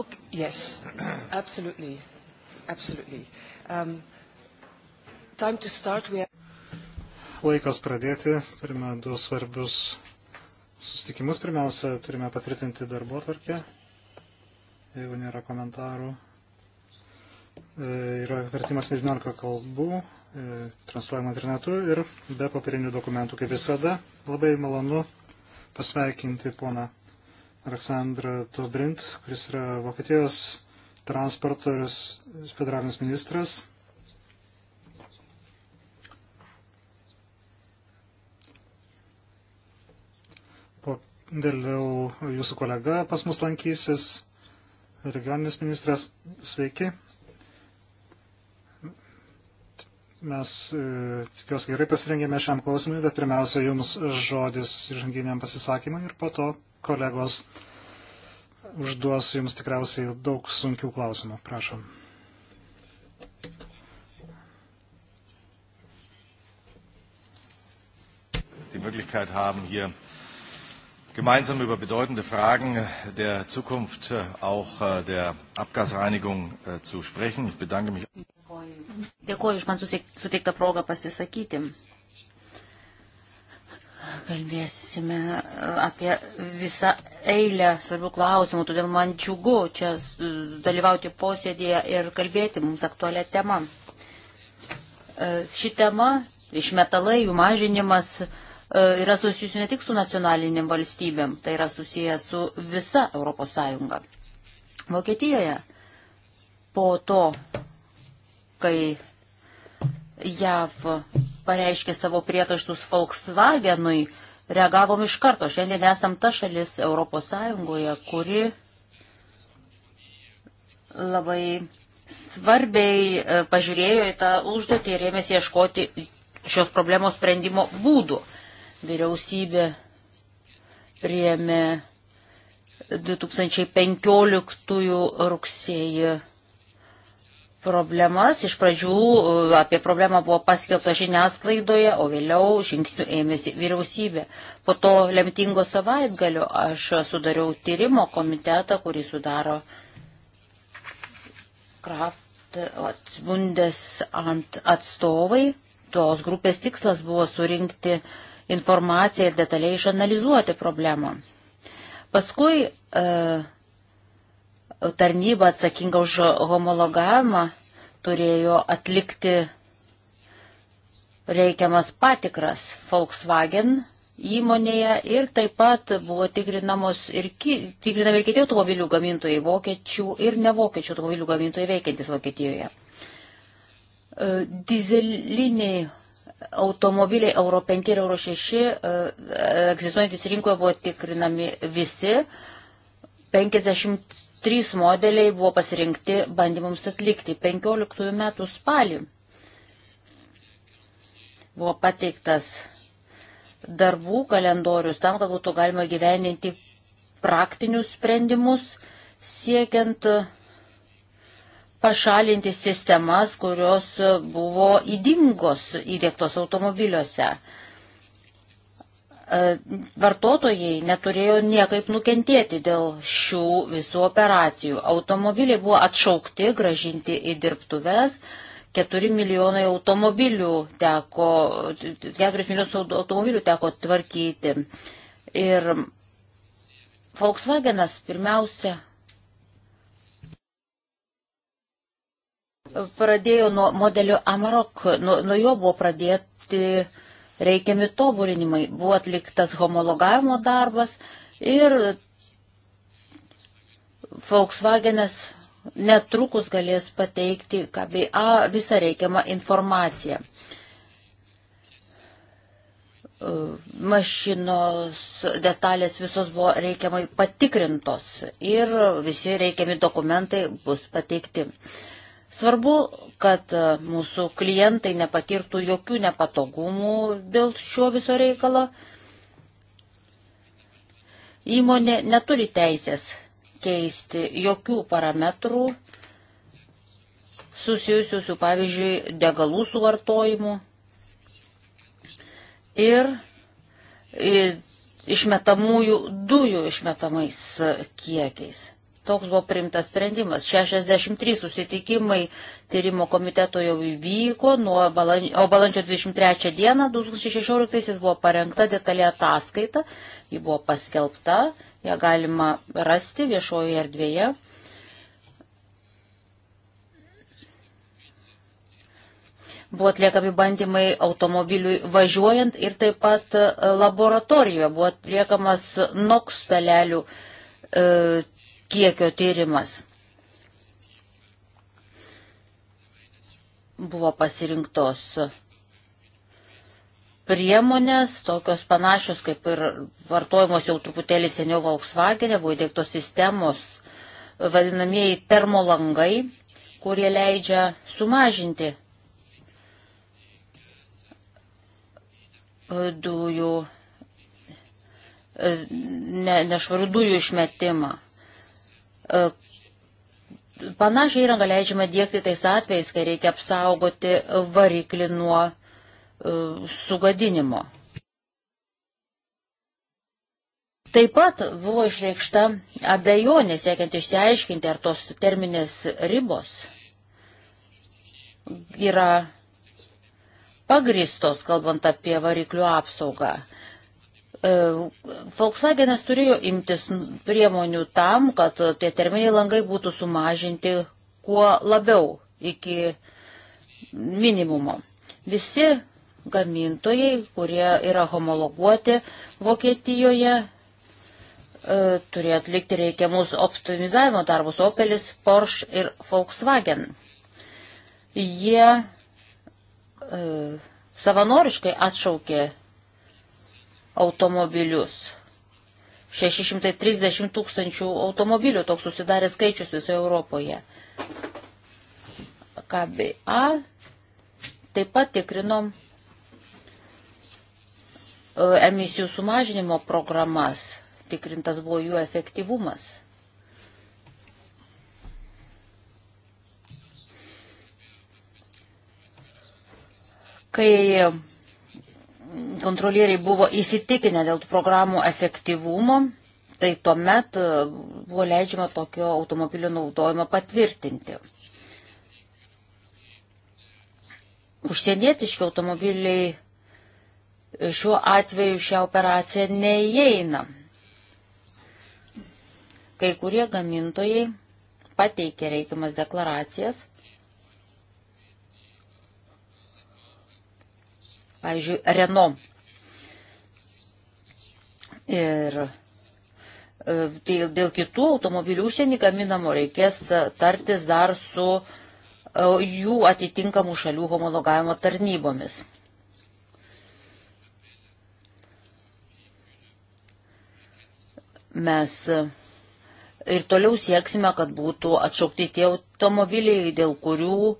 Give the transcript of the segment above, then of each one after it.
Okay, yes, absolutely, absolutely. Um, time to start. We have... Laikas pradėti. Turime du svarbius susitikimus. Pirmiausia, turime patvirtinti darbo atvarkę. Jeigu nėra komentarų, e, yra vertimas 19 kalbų, e, transliuojama internetu ir be papirinių dokumentų, kaip visada. Labai malonu pasveikinti poną Aleksandrą Tobrint, kuris yra Vokietijos transportorius federalinis ministras. Po vėliau jūsų kolega pas mus lankysis, regioninis ministras. Sveiki. Mes e, tikiuosi gerai pasirengėme šiam klausimui, bet pirmiausia jums žodis žanginiam pasisakymui ir po to kolegos užduos jums tikriausiai daug sunkių klausimų. Prašom. Die Möglichkeit haben, hier gemeinsam über bedeutende Fragen der Zukunft äh, auch äh, der Abgasreinigung äh, zu sprechen. Ich bedanke mich. Dėkuoju už man suteiktą progą pasisakyti kalbėsime e, apie visą eilę svarbių klausimų, todėl man džiugu čia e, dalyvauti posėdėje ir kalbėti mums aktualią temą. E, ši tema, išmetalai, jų mažinimas, yra susijusi ne tik su nacionaliniam valstybėm, tai yra susiję su visa ES. Vokietijoje po to, kai JAV pareiškė savo priekaištus Volkswagenui, reagavom iš karto. Šiandien esam ta šalis Europos Sąjungoje, kuri labai svarbiai e, pažiūrėjo į tą užduotį ir ėmėsi ieškoti šios problemos sprendimo būdų. Vyriausybė priėmė 2015 rugsėjį problemas. Iš pradžių e, apie problemą buvo paskelbta žiniasklaidoje, o vėliau žingsnių ėmėsi vyriausybė. Po to lemtingo savaitgalio aš sudariau tyrimo komitetą, kurį sudaro Kraft Bundes atstovai. Tos grupės tikslas buvo surinkti informaciją ir detaliai išanalizuoti problemą. Paskui e, tarnyba atsakinga už homologavimą turėjo atlikti reikiamas patikras Volkswagen įmonėje ir taip pat buvo tikrinamos ir, ki, tikrinami ir kiti automobilių gamintojai, vokiečių ir nevokiečių automobilių gamintojai veikiantis Vokietijoje. E, dizeliniai automobiliai Euro 5 ir Euro 6 e, egzistuojantis rinkoje buvo tikrinami visi. 50 Trys modeliai buvo pasirinkti bandymams atlikti 15 metų spalį. Buvo pateiktas darbų kalendorius tam, kad būtų galima gyveninti praktinius sprendimus, siekiant pašalinti sistemas, kurios buvo įdingos įdėktos automobiliuose. E, vartotojai neturėjo niekaip nukentėti dėl šių visų operacijų. Automobiliai buvo atšaukti, gražinti į dirbtuves. 4 milijonai automobilių teko, 4 milijonus automobilių teko tvarkyti. Ir Volkswagenas pirmiausia pradėjo nuo modelio Amarok, nuo, nuo jo buvo pradėti uh, reikiami tobulinimai. Buvo atliktas homologavimo darbas ir Volkswagenas netrukus galės pateikti KBA visą reikiamą informaciją. Mašinos detalės visos buvo reikiamai patikrintos ir visi reikiami dokumentai bus pateikti. Uh, Svarbu, kad e, mūsų klientai nepatirtų jokių nepatogumų dėl šio viso reikalo. Įmonė neturi teisės keisti jokių parametrų susijusių su, pavyzdžiui, degalų suvartojimu ir išmetamųjų dujų išmetamais e, kiekiais. Toks buvo primtas sprendimas. 63 susitikimai tyrimo komiteto jau įvyko, nuo balandžio, o balandžio 23 dieną 2016 buvo parengta detalė ataskaita, ji buvo paskelbta, ją galima rasti viešoje erdvėje. Buvo atliekami bandymai automobiliui važiuojant ir taip pat e, laboratorijoje buvo atliekamas NOX dalelių e, kiekio tyrimas. Buvo pasirinktos priemonės, tokios panašios kaip ir vartojamos jau truputėlį seniau Volkswagen, e, buvo įdėktos sistemos, vadinamieji termolangai, kurie leidžia sumažinti dujų, ne, nešvarų dujų išmetimą. E, panašiai įrangą leidžiama dėkti tais atvejais, kai reikia apsaugoti variklį nuo e, sugadinimo. Taip pat buvo išreikšta abejonė siekiant išsiaiškinti, ar tos terminės ribos yra pagristos, kalbant apie variklių apsaugą. E, Volkswagenas turėjo imtis priemonių tam, kad tie terminiai langai būtų sumažinti kuo labiau iki minimumo. Visi gamintojai, kurie yra homologuoti Vokietijoje, e, turėjo atlikti reikiamus optimizavimo darbus Opelis, Porsche ir Volkswagen. Jie e, savanoriškai atšaukė automobilius. 630 tūkstančių automobilių toks susidarė skaičius visoje Europoje. KBA taip pat tikrinom e, emisijų sumažinimo programas, tikrintas buvo jų efektyvumas. Kai kontrolieriai buvo įsitikinę dėl programų efektyvumo, tai tuomet e, buvo leidžiama tokio automobilio naudojimą patvirtinti. Užsienietiški automobiliai šiuo atveju šią operaciją neįeina. Kai kurie gamintojai pateikė reikiamas deklaracijas pavyzdžiui, Renault. Ir e, dėl, dėl kitų automobilių užsienį gaminamų reikės e, tartis dar su e, jų atitinkamų šalių homologavimo tarnybomis. Mes ir toliau sieksime, kad būtų atšaukti tie automobiliai, dėl kurių uh,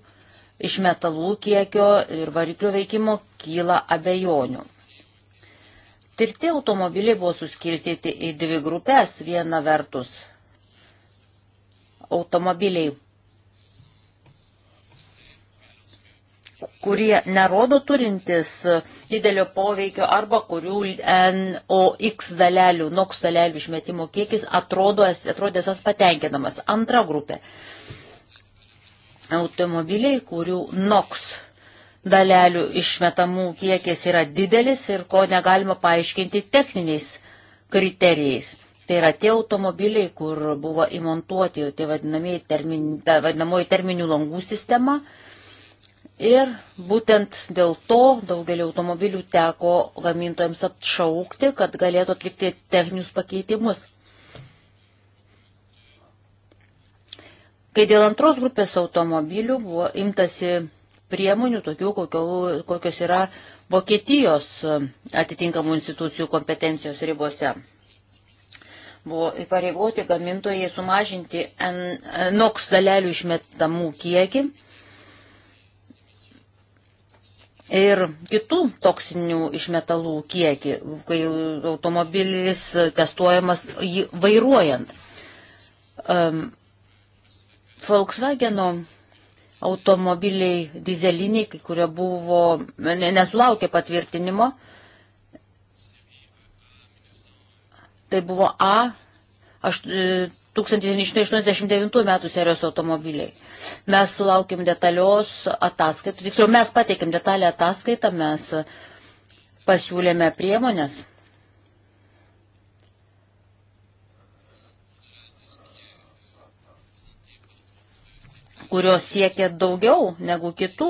iš metalų kiekio ir variklių veikimo kyla abejonių. Tirti automobiliai buvo suskirstyti į dvi grupės. Viena vertus automobiliai, kurie nerodo turintis didelio poveikio arba kurių NOx dalelių, NOx dalelių išmetimo kiekis atrodo, atrodė esas patenkinamas. Antra grupė automobiliai, kurių NOX dalelių išmetamų kiekis yra didelis ir ko negalima paaiškinti techniniais kriterijais. Tai yra tie automobiliai, kur buvo įmontuoti tai termin, ta vadinamoji terminių langų sistema. Ir būtent dėl to daugelį automobilių teko gamintojams atšaukti, kad galėtų atlikti techninius pakeitimus. Kai dėl antros grupės automobilių buvo imtasi priemonių, tokių kokio, kokios yra Vokietijos e, atitinkamų institucijų kompetencijos ribose. Buvo įpareigoti gamintojai sumažinti e, NOX dalelių išmetamų kiekį ir kitų toksinių išmetalų kiekį, kai automobilis testuojamas jį vairuojant. Um, Volkswageno automobiliai dizeliniai, kai kurie buvo, nesulaukė patvirtinimo. Tai buvo A 1989 e, metų serijos automobiliai. Mes sulaukėm detalios ataskaitų, tiksliau mes pateikėm detalę ataskaitą, mes pasiūlėme priemonės kurios siekia daugiau negu kitų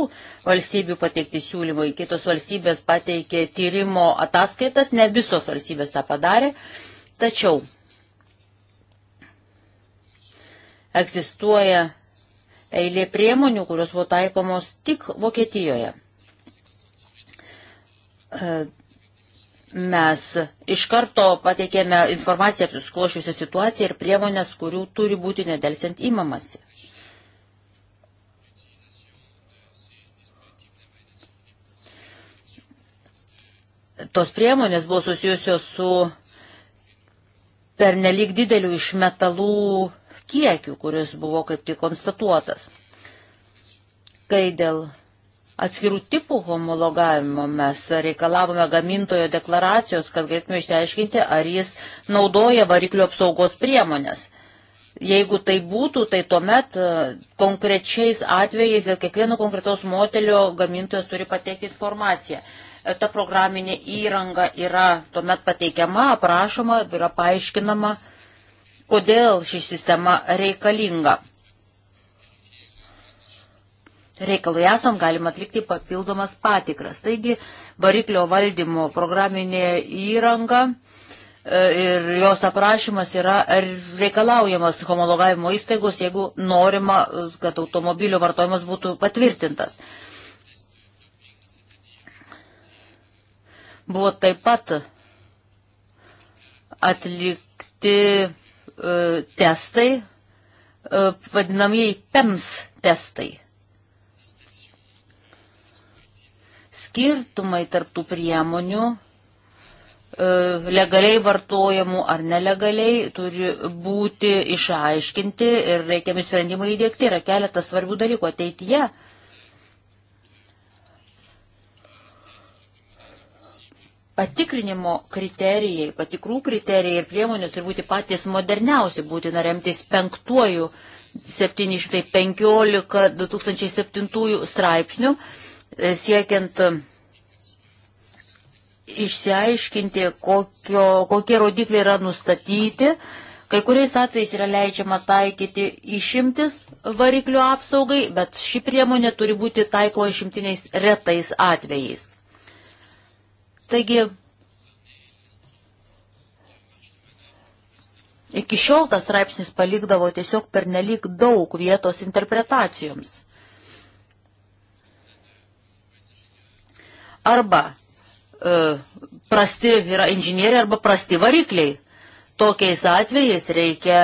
valstybių pateikti siūlymai. Kitos valstybės pateikė tyrimo ataskaitas, ne visos valstybės tą padarė, tačiau egzistuoja eilė priemonių, kurios buvo taikomos tik Vokietijoje. E, mes iš karto pateikėme informaciją apie sklošiusią situaciją ir priemonės, kurių turi būti nedelsiant įmamasi. tos priemonės buvo susijusios su pernelyg dideliu iš metalų kiekiu, kuris buvo kaip tik konstatuotas. Kai dėl atskirų tipų homologavimo mes reikalavome gamintojo deklaracijos, kad galėtume išsiaiškinti, ar jis naudoja variklio apsaugos priemonės. Jeigu tai būtų, tai tuomet e, konkrečiais atvejais dėl kiekvieno konkretaus modelio gamintojas turi pateikti informaciją ta programinė įranga yra tuomet pateikiama, aprašoma, yra paaiškinama, kodėl ši sistema reikalinga. Reikalui esant galima atlikti papildomas patikras. Taigi variklio valdymo programinė įranga e, ir jos aprašymas yra reikalaujamas homologavimo įstaigos, jeigu norima, kad automobilio vartojimas būtų patvirtintas. Buvo taip pat atlikti e, testai, e, vadinamieji PEMS testai. Skirtumai tarptų priemonių e, legaliai vartojamų ar nelegaliai turi būti išaiškinti ir reikiami sprendimai įdėkti. Yra keletas svarbių dalykų ateityje. Ja, patikrinimo kriterijai, patikrų kriterijai ir priemonės turi būti patys moderniausi, būtina remtis penktuoju 715-2007 straipsnių, e, siekiant e, išsiaiškinti, kokio, kokie rodikliai yra nustatyti. Kai kuriais atvejais yra leidžiama taikyti išimtis variklių apsaugai, bet ši priemonė turi būti taiko išimtiniais retais atvejais. Taigi, iki šiol tas straipsnis palikdavo tiesiog pernelyg daug vietos interpretacijoms. Arba e, prasti yra inžinieriai, arba prasti varikliai. Tokiais atvejais reikia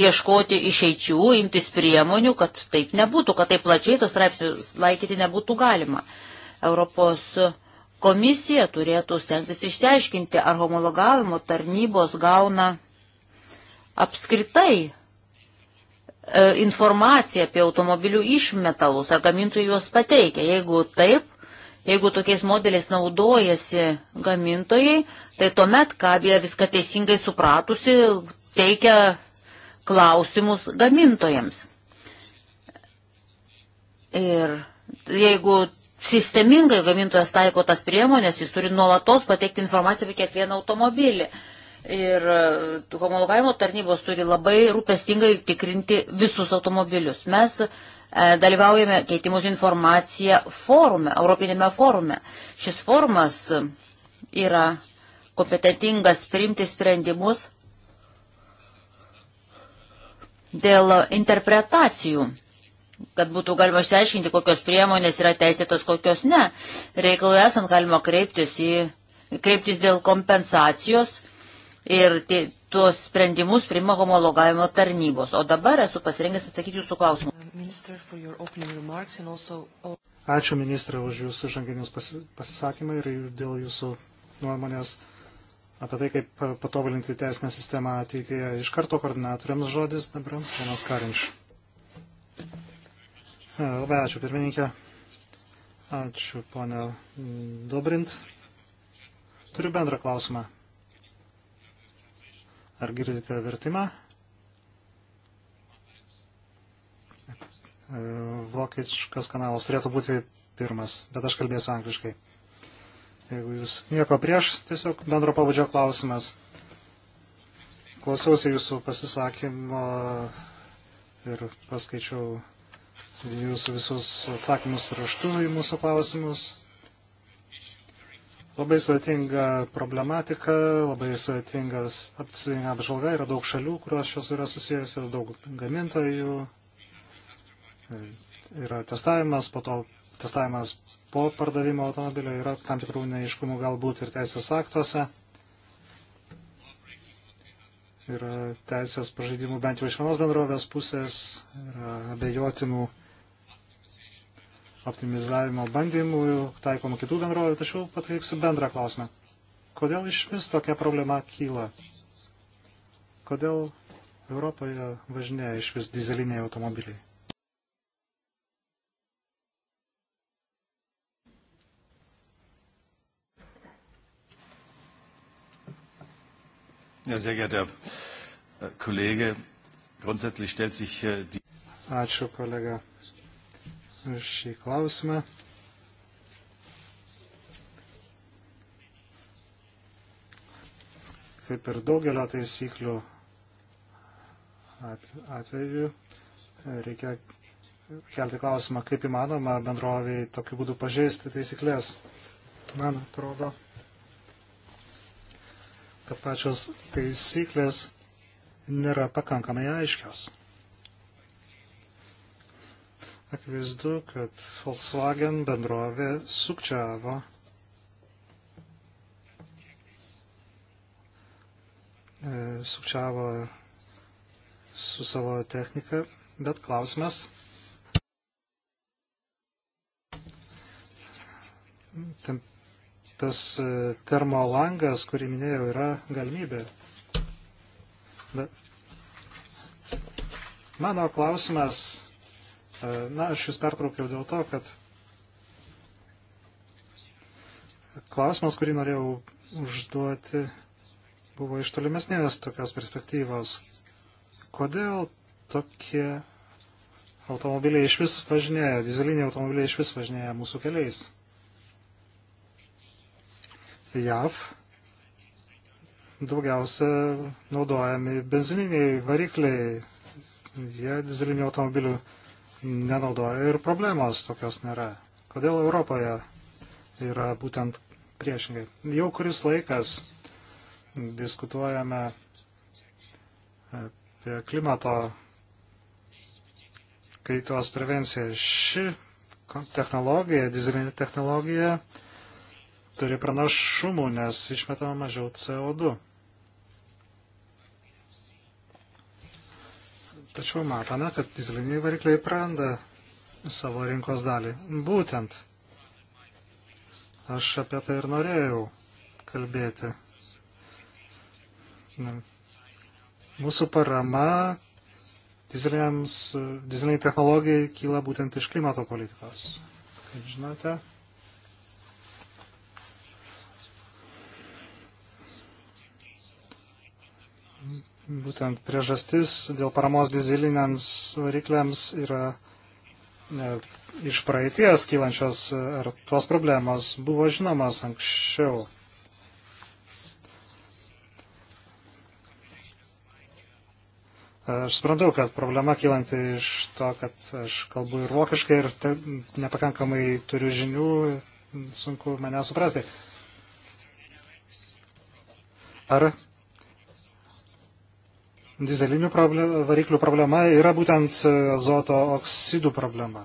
ieškoti išeičių, imtis priemonių, kad taip nebūtų, kad taip plačiai tos straipsnius laikyti nebūtų galima. Europos Komisija turėtų stengtis išsiaiškinti, ar homologavimo tarnybos gauna apskritai e, informaciją apie automobilių išmetalus, ar gamintojai juos pateikia. Jeigu taip, jeigu tokiais modeliais naudojasi gamintojai, tai tuomet kabė viską teisingai supratusi, teikia klausimus gamintojams. Ir jeigu sistemingai gamintojas taiko tas priemonės, jis turi nuolatos pateikti informaciją apie kiekvieną automobilį. Ir e, homologavimo tarnybos turi labai rūpestingai tikrinti visus automobilius. Mes e, dalyvaujame keitimus informaciją forume, Europinėme forume. Šis forumas yra kompetentingas priimti sprendimus dėl interpretacijų kad būtų galima išsiaiškinti, kokios priemonės yra teisėtos, kokios ne. Reikalui esant galima kreiptis, į, kreiptis dėl kompensacijos ir tie, tuos sprendimus priima homologavimo tarnybos. O dabar esu pasirengęs atsakyti jūsų klausimą. Uh, oh. Ačiū ministrė už jūsų žanginius pasisakymą ir dėl jūsų nuomonės apie tai, kaip uh, patobulinti teisinę sistemą ateityje. Iš karto koordinatoriams žodis dabar, ponas Karinčius. Labai ačiū, pirmininkė. Ačiū, ponė Dobrint. Turiu bendrą klausimą. Ar girdite vertimą? E, vokiškas kanalas turėtų būti pirmas, bet aš kalbėsiu angliškai. Jeigu jūs nieko prieš, tiesiog bendro pabudžio klausimas. Klausiausi jūsų pasisakymo ir paskaičiau jūsų visus atsakymus raštu į mūsų klausimus. Labai sudėtinga problematika, labai sudėtingas apsisinga apžvalga, yra daug šalių, kurios šios yra susijusios, daug gamintojų, yra testavimas, po to testavimas po pardavimo automobilio, yra tam tikrų neiškumų galbūt ir teisės aktuose yra teisės pažeidimų bent jau iš vienos bendrovės pusės, yra abejotinų optimizavimo bandymų taikomų kitų bendrovių, tačiau pateiksiu bendrą klausimą. Kodėl iš vis tokia problema kyla? Kodėl Europoje važinėja iš vis dizeliniai automobiliai? Ja, sehr geehrter äh, Kollege, grundsätzlich stellt sich äh, die. Ačiū, kolega šį klausimą. Kaip ir daugelio taisyklių atveju, reikia kelti klausimą, kaip įmanoma bendroviai tokiu būdu pažeisti taisyklės. Man atrodo, kad pačios taisyklės nėra pakankamai aiškios. Akivaizdu, kad Volkswagen bendrovė sukčiavo e, sukčiavo su savo technika, bet klausimas, ten, tas e, termolangas, kurį minėjau, yra galimybė. Bet mano klausimas E, na, aš jūs pertraukiau dėl to, kad klausimas, kurį norėjau užduoti, buvo iš tolimesnės tokios perspektyvos. Kodėl tokie automobiliai iš vis važinėja, dizeliniai automobiliai iš vis važinėja mūsų keliais? JAV daugiausia naudojami benzininiai varikliai, jie dizelinių automobilių nenaudoja ir problemos tokios nėra. Kodėl Europoje yra būtent priešingai? Jau kuris laikas diskutuojame apie klimato kaitos prevenciją. Ši technologija, dizelinė technologija, turi pranašumų, nes išmetama mažiau CO2. Tačiau matome, kad dizeliniai varikliai praranda savo rinkos dalį. Būtent aš apie tai ir norėjau kalbėti. Mūsų parama dizeliniai technologijai kyla būtent iš klimato politikos. Kaip žinote, Būtent priežastis dėl paramos dizeliniams varikliams yra ne, iš praeities kylančios ar tuos problemos buvo žinomas anksčiau. Aš suprantu, kad problema kylanti iš to, kad aš kalbu ir vokiškai, ir te, nepakankamai turiu žinių, sunku mane suprasti. Ar dizelinių problem, variklių problema yra būtent e, azoto oksidų problema.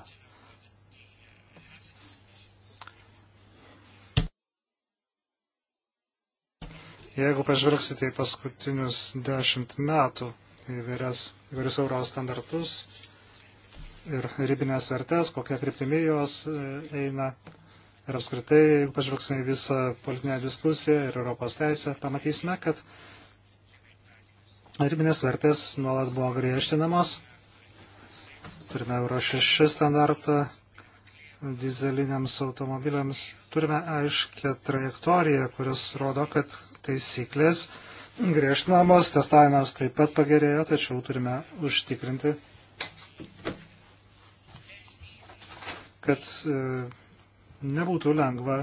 Jeigu pažvelgsite į paskutinius dešimt metų įvairias, įvairius euro standartus ir ribinės vertės, kokia kryptimi jos e, eina, ir apskritai, jeigu pažvelgsime į visą politinę diskusiją ir Europos teisę, pamatysime, kad ribinės vertės nuolat buvo griežtinamos. Turime Euro 6 standartą dizeliniams automobiliams. Turime aiškę trajektoriją, kuris rodo, kad taisyklės griežtinamos, testavimas taip pat pagerėjo, tačiau turime užtikrinti, kad e, nebūtų lengva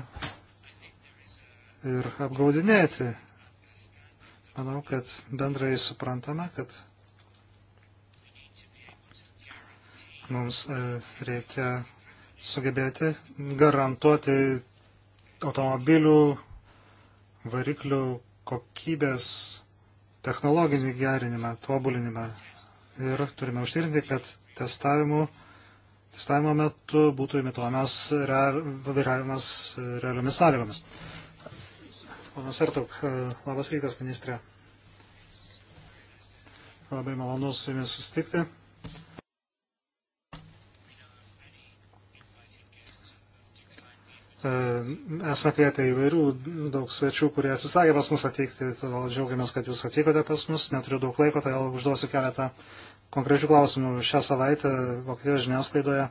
ir apgaudinėti Manau, kad bendrai suprantame, kad mums e, reikia sugebėti garantuoti automobilių variklių kokybės technologinį gerinimą, tobulinimą. Ir turime užtikrinti, kad testavimu, testavimo metu būtų imituojamas vairavimas realiomis sąlygomis. Ponas Artuk, e, labas rytas, ministrė. Labai malonu su jumis susitikti. E, esame kvietę įvairių daug svečių, kurie atsisakė pas mus atvykti, todėl džiaugiamės, kad jūs atvykote pas mus. Neturiu daug laiko, todėl užduosiu keletą konkrečių klausimų. Šią savaitę Vokietijos žiniasklaidoje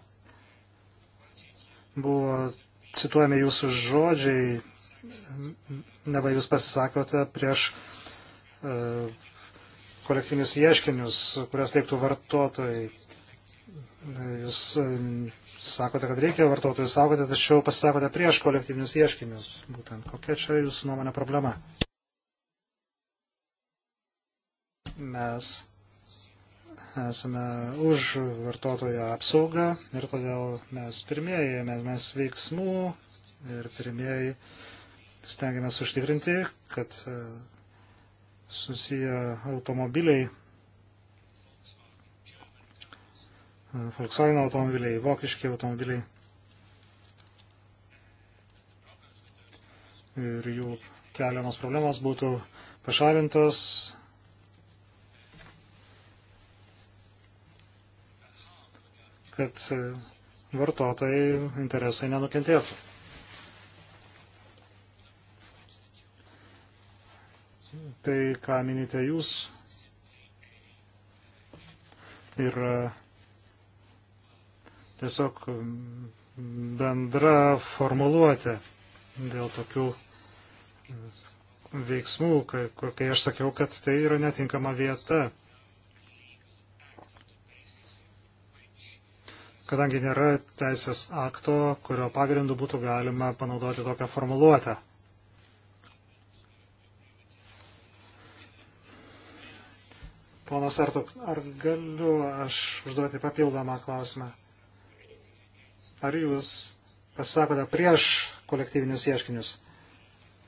buvo cituojami jūsų žodžiai neva jūs pasisakote prieš e, kolektyvinius ieškinius, kurias teiktų vartotojai. Jūs e, sakote, kad reikia vartotojų saugoti, tačiau pasisakote prieš kolektyvinius ieškinius. Būtent kokia čia jūsų nuomonė problema? Mes esame už vartotojo apsaugą ir todėl mes pirmieji ėmėmės veiksmų ir pirmieji uh, stengiamės užtikrinti, kad e, susiję automobiliai, e, Volkswagen automobiliai, vokiški automobiliai ir jų keliamos problemos būtų pašalintos. kad e, vartotojai interesai nenukentėtų. tai, ką minite jūs, yra tiesiog bendra formuluotė dėl tokių veiksmų, kai, kai aš sakiau, kad tai yra netinkama vieta. Kadangi nėra teisės akto, kurio pagrindu būtų galima panaudoti tokią formuluotę. Ponas Artuk, ar galiu aš užduoti papildomą klausimą? Ar jūs pasisakote prieš kolektyvinius ieškinius?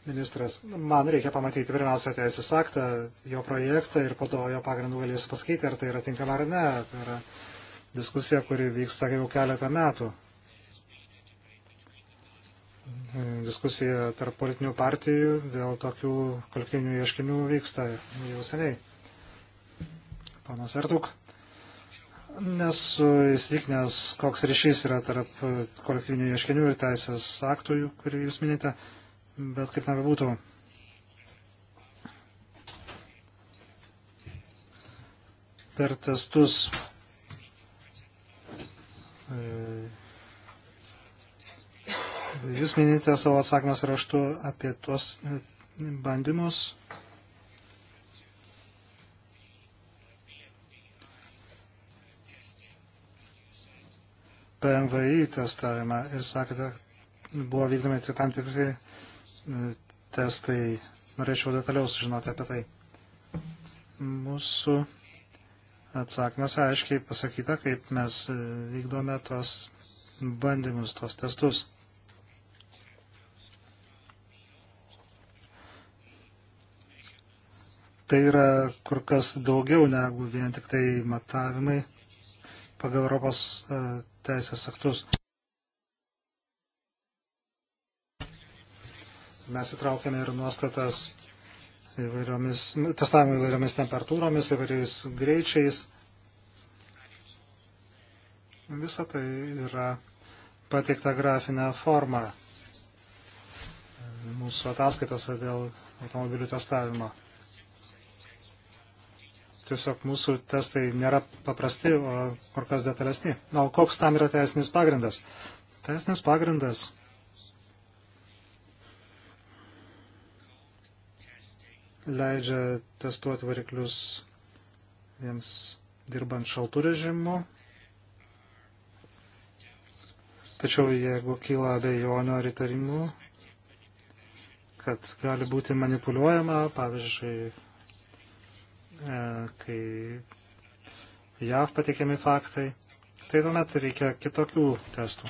Ministras, man reikia pamatyti pirmiausia teisės aktą, jo projektą ir po to jo pagrindų galėsiu pasakyti, ar tai yra tinkama ar ne. Tai yra diskusija, kuri vyksta jau keletą metų. Diskusija tarp politinių partijų dėl tokių kolektyvinių ieškinių vyksta jau seniai panas Artuk. Nesu įstikinęs, koks ryšys yra tarp kolektyvinių ieškinių ir teisės aktų, kurį jūs minite, bet kaip nebebūtų. Per testus e, jūs minite savo atsakymas raštu apie tuos bandymus PMVI testavimą ir sakėte, buvo vykdomi tik tam tikri e, testai. Norėčiau detaliau sužinoti apie tai. Mūsų atsakymas aiškiai pasakyta, kaip mes e, vykdome tuos bandymus, tuos testus. Tai yra kur kas daugiau negu vien tik tai matavimai pagal Europos e, teisės aktus. Mes įtraukėme ir nuostatas įvairiomis, nu, testavimo įvairiomis temperatūromis, įvairiais greičiais. Visa tai yra pateikta grafinė forma mūsų ataskaitose dėl automobilių testavimo. Tiesiog mūsų testai nėra paprasti, o kur kas detalesni. Na, o koks tam yra teisinis pagrindas? Teisinis pagrindas leidžia testuoti variklius jiems dirbant šaltų režimu. Tačiau jeigu kyla abejonių ar įtarimų, kad gali būti manipuliuojama, pavyzdžiui, E, kai JAV pateikiami faktai, tai tuomet reikia kitokių testų.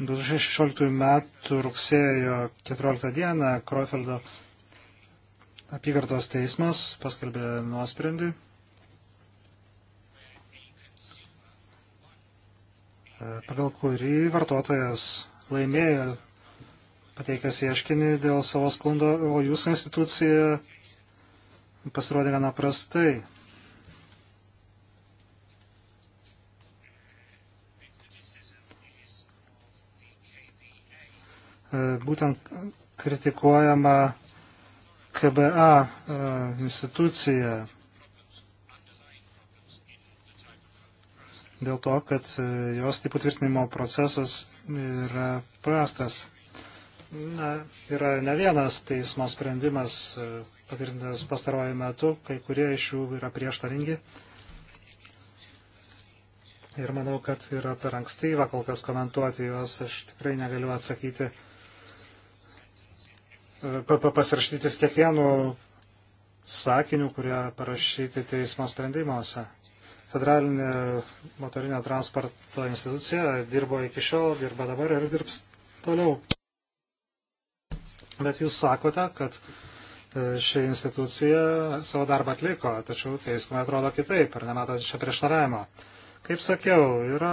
2016 m. rugsėjo 14 d. Krofeldo apygardos teismas paskelbė nuosprendį. E, pagal kurį vartotojas laimėjo pateikęs ieškinį dėl savo skundo, o jūsų institucija pasirodė gana prastai. E, būtent kritikuojama KBA e, institucija dėl to, kad e, jos tipų tvirtinimo procesas yra prastas. Na, yra ne vienas teismo sprendimas e, patvirtintas pastarojų metų, kai kurie iš jų yra prieštaringi. Ir manau, kad yra per ankstyva kol kas komentuoti juos, aš tikrai negaliu atsakyti, e, pasirašyti kiekvienu sakiniu, kurie parašyti teismo sprendimuose. Federalinė motorinio transporto institucija dirbo iki šiol, dirba dabar ir dirbs toliau. Bet jūs sakote, kad e, ši institucija savo darbą atliko, tačiau teismai atrodo kitaip ir nemato čia prieštaravimo. Kaip sakiau, yra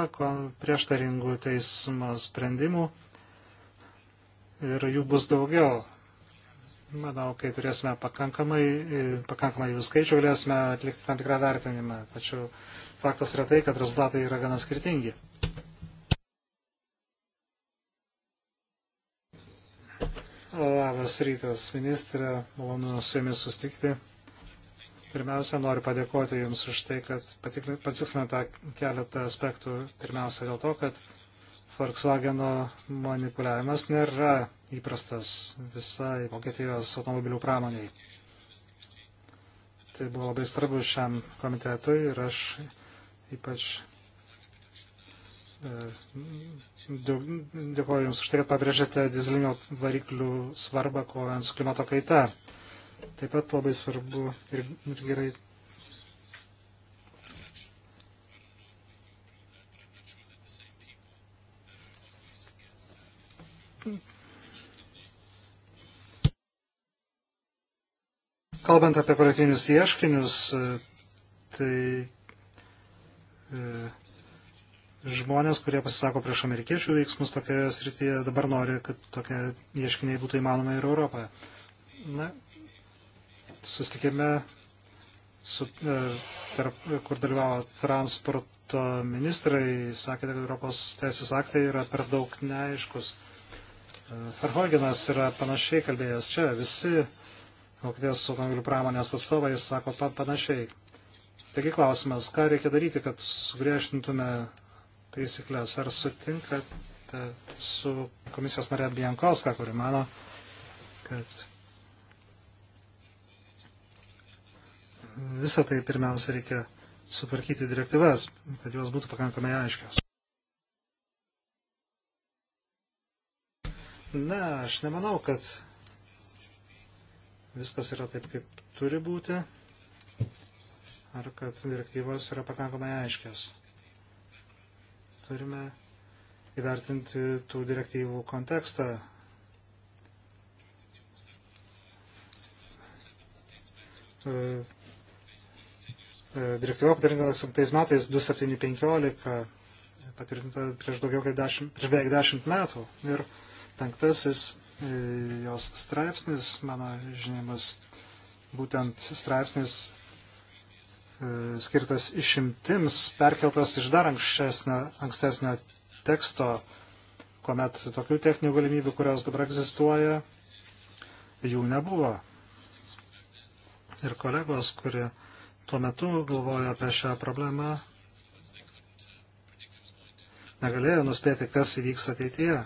prieštaringų teismo sprendimų ir jų bus daugiau. Manau, kai turėsime pakankamai, e, pakankamai jų skaičių, galėsime atlikti tam tikrą vertinimą. Tačiau faktas yra tai, kad rezultatai yra gana skirtingi. Labas rytas, ministrė, malonu su jumis sustikti. Pirmiausia, noriu padėkoti Jums už tai, kad patikslinote keletą aspektų. Pirmiausia, dėl to, kad Volkswageno manipuliavimas nėra įprastas visai Vokietijos automobilių pramoniai. Tai buvo labai svarbu šiam komitetui ir aš ypač Dėkuoju Jums už tai, kad pabrėžėte dizelinio variklių svarbą kovojant su klimato kaita. Taip pat labai svarbu ir, ir gerai. Kalbant apie kolektyvinius ieškinius, tai e, žmonės, kurie pasisako prieš amerikiečių veiksmus tokioje srityje, dabar nori, kad tokie ieškiniai būtų įmanoma ir Europoje. Na, sustikime, su, e, tarp, kur dalyvavo transporto ministrai, sakėte, kad Europos teisės aktai yra per daug neaiškus. E, Ferhoigenas yra panašiai kalbėjęs čia, visi Vokietijos automobilių pramonės atstovai sako panašiai. Taigi klausimas, ką reikia daryti, kad sugriežtintume taisyklės. Ar sutinkate su komisijos narė Bienkovska, kuri mano, kad visą tai pirmiausia reikia sutvarkyti direktyvas, kad jos būtų pakankamai aiškios. Ne, aš nemanau, kad viskas yra taip, kaip turi būti, ar kad direktyvos yra pakankamai aiškios turime įvertinti tų direktyvų kontekstą. E, e, direktyva patvirtinta 7 metais 2715, patvirtinta prieš daugiau kaip 10, prieš beveik 10 metų. Ir penktasis e, jos straipsnis, mano žinimas, būtent straipsnis E, skirtas išimtims, perkeltas iš dar ankstesnio teksto, kuomet tokių techninių galimybių, kurios dabar egzistuoja, jų nebuvo. Ir kolegos, kurie tuo metu galvojo apie šią problemą, negalėjo nuspėti, kas įvyks ateityje.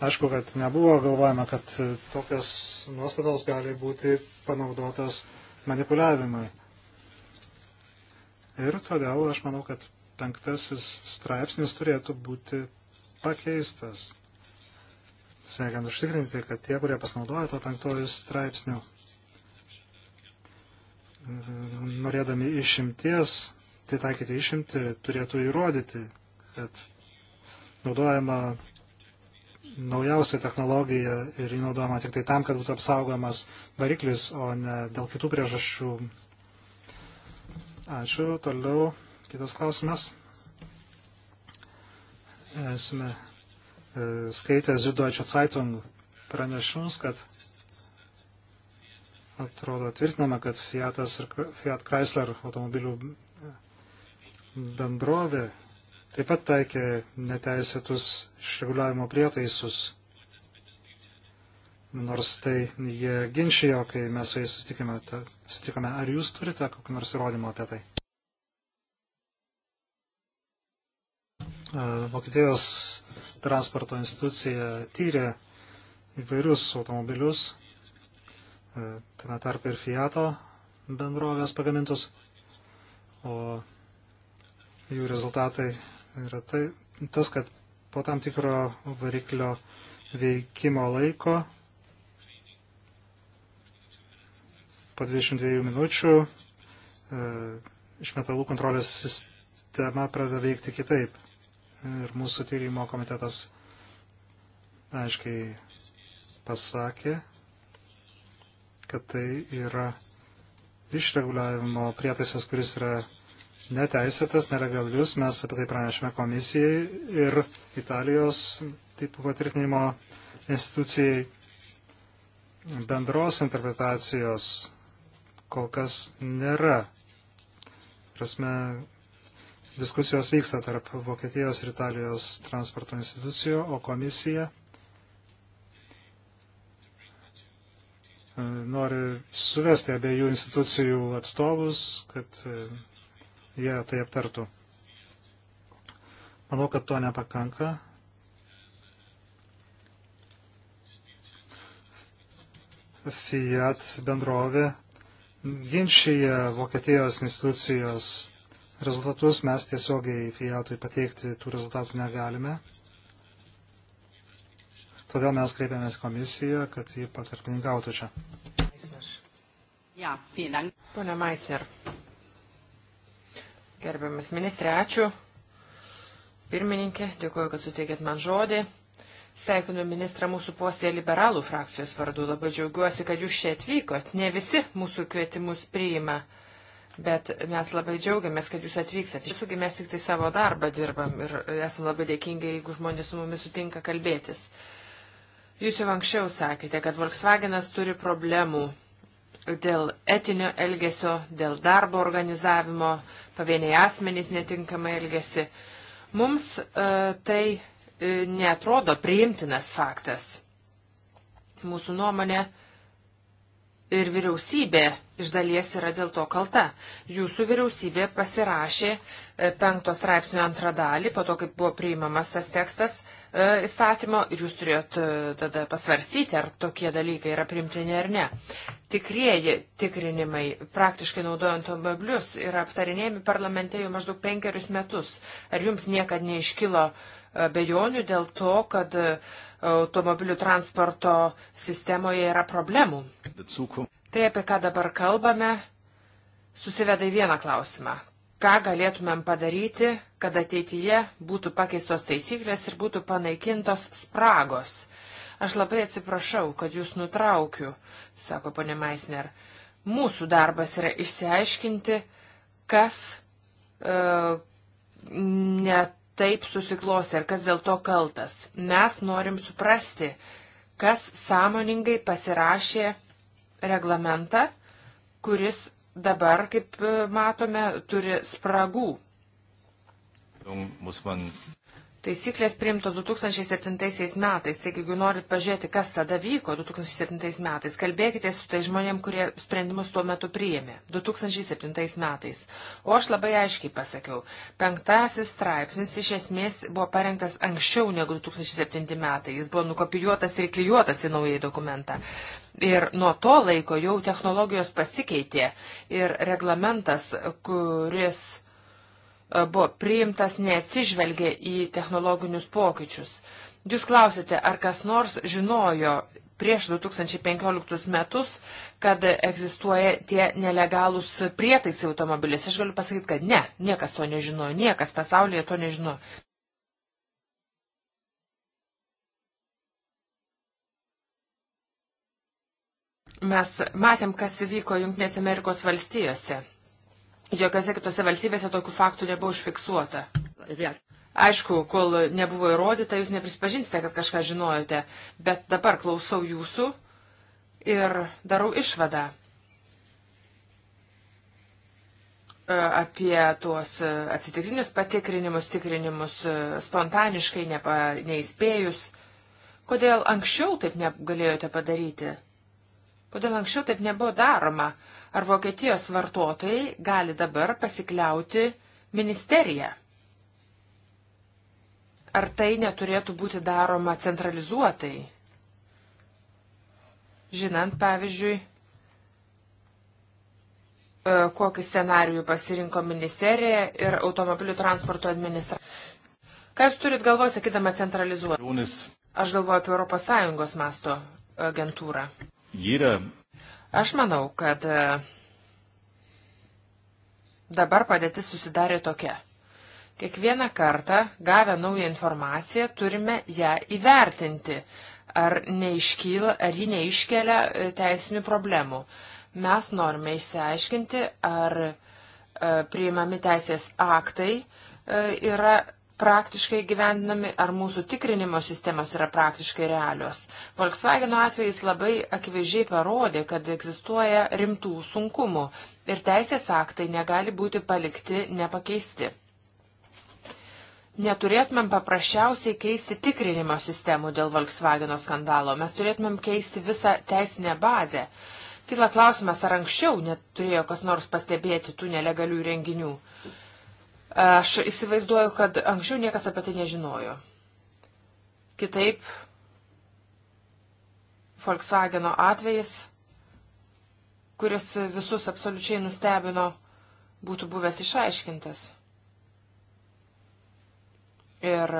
Aišku, kad nebuvo galvojama, kad e, tokios nuostatos gali būti panaudotos manipuliavimui. Ir todėl aš manau, kad penktasis straipsnis turėtų būti pakeistas, siekiant užtikrinti, kad tie, kurie pasinaudoja to penktojų straipsnių, norėdami išimties, tai taikyti išimti, turėtų įrodyti, kad naudojama naujausia technologija ir jį naudojama tik tai tam, kad būtų apsaugomas variklis, o ne dėl kitų priežasčių. Ačiū. Toliau kitas klausimas. Esame e, skaitę Ziduočio Zeitung pranešimus, kad atrodo tvirtinama, kad Fiatas ir Fiat Chrysler automobilių e, bendrovė taip pat taikė neteisėtus išreguliavimo prietaisus, nors tai jie ginčijo, kai mes su jais susitikome. susitikome. Ar jūs turite kokį nors įrodymą apie tai? Vokietijos transporto institucija tyrė įvairius automobilius, tame tarp ir Fiato bendrovės pagamintus, o jų rezultatai yra tai, tas, kad po tam tikro variklio veikimo laiko, po 22 minučių, e, iš metalų kontrolės sistema pradeda veikti kitaip. Ir mūsų tyrimo komitetas aiškiai pasakė, kad tai yra išreguliavimo prietaisas, kuris yra neteisėtas, nelegalius. Mes apie tai pranešėme komisijai ir Italijos tipų patvirtinimo institucijai bendros interpretacijos kol kas nėra. Prasme, diskusijos vyksta tarp Vokietijos ir Italijos transporto institucijų, o komisija e, nori suvesti abiejų institucijų atstovus, kad e, jie tai aptartų. Manau, kad to nepakanka. Fiat bendrovė ginčyje Vokietijos institucijos rezultatus. Mes tiesiogiai Fiatui pateikti tų rezultatų negalime. Todėl mes kreipiamės komisiją, kad jį patarpininkautų čia. Pone Maiser. Gerbiamas ministrė, ačiū. Pirmininkė, dėkuoju, kad suteikėt man žodį. Sveikinu ministrą mūsų posėje liberalų frakcijos vardu. Labai džiaugiuosi, kad jūs čia atvykot. Ne visi mūsų kvietimus priima, bet mes labai džiaugiamės, kad jūs atvyksat. Iš tikrųjų, mes tik tai savo darbą dirbam ir esam labai dėkingi, jeigu žmonės su mumis sutinka kalbėtis. Jūs jau anksčiau sakėte, kad Volkswagenas turi problemų dėl etinio elgesio, dėl darbo organizavimo, pavieniai asmenys netinkamai elgesi. Mums e, tai e, netrodo priimtinas faktas. Mūsų nuomonė ir vyriausybė iš dalies yra dėl to kalta. Jūsų vyriausybė pasirašė e, penktos straipsnio antrą dalį, po to, kaip buvo priimamas tas tekstas e, įstatymo, ir jūs turėjot e, tada pasvarsyti, ar tokie dalykai yra primtini ar ne tikrieji tikrinimai, praktiškai naudojant automobilius, yra aptarinėjami parlamente jau maždaug penkerius metus. Ar jums niekad neiškilo bejonių dėl to, kad e, automobilių transporto sistemoje yra problemų? Tai apie ką dabar kalbame, susiveda į vieną klausimą. Ką galėtumėm padaryti, kad ateityje būtų pakeistos taisyklės ir būtų panaikintos spragos? Aš labai atsiprašau, kad jūs nutraukiu, sako ponė Maisner. Mūsų darbas yra išsiaiškinti, kas e, netaip susiklosi ir kas dėl to kaltas. Mes norim suprasti, kas sąmoningai pasirašė reglamentą, kuris dabar, kaip e, matome, turi spragų. Muss man Taisyklės priimtos 2007 metais, taigi jeigu norit pažiūrėti, kas tada vyko 2007 metais, kalbėkite su tai žmonėm, kurie sprendimus tuo metu priėmė 2007 metais. O aš labai aiškiai pasakiau, penktasis straipsnis iš esmės buvo parengtas anksčiau negu 2007 metai, jis buvo nukopijuotas ir klyjuotas į naują dokumentą. Ir nuo to laiko jau technologijos pasikeitė ir reglamentas, kuris E, buvo priimtas neatsižvelgia į technologinius pokyčius. Jūs klausite, ar kas nors žinojo prieš 2015 metus, kad egzistuoja tie nelegalūs prietaisai automobilis. Aš galiu pasakyti, kad ne, niekas to nežinojo, niekas pasaulyje to nežinojo. Mes matėm, kas įvyko Junktinėse Amerikos valstijose. Jokiose kitose valstybėse tokių faktų nebuvo užfiksuota. Aišku, kol nebuvo įrodyta, jūs neprisipažinsite, kad kažką žinojote, bet dabar klausau jūsų ir darau išvadą e, apie tuos e, atsitikrinius patikrinimus, tikrinimus e, spontaniškai, nepa, neįspėjus. Kodėl anksčiau taip negalėjote padaryti? Kodėl anksčiau taip nebuvo daroma? Ar Vokietijos vartotojai gali dabar pasikliauti ministeriją? Ar tai neturėtų būti daroma centralizuotai? Žinant, pavyzdžiui, e, kokį scenarijų pasirinko ministerija ir automobilių transporto administracija. Ką jūs turit galvoje, sakydama centralizuoti? Aš galvoju apie ES masto agentūrą. Jėra Aš manau, kad e, dabar padėtis susidarė tokia. Kiekvieną kartą, gavę naują informaciją, turime ją įvertinti, ar, neiškyla, ar ji neiškelia e, teisinių problemų. Mes norime išsiaiškinti, ar e, priimami teisės aktai yra praktiškai gyvendinami, ar mūsų tikrinimo sistemos yra praktiškai realios. Volkswagen atvejais labai akivaizdžiai parodė, kad egzistuoja rimtų sunkumų ir teisės aktai negali būti palikti nepakeisti. Neturėtumėm paprasčiausiai keisti tikrinimo sistemų dėl Volkswagen skandalo, mes turėtumėm keisti visą teisinę bazę. Kila klausimas, ar anksčiau neturėjo kas nors pastebėti tų nelegalių renginių. Aš įsivaizduoju, kad anksčiau niekas apie tai nežinojo. Kitaip, Volkswageno atvejis, kuris visus absoliučiai nustebino, būtų buvęs išaiškintas. Ir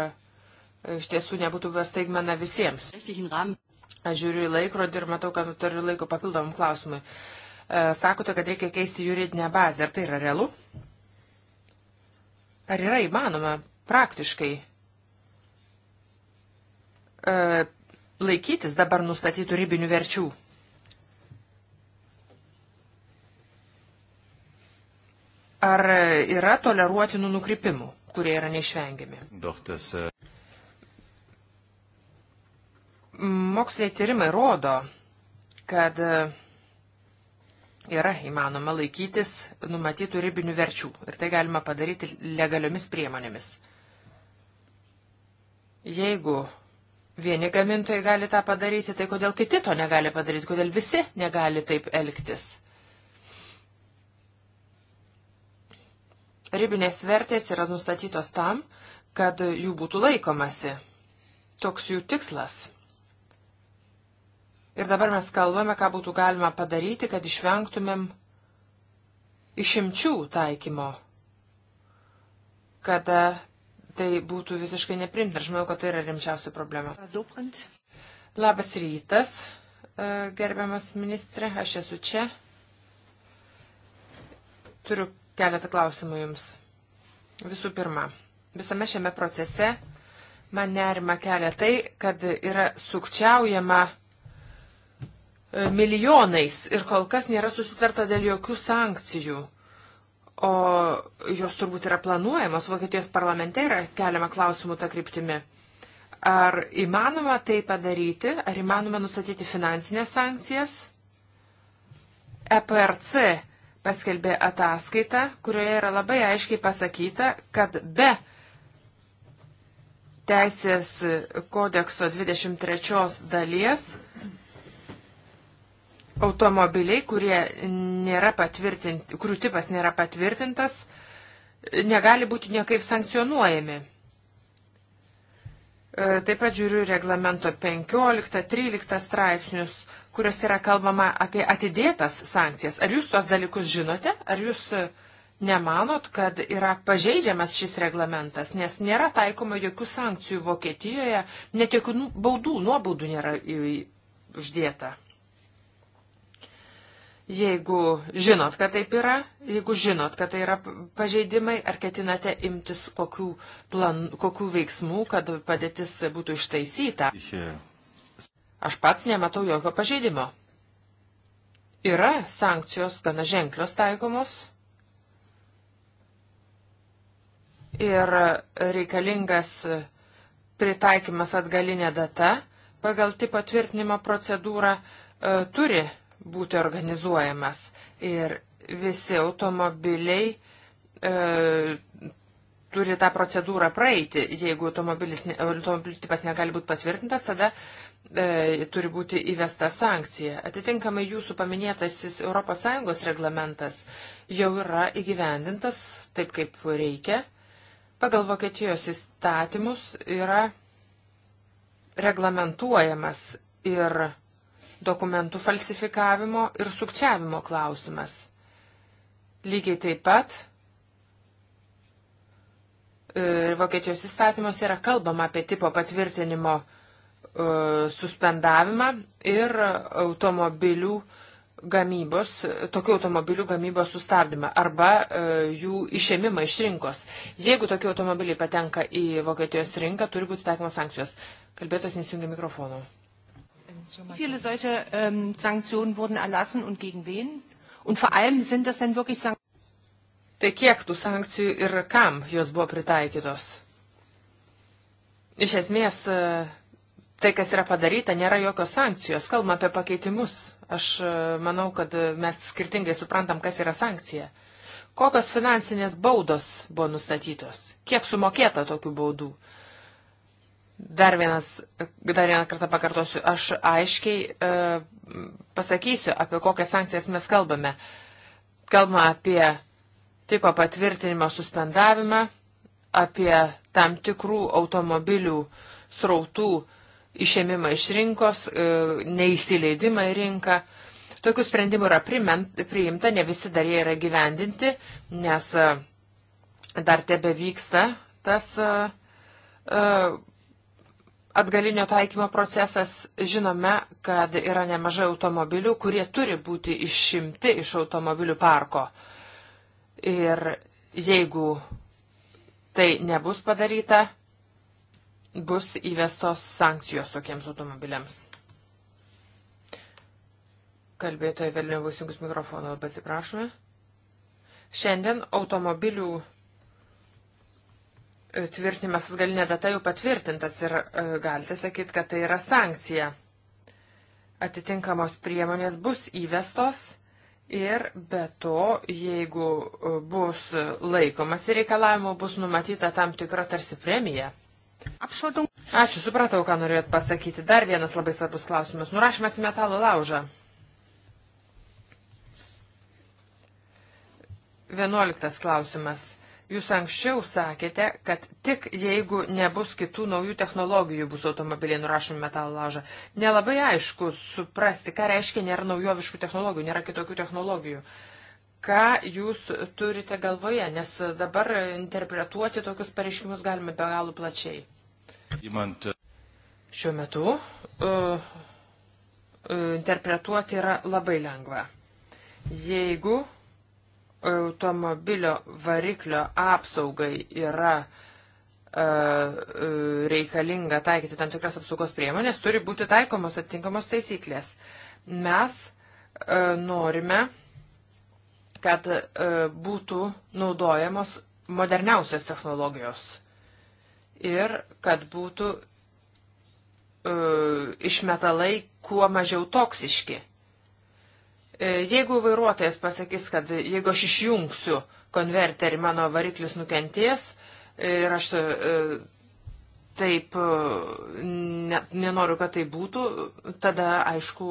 iš tiesų nebūtų buvęs taigmena visiems. Aš žiūriu į laikrodį ir matau, kad turiu laiko papildomam klausimui. E, sakote, kad reikia keisti juridinę bazę. Ar tai yra realu? Ar yra įmanoma praktiškai e, laikytis dabar nustatytų ribinių verčių? Ar yra toleruotinų nukrypimų, kurie yra neišvengiami? Dohtas. Äh, Moksliniai tyrimai rodo, kad yra įmanoma laikytis numatytų ribinių verčių ir tai galima padaryti legaliomis priemonėmis. Jeigu vieni gamintojai gali tą padaryti, tai kodėl kiti to negali padaryti, kodėl visi negali taip elgtis? Ribinės vertės yra nustatytos tam, kad jų būtų laikomasi. Toks jų tikslas. Ir dabar mes kalbame, ką būtų galima padaryti, kad išvengtumėm išimčių taikymo, kada tai būtų visiškai neprimta. Aš manau, kad tai yra rimčiausia problema. Labas rytas, e, gerbiamas ministrė, aš esu čia. Turiu keletą klausimų jums. Visų pirma, visame šiame procese man nerima kelia tai, kad yra sukčiaujama E, milijonais ir kol kas nėra susitarta dėl jokių sankcijų. O jos turbūt yra planuojamos, Vokietijos parlamente yra keliama klausimų tą kryptimį. Ar įmanoma tai padaryti, ar įmanoma nustatyti finansinės sankcijas? EPRC paskelbė ataskaitą, kurioje yra labai aiškiai pasakyta, kad be Teisės kodekso 23 dalies automobiliai, kurie nėra patvirtinti, kurių tipas nėra patvirtintas, negali būti niekaip sankcionuojami. E, taip pat žiūriu reglamento 15-13 straipsnius, kurios yra kalbama apie atidėtas sankcijas. Ar jūs tos dalykus žinote? Ar jūs nemanot, kad yra pažeidžiamas šis reglamentas, nes nėra taikoma jokių sankcijų Vokietijoje, net jokių nu, baudų, nuobaudų nėra uždėta? Jeigu žinot, kad taip yra, jeigu žinot, kad tai yra pažeidimai, ar ketinate imtis kokių, plan, kokių veiksmų, kad padėtis būtų ištaisyta? Aš pats nematau jokio pažeidimo. Yra sankcijos gana ženklios taikomos ir reikalingas pritaikymas atgalinė data pagal tipo tvirtinimo procedūrą e, turi būti organizuojamas. Ir visi automobiliai e, turi tą procedūrą praeiti. Jeigu automobilis, automobilių tipas negali būti patvirtintas, tada e, turi būti įvesta sankcija. Atitinkamai jūsų paminėtasis ES reglamentas jau yra įgyvendintas taip, kaip reikia. Pagal Vokietijos įstatymus yra reglamentuojamas ir dokumentų falsifikavimo ir sukčiavimo klausimas. Lygiai taip pat ir e, Vokietijos įstatymuose yra kalbama apie tipo patvirtinimo e, suspendavimą ir automobilių gamybos, tokių automobilių gamybos sustabdymą arba e, jų išėmimą iš rinkos. Jeigu tokie automobiliai patenka į Vokietijos rinką, turi būti taikomos sankcijos. Kalbėtos nesijungia mikrofono. Wie viele solche ähm, Sanktionen wurden erlassen und gegen wen? Und vor allem sind das denn wirklich Sanktionen? Tai kiek tų sankcijų ir kam jos buvo pritaikytos? Iš esmės, e, tai, kas yra padaryta, nėra jokios sankcijos. Kalbam apie pakeitimus. Aš e, manau, kad e, mes skirtingai suprantam, kas yra sankcija. Kokios finansinės baudos buvo nustatytos? Kiek sumokėta tokių baudų? Dar, vienas, dar vieną kartą pakartosiu, aš aiškiai e, pasakysiu, apie kokias sankcijas mes kalbame. Kalbame apie tipo patvirtinimo suspendavimą, apie tam tikrų automobilių srautų išėmimą iš rinkos, e, neįsileidimą į rinką. Tokių sprendimų yra primint, priimta, ne visi dar jie yra gyvendinti, nes e, dar tebe vyksta tas uh, uh, atgalinio taikymo procesas, žinome, kad yra nemažai automobilių, kurie turi būti išimti iš automobilių parko. Ir jeigu tai nebus padaryta, bus įvestos sankcijos tokiems automobiliams. Kalbėtoje vėliau bus jungus mikrofoną, labai atsiprašome. Šiandien automobilių tvirtinimas atgalinė data jau patvirtintas ir e, galite sakyti, kad tai yra sankcija. Atitinkamos priemonės bus įvestos ir be to, jeigu e, bus laikomas reikalavimo, bus numatyta tam tikra tarsi premija. Apšaudau. Ačiū, supratau, ką norėjot pasakyti. Dar vienas labai svarbus klausimas. Nurašymas į metalo laužą. Vienuoliktas klausimas Jūs anksčiau sakėte, kad tik jeigu nebus kitų naujų technologijų bus automobiliai nurašomi metalo lažą. Nelabai aišku suprasti, ką reiškia nėra naujoviškų technologijų, nėra kitokių technologijų. Ką jūs turite galvoje, nes dabar interpretuoti tokius pareiškimus galime be galo plačiai. Įmant. E, Šiuo metu uh, uh, interpretuoti yra labai lengva. Jeigu automobilio variklio apsaugai yra e, e, reikalinga taikyti tam tikras apsaugos priemonės, turi būti taikomos atitinkamos taisyklės. Mes e, norime, kad būtų naudojamos moderniausios technologijos ir kad būtų išmetalai kuo mažiau toksiški. E, jeigu vairuotojas pasakys, kad jeigu aš išjungsiu konverterį, mano variklis nukenties e, ir aš e, taip ne, nenoriu, kad tai būtų, tada aišku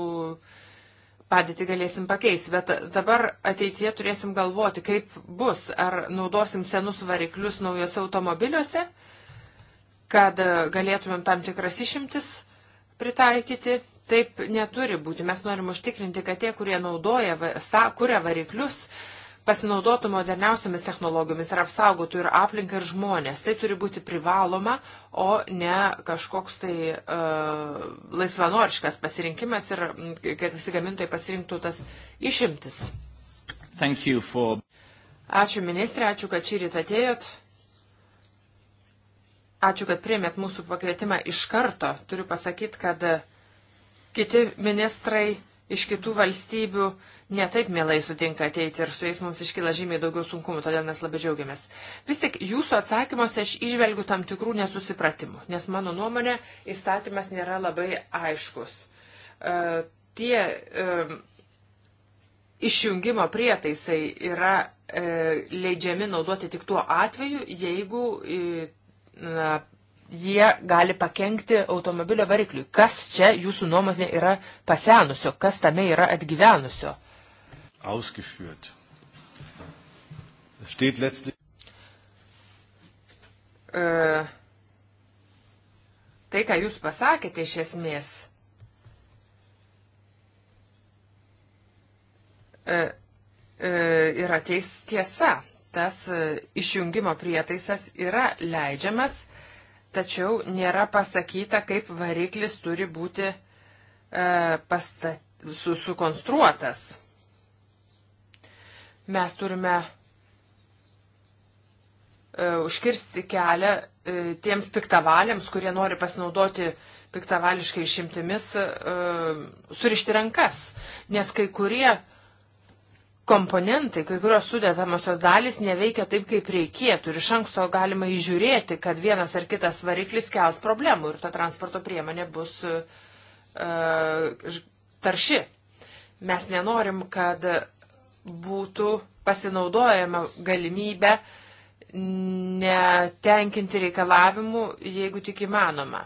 padėtį galėsim pakeisti. Bet dabar ateitie turėsim galvoti, kaip bus, ar naudosim senus variklius naujose automobiliuose, kad galėtumėm tam tikras išimtis pritaikyti. Taip neturi būti. Mes norim užtikrinti, kad tie, kurie naudoja, sa, kuria variklius, pasinaudotų moderniausiamis technologijomis ir apsaugotų ir aplinką, ir žmonės. Tai turi būti privaloma, o ne kažkoks tai uh, laisvanoriškas pasirinkimas ir mm, kad visi gamintojai pasirinktų tas išimtis. For... Ačiū ministrė, ačiū, kad šį rytą atėjot. Ačiū, kad priemėt mūsų pakvietimą iš karto. Turiu pasakyti, kad uh, Kiti ministrai iš kitų valstybių netaip mielai sutinka ateiti ir su jais mums iškyla žymiai daugiau sunkumų, todėl mes labai džiaugiamės. Vis tik jūsų atsakymuose aš išvelgiu tam tikrų nesusipratimų, nes mano nuomonė įstatymas nėra labai aiškus. Uh, tie uh, išjungimo prietaisai yra uh, leidžiami naudoti tik tuo atveju, jeigu na, jie gali pakengti automobilio varikliui. Kas čia jūsų nuomonė yra pasenusio, kas tame yra atgyvenusio? Ausgeführt. Steht letztlich. Uh, tai, ką jūs pasakėte iš esmės, uh, uh, yra teis tiesa. Tas išjungimo prietaisas yra leidžiamas tačiau nėra pasakyta, kaip variklis turi būti e, pastat, su, sukonstruotas. Mes turime e, užkirsti kelią e, tiems piktavaliams, kurie nori pasinaudoti piktavališkai išimtimis, e, surišti rankas, nes kai kurie e, komponentai, kai kurios sudėtamosios dalys neveikia taip, kaip reikėtų ir iš anksto galima įžiūrėti, kad vienas ar kitas variklis kels problemų ir ta transporto priemonė bus uh, tarši. Mes nenorim, kad būtų pasinaudojama galimybė netenkinti reikalavimų, jeigu tik įmanoma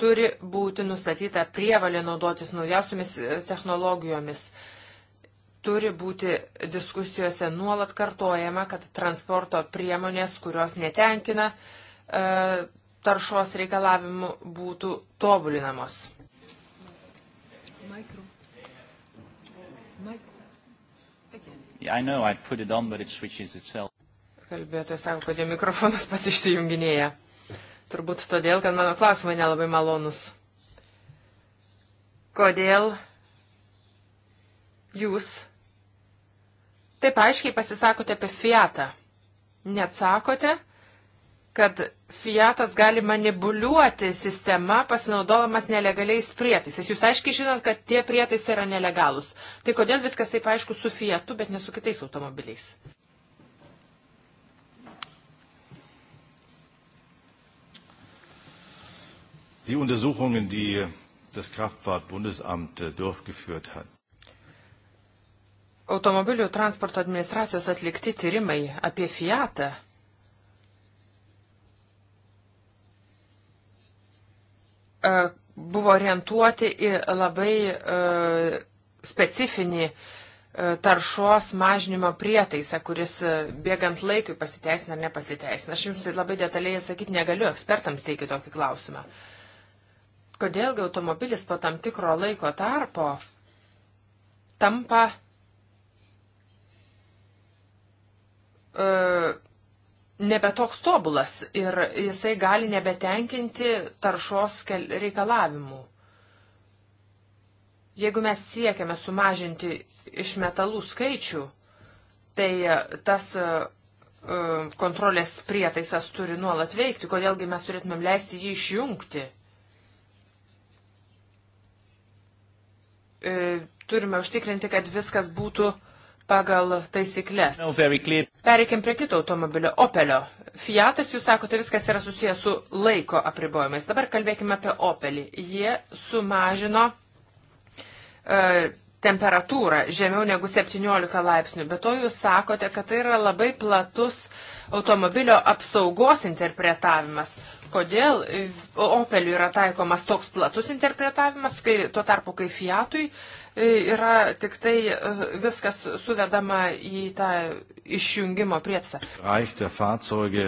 turi būti nustatyta prievalė naudotis naujausiomis e, technologijomis. Turi būti diskusijose nuolat kartojama, kad transporto priemonės, kurios netenkina e, taršos reikalavimų, būtų tobulinamos. Micro. Micro. Yeah, I know, I put it on, but it switches itself. Kalbėtojas sako, kad jo mikrofonas pats išsijunginėja. Turbūt todėl, kad mano klausimai nelabai malonus. Kodėl jūs taip aiškiai pasisakote apie Fiatą? Neatsakote, kad Fiatas gali manipuliuoti sistema pasinaudodamas nelegaliais prietaisais. Jūs aiškiai žinot, kad tie prietaisai yra nelegalūs. Tai kodėl viskas taip aišku su Fiatu, bet ne su kitais automobiliais? die Untersuchungen, die das Kraftfahrtbundesamt äh, durchgeführt hat. Automobilių transporto administracijos atlikti tyrimai apie Fiatą buvo orientuoti į labai specifinį taršos mažinimo prietaisą, kuris bėgant laikui pasiteisina ar nepasiteisina. Aš jums labai detaliai atsakyti negaliu, ekspertams teikiu tokį klausimą. Uh, Kodėlgi automobilis po tam tikro laiko tarpo tampa e, nebetoks tobulas ir jisai gali nebetenkinti taršos reikalavimų. Jeigu mes siekiame sumažinti iš metalų skaičių, tai tas e, kontrolės prietaisas turi nuolat veikti, kodėlgi mes turėtumėm leisti jį išjungti. E, turime užtikrinti, kad viskas būtų pagal taisyklės. No, Pereikim prie kito automobilio - Opelio. Fiatas, jūs sakote, viskas yra susijęs su laiko apribojimais. Dabar kalbėkime apie Opelį. Jie sumažino e, temperatūrą žemiau negu 17 laipsnių, bet to jūs sakote, kad tai yra labai platus automobilio apsaugos interpretavimas. Kodėl Opeliui yra taikomas toks platus interpretavimas, kai tuo tarpu kai Fiatui e, yra tik tai e, viskas suvedama į tą išjungimo prietsą. Äh,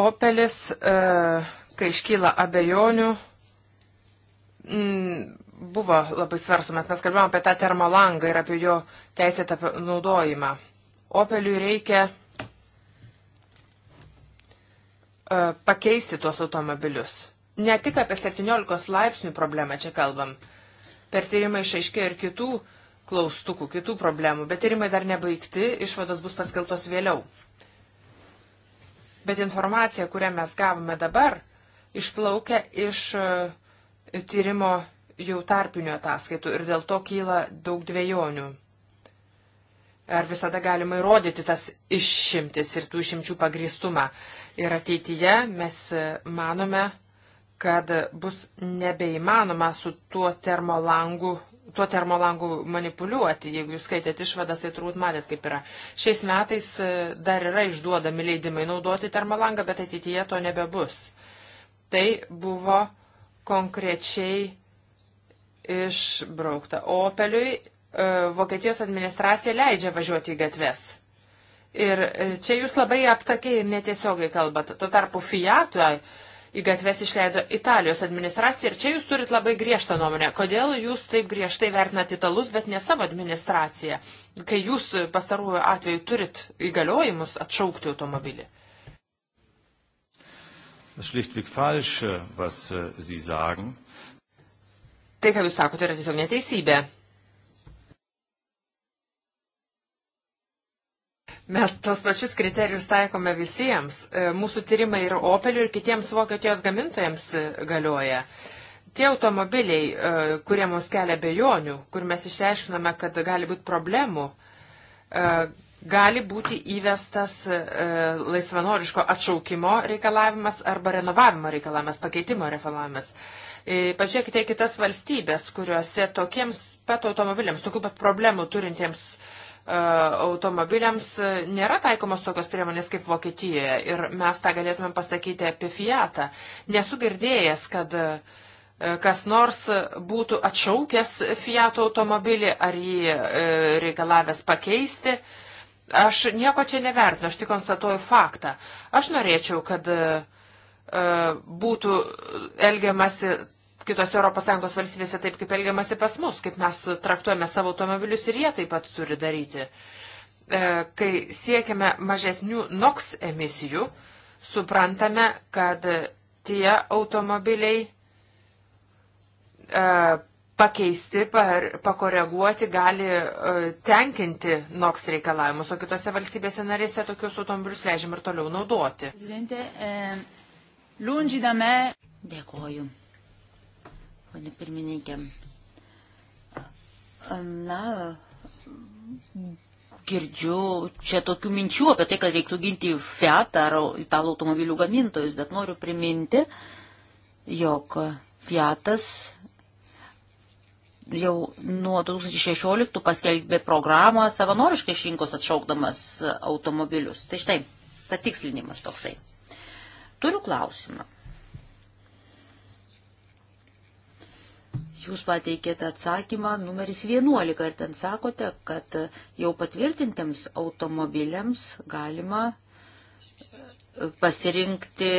Opelis, e, kai iškyla abejonių, buvo labai svarstumas, mes kalbėjome apie tą termalangą ir apie jo teisėtą naudojimą. Opeliui reikia e, pakeisti tuos automobilius. Ne tik apie 17 laipsnių problemą čia kalbam. Per tyrimą išaiškėjo ir kitų klaustukų, kitų problemų, bet tyrimai dar nebaigti, išvados bus paskeltos vėliau. Bet informacija, kurią mes gavome dabar, išplaukia iš e, tyrimo jau tarpinių ataskaitų ir dėl to kyla daug dviejonių. Ar visada galima įrodyti tas išimtis ir tų išimčių pagrįstumą. Ir ateityje mes manome, kad bus nebeįmanoma su tuo termolangu tuo termolangu manipuliuoti. Jeigu jūs skaitėt išvadas, tai turbūt matėt, kaip yra. Šiais metais e, dar yra išduodami leidimai naudoti termolangą, bet ateityje to nebebus. Tai buvo konkrečiai išbraukta Opeliui E, Vokietijos administracija leidžia važiuoti į gatves. Ir e, čia jūs labai aptakiai ir netiesiogiai kalbate. Tuo tarpu Fiat e, į gatves išleido Italijos administracija ir čia jūs turit labai griežtą nuomonę. Kodėl jūs taip griežtai vertinat italus, bet ne savo administraciją, kai jūs pastaruoju atveju turit įgaliojimus atšaukti automobilį? Äh, äh, tai, ką jūs sakote, yra tiesiog neteisybė. Mes tos pačius kriterijus taikome visiems. E, mūsų tyrimai ir Opelių ir kitiems Vokietijos gamintojams e, galioja. Tie automobiliai, e, kurie mums kelia bejonių, kur mes išsiaiškiname, kad gali būti problemų, gali būti įvestas laisvanoriško atšaukimo reikalavimas arba renovavimo reikalavimas, pakeitimo reikalavimas. Pažiūrėkite kitas valstybės, kuriuose tokiems pat automobiliams, tokių pat problemų turintiems E, automobiliams e, nėra taikomos tokios priemonės kaip Vokietijoje ir mes tą galėtume pasakyti apie Fiatą. Nesu girdėjęs, kad e, kas nors būtų atšaukęs Fiato automobilį ar jį reikalavęs pakeisti. Aš nieko čia nevertinu, aš tik konstatuoju faktą. Aš norėčiau, kad būtų elgiamasi kitose ES valstybėse taip, kaip elgiamasi pas mus, kaip mes traktuojame savo automobilius ir jie taip pat turi daryti. E, kai siekiame mažesnių NOX emisijų, suprantame, kad tie automobiliai e, pakeisti, par, pakoreguoti gali e, tenkinti NOX reikalavimus, o kitose valstybėse narėse tokius automobilius leidžiam ir toliau naudoti. Eh, Dėkoju ponė pirmininkė. Na, girdžiu čia tokių minčių apie tai, kad reiktų ginti Fiat ar italų automobilių gamintojus, bet noriu priminti, jog Fiatas jau nuo 2016 paskelbė programą savanoriškai iš rinkos atšaukdamas automobilius. Tai štai, patikslinimas toksai. Turiu klausimą. jūs pateikėte atsakymą numeris 11 ir ten sakote, kad jau patvirtintiems automobiliams galima e, pasirinkti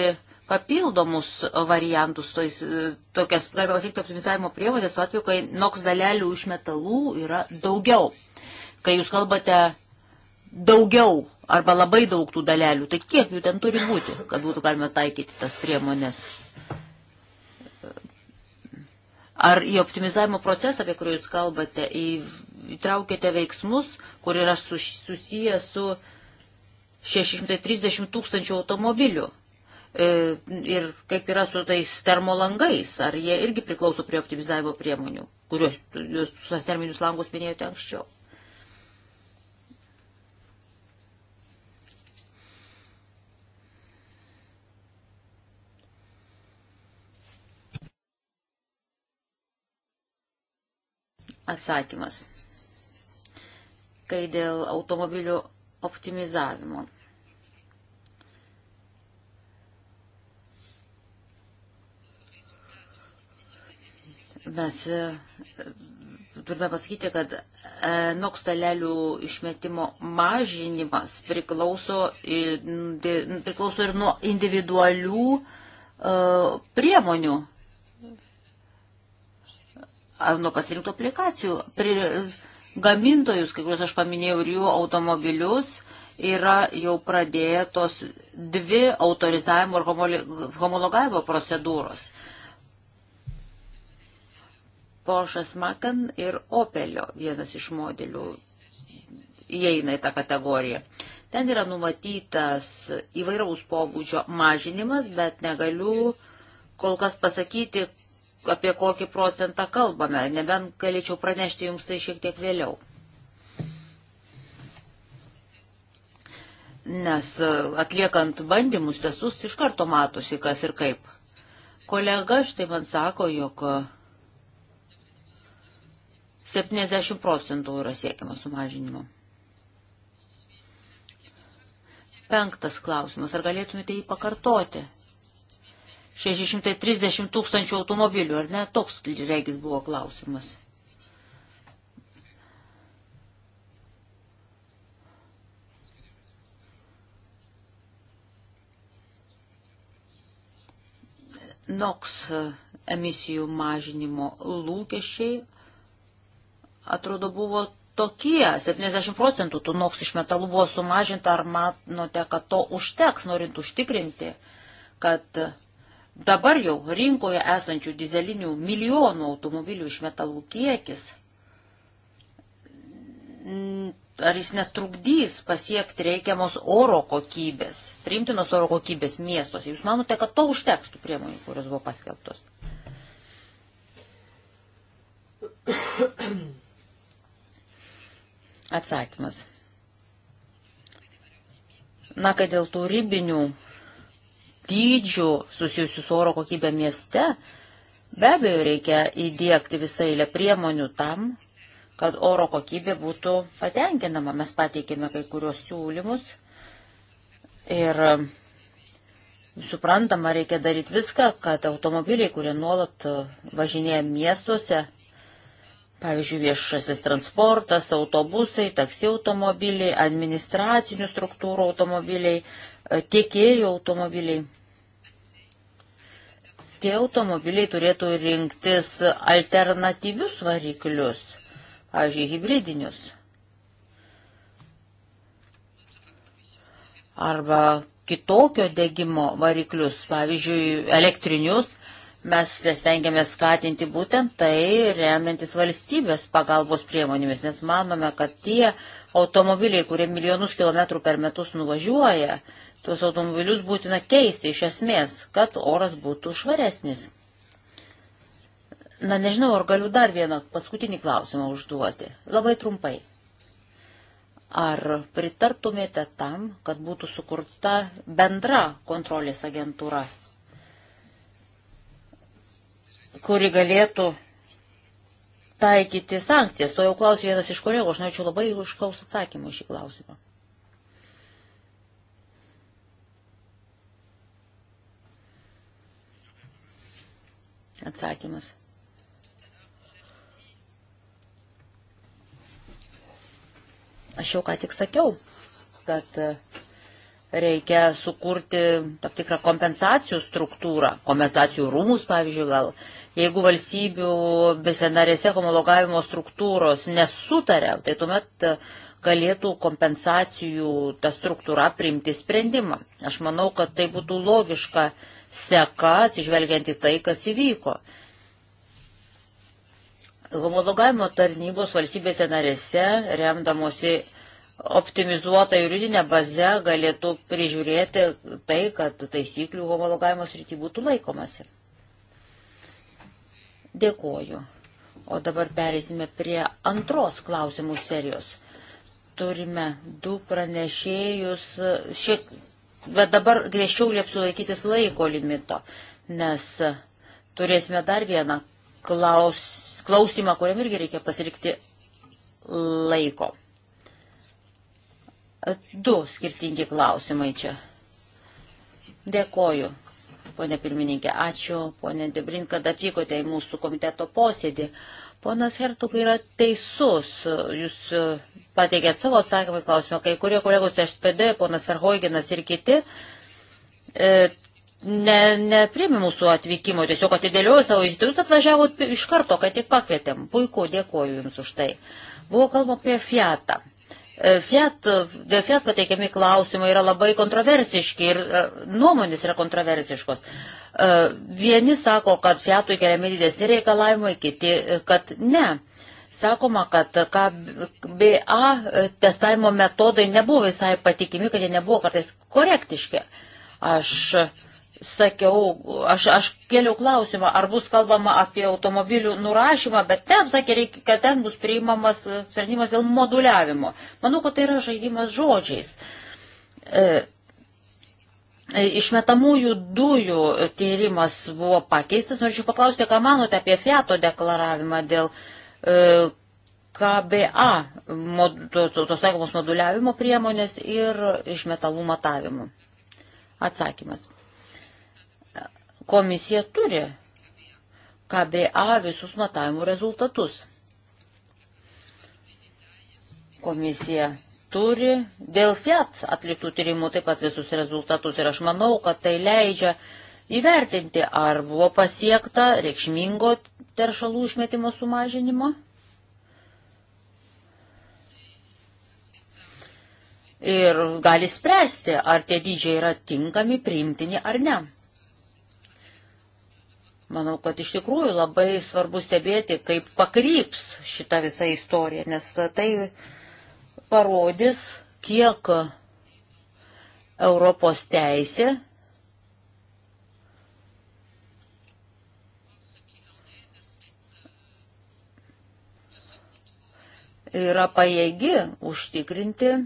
papildomus variantus, tois, e, tokias, galima pasirinkti optimizavimo priemonės, atveju, kai noks dalelių iš metalų yra daugiau. Kai jūs kalbate daugiau arba labai daug tų dalelių, tai kiek jų ten turi būti, kad būtų galima taikyti tas priemonės? Ar į optimizavimo procesą, apie kurį jūs kalbate, įtraukėte veiksmus, kur yra susiję su 630 tūkstančių automobilių? E, ir kaip yra su tais termolangais, ar jie irgi priklauso prie optimizavimo priemonių, kuriuos jūs tuos terminius langus minėjote anksčiau? atsakymas. Kai dėl automobilių optimizavimo. Mes e, turime pasakyti, kad e, NOX dalelių išmetimo mažinimas priklauso, priklauso ir nuo individualių e, priemonių nuo pasirinktų aplikacijų. Pri, gamintojus, kai kuriuos aš paminėjau, ir jų automobilius yra jau pradėtos dvi autorizavimo ir homologavimo procedūros. Porsches Macan ir Opelio vienas iš modelių įeina į tą kategoriją. Ten yra numatytas įvairaus pobūdžio mažinimas, bet negaliu kol kas pasakyti, apie kokį procentą kalbame, nebent galėčiau pranešti jums tai šiek tiek vėliau. Nes e, atliekant bandymus, testus, iš karto matosi, kas ir kaip. Kolega štai man sako, jog 70 procentų yra siekiama sumažinimo. Penktas klausimas, ar galėtumėte jį pakartoti? 630 tūkstančių automobilių, ar ne? Toks regis buvo klausimas. NOX emisijų mažinimo lūkesčiai atrodo buvo tokie. 70 procentų tų NOX iš metalų buvo sumažinta. Ar manote, kad to užteks, norint užtikrinti, kad Dabar jau rinkoje esančių dizelinių milijonų automobilių išmetalų kiekis, ar jis netrukdys pasiekti reikiamos oro kokybės, priimtinos oro kokybės miestuose? Jūs manote, kad to užteks tų priemonių, kurios buvo paskelbtos? Atsakymas. Na, kad dėl tų ribinių dydžių susijusių su oro kokybė mieste, be abejo reikia įdėkti visą eilę priemonių tam, kad oro kokybė būtų patenkinama. Mes pateikėme kai kurios siūlymus ir um, suprantama, reikia daryti viską, kad automobiliai, kurie nuolat uh, važinėja miestuose, pavyzdžiui, viešasis transportas, autobusai, taksi automobiliai, administracinių struktūrų automobiliai, tiekėjų automobiliai. Tie automobiliai turėtų rinktis alternatyvius variklius, pavyzdžiui, hybridinius. Arba kitokio degimo variklius, pavyzdžiui, elektrinius, mes stengiamės skatinti būtent tai, remiantis valstybės pagalbos priemonėmis, nes manome, kad tie automobiliai, kurie milijonus kilometrų per metus nuvažiuoja, Tuos automobilius būtina keisti iš esmės, kad oras būtų švaresnis. Na nežinau, ar galiu dar vieną paskutinį klausimą užduoti. Labai trumpai. Ar pritartumėte tam, kad būtų sukurta bendra kontrolės agentūra, kuri galėtų taikyti sankcijas? To jau klausė vienas iš kolegų, aš norėčiau labai užkaus atsakymų šį klausimą. Atsakymas. Aš jau ką tik sakiau, kad e, reikia sukurti tam tikrą kompensacijų struktūrą, kompensacijų rūmus, pavyzdžiui, gal jeigu valstybių besenarėse homologavimo struktūros nesutarė, tai tuomet e, galėtų kompensacijų ta struktūra priimti sprendimą. Aš manau, kad tai būtų logiška seka, atsižvelgiant į tai, kas įvyko. Homologavimo tarnybos valstybėse narėse, remdamosi optimizuota juridinė baze, galėtų prižiūrėti tai, kad taisyklių homologavimo srity būtų laikomasi. Dėkuoju. O dabar perėsime prie antros klausimų serijos. Turime du pranešėjus, šiek bet dabar griežčiau liepsiu laikytis laiko limito, nes turėsime dar vieną klaus, klausimą, kuriam irgi reikia pasirinkti laiko. Du skirtingi klausimai čia. Dėkoju, ponė pirmininkė. Ačiū, ponė Debrin, kad atvykote į mūsų komiteto posėdį. Ponas Hertuk yra teisus. Jūs pateikėt savo atsakymą į klausimą, kai kurie kolegos SPD, ponas Verhoiginas ir kiti, e, ne, neprimė mūsų atvykimo, tiesiog atidėliojo savo įsitikimus, atvažiavo iš karto, kai tik pakvietėm. Puiku, dėkoju Jums už tai. Buvo kalbama apie Fiatą. E, Fiat, dėl Fiat pateikiami klausimai yra labai kontroversiški ir e, nuomonės yra kontroversiškos. E, vieni sako, kad Fiatui keliami didesni reikalavimai, kiti, kad ne. Sakoma, kad BA testavimo metodai nebuvo visai patikimi, kad jie nebuvo kartais korektiški. Aš sakiau, aš, aš kėliau klausimą, ar bus kalbama apie automobilių nurašymą, bet ten sakė, reikia, kad ten bus priimamas sprendimas dėl moduliavimo. Manau, kad tai yra žaidimas žodžiais. E, e Išmetamųjų dujų tyrimas buvo pakeistas. Norėčiau paklausti, ką manote apie Fiato deklaravimą dėl uh, E, KBA, tos taikomos moduliavimo priemonės ir iš metalų matavimų. Atsakymas. Komisija turi KBA visus matavimų rezultatus. Komisija turi dėl FIAT atliktų tyrimų taip pat visus rezultatus ir aš manau, kad tai leidžia įvertinti, ar buvo pasiekta reikšmingo teršalų išmetimo sumažinimo. Ir gali spręsti, ar tie dydžiai yra tinkami, priimtini ar ne. Manau, kad iš tikrųjų labai svarbu stebėti, kaip pakryps šita visa istorija, nes tai parodys, kiek Europos teisė yra pajėgi užtikrinti e,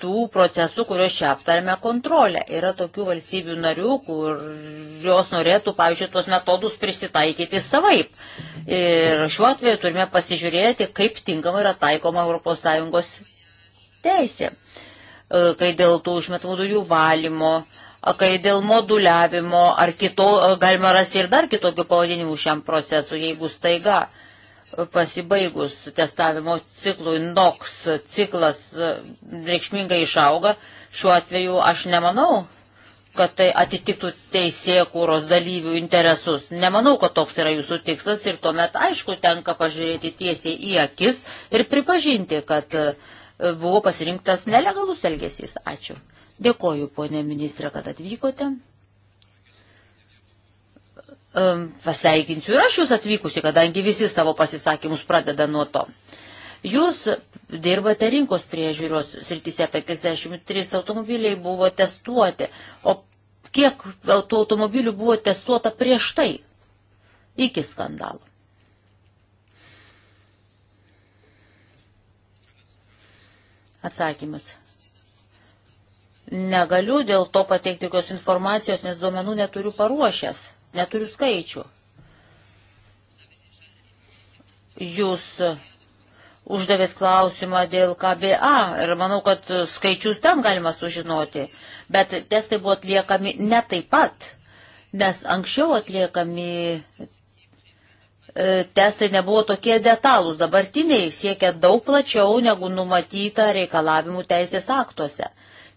tų procesų, kuriuos čia aptarėme kontrolę. Yra tokių valstybių narių, kurios norėtų, pavyzdžiui, tuos metodus prisitaikyti savaip. Ir šiuo atveju turime pasižiūrėti, kaip tinkamai yra taikoma ES teisė, e, kai dėl tų išmetamų dujų valymo kai dėl moduliavimo ar kito, galima rasti ir dar kitokių pavadinimų šiam procesui, jeigu staiga pasibaigus testavimo ciklui NOX ciklas reikšmingai išauga, šiuo atveju aš nemanau, kad tai atitiktų teisėkūros dalyvių interesus. Nemanau, kad toks yra jūsų tikslas ir tuomet aišku tenka pažiūrėti tiesiai į akis ir pripažinti, kad buvo pasirinktas nelegalus elgesys. Ačiū. Dėkoju, ponė ministrė, kad atvykote. Pasveikinsiu ir aš jūs atvykusi, kadangi visi savo pasisakymus pradeda nuo to. Jūs dirbate rinkos priežiūros srityse, 53 automobiliai buvo testuoti, o kiek tų automobilių buvo testuota prieš tai, iki skandalo? Atsakymas negaliu dėl to pateikti jokios informacijos, nes duomenų neturiu paruošęs, neturiu skaičių. Jūs uždavėt klausimą dėl KBA ir manau, kad skaičius ten galima sužinoti, bet testai buvo atliekami ne taip pat, nes anksčiau atliekami e, testai nebuvo tokie detalūs, dabartiniai siekia daug plačiau negu numatyta reikalavimų teisės aktuose.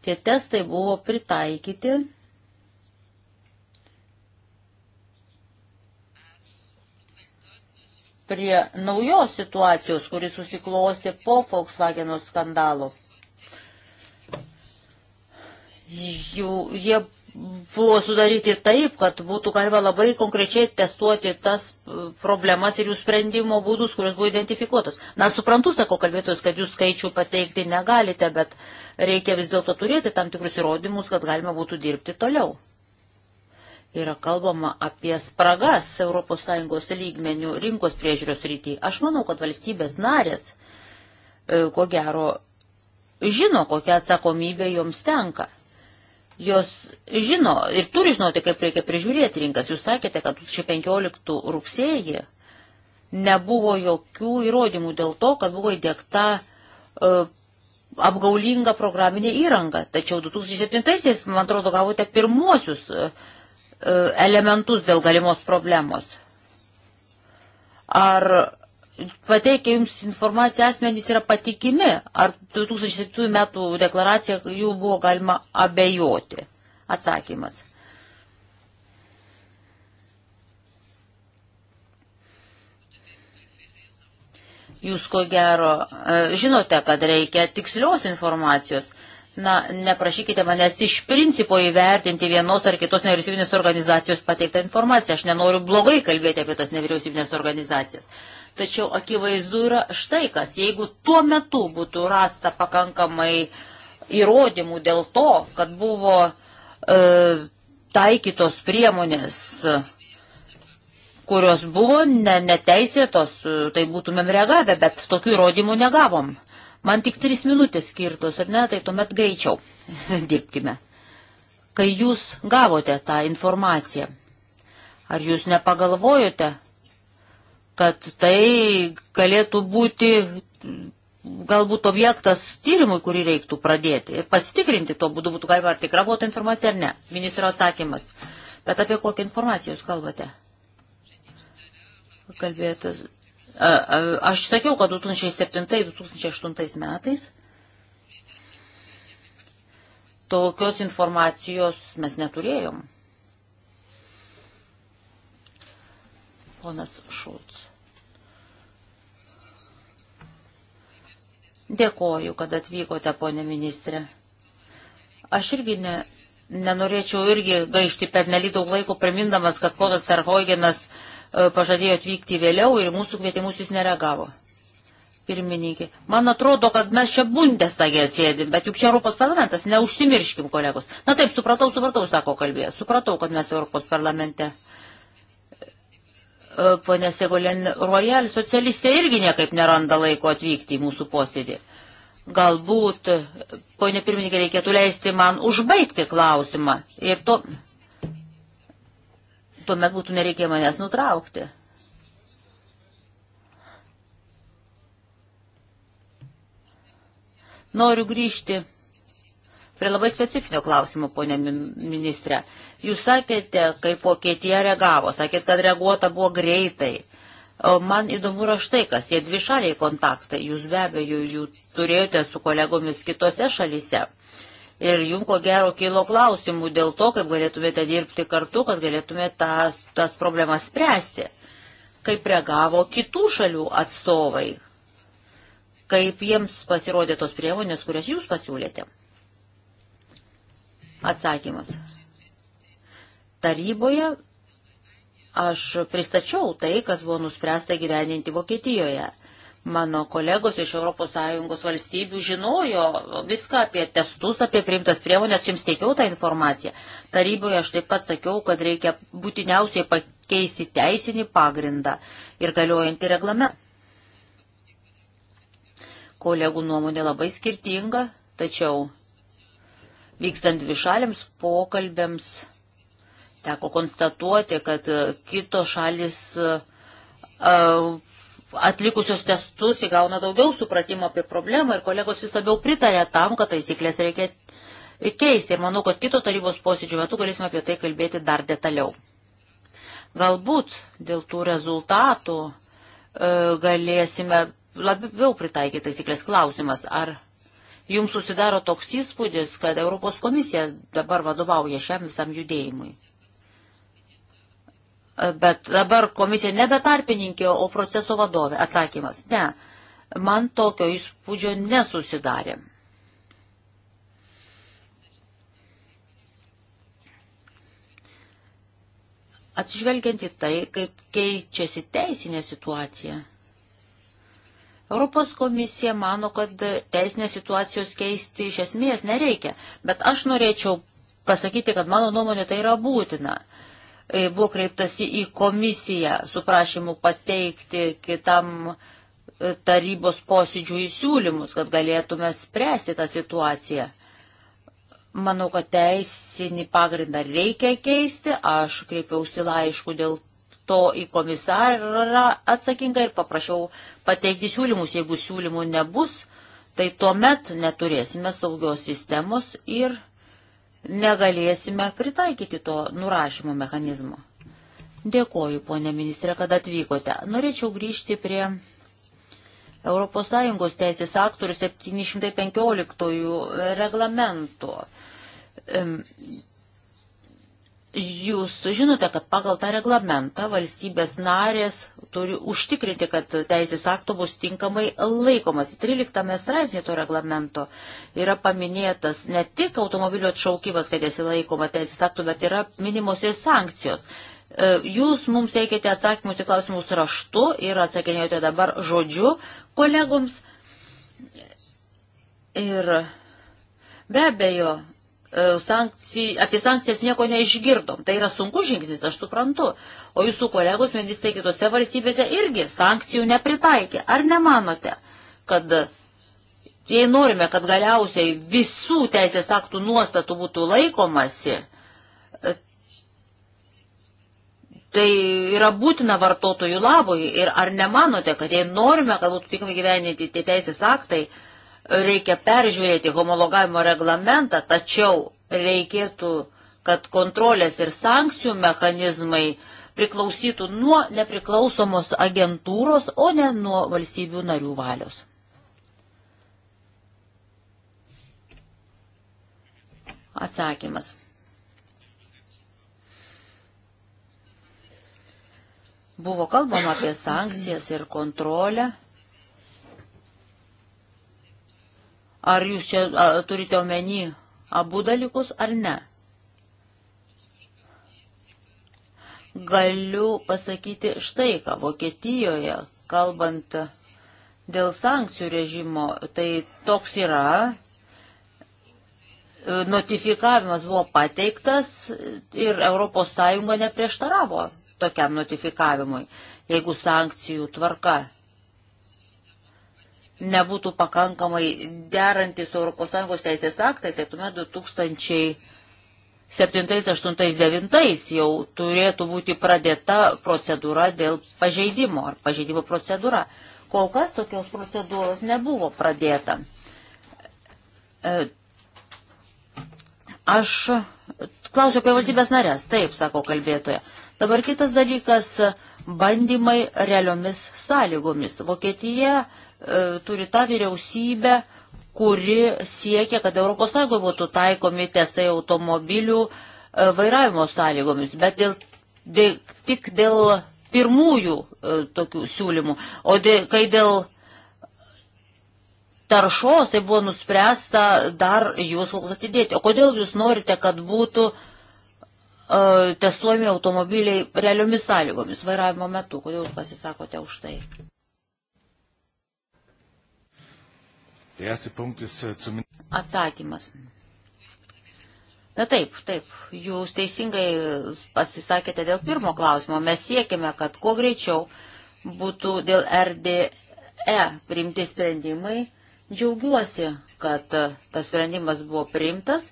Tie testai buvo pritaikyti prie naujos situacijos, kuri susiklosti po Volkswagen skandalo. Jų, jie buvo sudaryti taip, kad būtų galima labai konkrečiai testuoti tas e, problemas ir jų sprendimo būdus, kurios buvo identifikuotos. Na, suprantu, sako kalbėtojus, kad jūs skaičių pateikti negalite, bet uh, reikia vis dėlto turėti tam tikrus įrodymus, kad galima būtų dirbti toliau. Yra kalbama apie spragas ES lygmenių rinkos priežiūros rytį. Aš manau, kad valstybės narės, e, ko gero, žino, kokia atsakomybė joms tenka. Jos žino ir turi žinoti, kaip reikia prižiūrėti rinkas. Jūs sakėte, kad 2015 rugsėjį nebuvo jokių įrodymų dėl to, kad buvo įdėkta e, apgaulingą programinę įrangą. Tačiau 2007-aisiais, man atrodo, gavote pirmuosius e, e, elementus dėl galimos problemos. Ar pateikia jums informacija asmenys yra patikimi, ar 2007 metų deklaracija jų buvo galima abejoti? Atsakymas. Jūs ko gero e, žinote, kad reikia tikslios informacijos. Na, neprašykite manęs iš principo įvertinti vienos ar kitos nevyriausybinės organizacijos pateiktą informaciją. Aš nenoriu blogai kalbėti apie tas nevyriausybinės organizacijas. Tačiau akivaizdu yra štai kas, jeigu tuo metu būtų rasta pakankamai įrodymų dėl to, kad buvo e, taikytos priemonės kurios buvo ne, neteisėtos, tai būtumėm reagavę, bet tokių įrodymų negavom. Man tik trys minutės skirtos, ar ne, tai tuomet greičiau dirbkime. Kai jūs gavote tą informaciją, ar jūs nepagalvojote, kad tai galėtų būti galbūt objektas tyrimui, kurį reiktų pradėti ir pasitikrinti tuo būdu būtų galima, ar tikra buvo ta informacija ar ne. Ministro atsakymas. Bet apie kokią informaciją jūs kalbate? kalbėtas. A, a, aš sakiau, kad 2007-2008 metais tokios informacijos mes neturėjom. Ponas Šulc. Dėkoju, kad atvykote, ponė ministrė. Aš irgi ne, nenorėčiau irgi gaišti per nelį daug laiko primindamas, kad ponas Verhoigenas uh, E, pažadėjo atvykti vėliau ir mūsų kvietimus jis neregavo. Pirmininkė, man atrodo, kad mes čia bundestagė sėdim, bet juk čia Europos parlamentas, neužsimirškim, kolegos. Na taip, supratau, supratau, sako kalbėjas, supratau, kad mes Europos parlamente. E, Pane Segolen Royal, socialistė irgi niekaip neranda laiko atvykti į mūsų posėdį. Galbūt, e, ponė pirmininkė, reikėtų leisti man užbaigti klausimą. Ir to, tuomet būtų nereikia manęs nutraukti. Noriu grįžti prie labai specifinio klausimo, ponė ministrė. Jūs sakėte, kaip Vokietija reagavo, sakėte, kad reaguota buvo greitai. O man įdomu yra štai kas, tie dvišaliai kontaktai, jūs be abejo jų turėjote su kolegomis kitose šalyse. Ir jums ko gero kilo klausimų dėl to, kaip galėtumėte dirbti kartu, kad galėtumėte tas, tas problemas spręsti. Kaip reagavo kitų šalių atstovai? Kaip jiems pasirodė tos priemonės, kurias jūs pasiūlėte? Atsakymas. Taryboje aš pristačiau tai, kas buvo nuspręsta gyveninti Vokietijoje. Mano kolegos iš ES valstybių žinojo viską apie testus, apie priimtas priemonės, jums teikiau tą informaciją. Taryboje aš taip pat sakiau, kad reikia būtiniausiai pakeisti teisinį pagrindą ir galiojantį reglamentą. Kolegų nuomonė labai skirtinga, tačiau vykstant višaliams pokalbėms teko konstatuoti, kad kitos šalis uh, atlikusios testus įgauna daugiau supratimo apie problemą ir kolegos vis labiau pritarė tam, kad taisyklės reikia keisti. Ir manau, kad kito tarybos posėdžio metu galėsime apie tai kalbėti dar detaliau. Galbūt dėl tų rezultatų e, galėsime labiau pritaikyti taisyklės klausimas. Ar jums susidaro toks įspūdis, kad Europos komisija dabar vadovauja šiam visam judėjimui? Bet dabar komisija nebe tarpininkė, o proceso vadovė. Atsakymas - ne. Man tokio įspūdžio nesusidarė. Atsižvelgiant į tai, kaip keičiasi teisinė situacija, Europos komisija mano, kad teisinės situacijos keisti iš esmės nereikia, bet aš norėčiau pasakyti, kad mano nuomonė tai yra būtina. Uh, E, buvo kreiptasi į komisiją su prašymu pateikti kitam e, tarybos posėdžių įsiūlymus, kad galėtume spręsti tą situaciją. Manau, kad teisinį pagrindą reikia keisti. Aš kreipiausi laišku dėl to į komisarą atsakingą ir paprašiau pateikti siūlymus. Jeigu siūlymų nebus, tai tuomet neturėsime saugios sistemos ir negalėsime pritaikyti to nurašymo mechanizmo. Dėkoju, ponė ministrė, kad atvykote. Norėčiau grįžti prie ES teisės aktorių 715 reglamento. Jūs žinote, kad pagal tą reglamentą valstybės narės turi užtikrinti, kad teisės aktų bus tinkamai laikomas. 13 straipsnė to reglamento yra paminėtas ne tik automobilio atšaukimas, kad esi laikoma teisės aktų, bet yra minimos ir sankcijos. E, jūs mums teikėte atsakymus į klausimus raštu ir atsakinėjote dabar žodžiu kolegoms. Ir be abejo, E, sankcijų, apie sankcijas nieko neišgirdom. Tai yra sunkus žingsnis, aš suprantu. O jūsų kolegos ministrai kitose valstybėse irgi sankcijų nepritaikė. Ar nemanote, kad jei norime, kad galiausiai visų teisės aktų nuostatų būtų laikomasi, e, tai yra būtina vartotojų labui. Ir ar nemanote, kad jei norime, kad būtų tinkamai gyveninti tie teisės aktai, reikia peržiūrėti homologavimo reglamentą, tačiau reikėtų, kad kontrolės ir sankcijų mechanizmai priklausytų nuo nepriklausomos agentūros, o ne nuo valstybių narių valios. Atsakymas. Buvo kalbama apie sankcijas ir kontrolę Ar jūs čia a, turite omeny abu dalykus ar ne? Galiu pasakyti štai ką Vokietijoje, kalbant dėl sankcijų režimo, tai toks yra. E, notifikavimas buvo pateiktas ir ES neprieštaravo tokiam notifikavimui, jeigu sankcijų tvarka nebūtų pakankamai derantis ES teisės aktais, tai tuomet 2007-2009 jau turėtų būti pradėta procedūra dėl pažeidimo ar pažeidimo procedūra. Kol kas tokios procedūros nebuvo pradėta. E, aš klausiu apie valstybės narės, taip, sako kalbėtoja. Dabar kitas dalykas - bandymai realiomis sąlygomis. Vokietija uh, E, turi tą vyriausybę, kuri siekia, kad ES būtų taikomi testai automobilių e, vairavimo sąlygomis, bet dėl, dėl, tik dėl pirmųjų e, tokių siūlymų. O dėl, kai dėl taršos, tai buvo nuspręsta dar jūs kol kas atidėti. O kodėl jūs norite, kad būtų uh, testuojami automobiliai realiomis sąlygomis vairavimo metu? Kodėl jūs pasisakote už tai? Äh, Atsakymas. Na taip, taip, jūs teisingai pasisakėte dėl pirmo klausimo. Mes siekime, kad kuo greičiau būtų dėl RDE priimti sprendimai. Džiaugiuosi, kad tas sprendimas buvo priimtas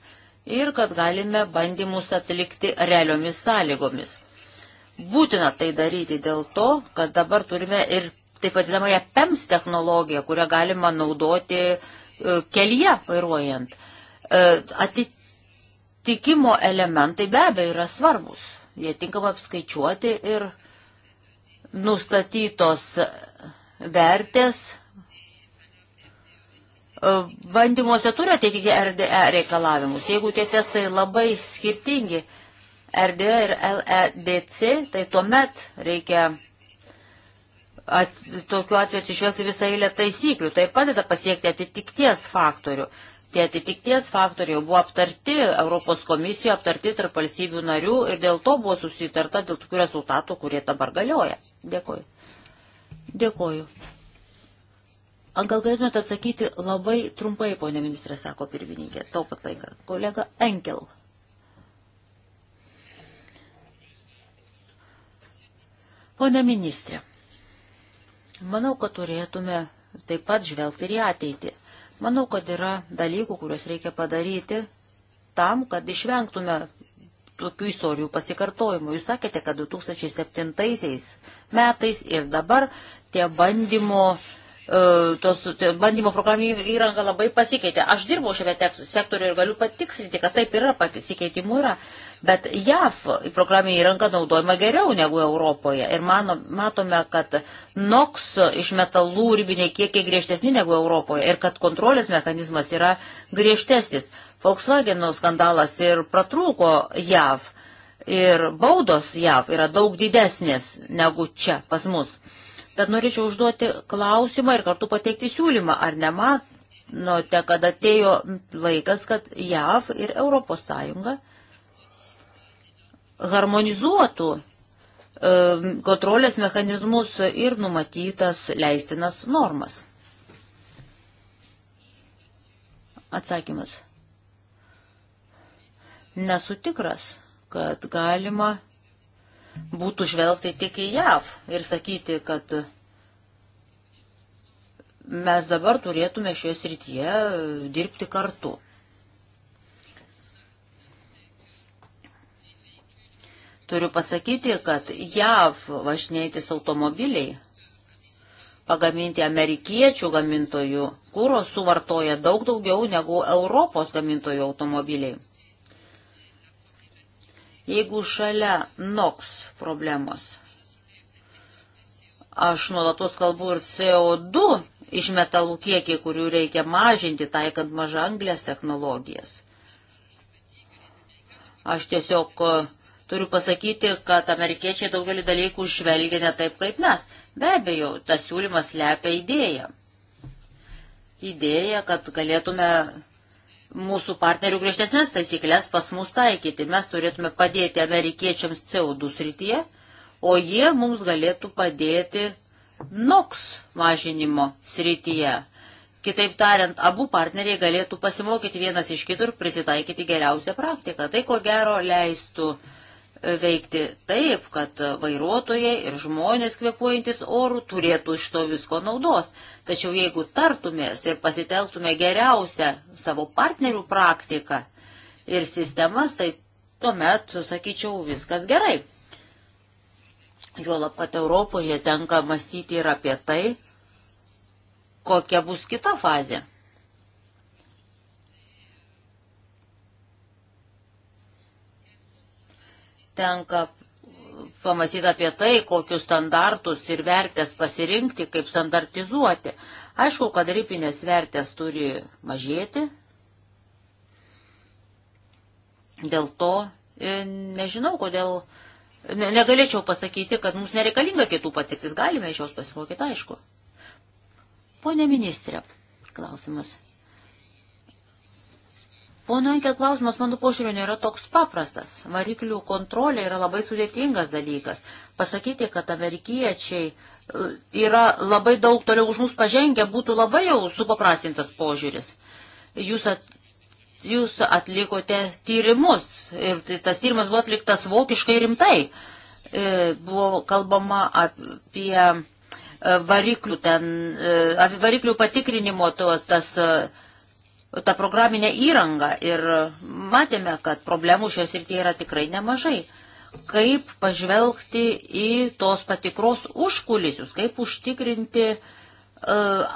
ir kad galime bandymus atlikti realiomis sąlygomis. Būtina tai daryti dėl to, kad dabar turime ir taip vadinamąją PEMS technologiją, kurią galima naudoti e, kelyje vairuojant. E, atitikimo elementai be abejo yra svarbus. Jie tinkamai apskaičiuoti ir nustatytos vertės e, bandymuose turi atitikti RDE reikalavimus. Jeigu tie testai labai skirtingi RDE ir LEDC, tai tuomet reikia at, tokiu atveju atsižvelgti visą eilę taisyklių. Tai padeda pasiekti atitikties faktorių. Tie atitikties faktoriai buvo aptarti Europos komisijoje, aptarti tarp valstybių narių ir dėl to buvo susitarta dėl tokių rezultatų, kurie dabar galioja. Dėkuoju. Dėkuoju. Ar gal galėtumėte atsakyti labai trumpai, ponė ministrė, sako pirmininkė, taupat laiką. Kolega Enkel. Pone ministrė, Manau, kad turėtume taip pat žvelgti ir į ateitį. Manau, kad yra dalykų, kuriuos reikia padaryti tam, kad išvengtume tokių istorijų pasikartojimų. Jūs sakėte, kad 2007 metais ir dabar tie bandymo, e, tos, tie bandymo programų įranga labai pasikeitė. Aš dirbau šiame sektoriuje ir galiu patikslinti, kad taip yra, pasikeitimų yra. Bet JAV programinė įranga naudojama geriau negu Europoje. Ir mano, matome, kad NOX iš metalų ribiniai kiekiai griežtesni negu Europoje ir kad kontrolės mechanizmas yra griežtesnis. Volkswagen nu, skandalas ir pratrūko JAV ir baudos JAV yra daug didesnės negu čia pas mus. Tad norėčiau užduoti klausimą ir kartu pateikti siūlymą, ar nematote, kad atėjo laikas, kad JAV ir ES harmonizuotų kontrolės mechanizmus ir numatytas leistinas normas. Atsakymas. Nesu tikras, kad galima būtų žvelgti tik į JAV ir sakyti, kad mes dabar turėtume šioje srityje dirbti kartu. Turiu pasakyti, kad JAV važinėjantis automobiliai pagaminti amerikiečių gamintojų kūro suvartoja daug daugiau negu Europos gamintojų automobiliai. Jeigu šalia NOX problemos, aš nuolatos kalbu ir CO2 iš metalų kiekį, kurių reikia mažinti, taikant mažanglės technologijas. Aš tiesiog Turiu pasakyti, kad amerikiečiai daugelį dalykų žvelgia ne taip kaip mes. Be abejo, tas siūlymas lepia idėją. Idėja, kad galėtume mūsų partnerių griežtesnės taisyklės pas mus taikyti. Mes turėtume padėti amerikiečiams CO2 srityje, o jie mums galėtų padėti NOX mažinimo srityje. Kitaip tariant, abu partneriai galėtų pasimokyti vienas iš kitų ir prisitaikyti geriausią praktiką. Tai ko gero leistų uh, veikti taip, kad vairuotojai ir žmonės kvepuojantis orų turėtų iš to visko naudos. Tačiau jeigu tartumės ir pasitelktume geriausią savo partnerių praktiką ir sistemas, tai tuomet, sakyčiau, viskas gerai. Juolab, kad Europoje tenka mąstyti ir apie tai, kokia bus kita fazė. tenka pamastyti apie tai, kokius standartus ir vertės pasirinkti, kaip standartizuoti. Aišku, kad ripinės vertės turi mažėti. Dėl to e, nežinau, kodėl. Negalėčiau pasakyti, kad mums nereikalinga kitų patirtis, galime iš jos pasimokyti, aišku. Pone ministrė, klausimas. Pono Enkel klausimas, mano požiūriu, nėra toks paprastas. Variklių kontrolė yra labai sudėtingas dalykas. Pasakyti, kad amerikiečiai e, yra labai daug toliau už mus pažengę, būtų labai jau supaprastintas požiūris. Jūs, at, jūs atlikote tyrimus ir tai tas tyrimas buvo atliktas vokiškai rimtai. E, buvo kalbama apie e, variklių, ten, variklių patikrinimo tos, tas tą programinę įrangą ir matėme, kad problemų šios rytyje yra tikrai nemažai. Kaip pažvelgti į tos patikros užkulisius, kaip užtikrinti e,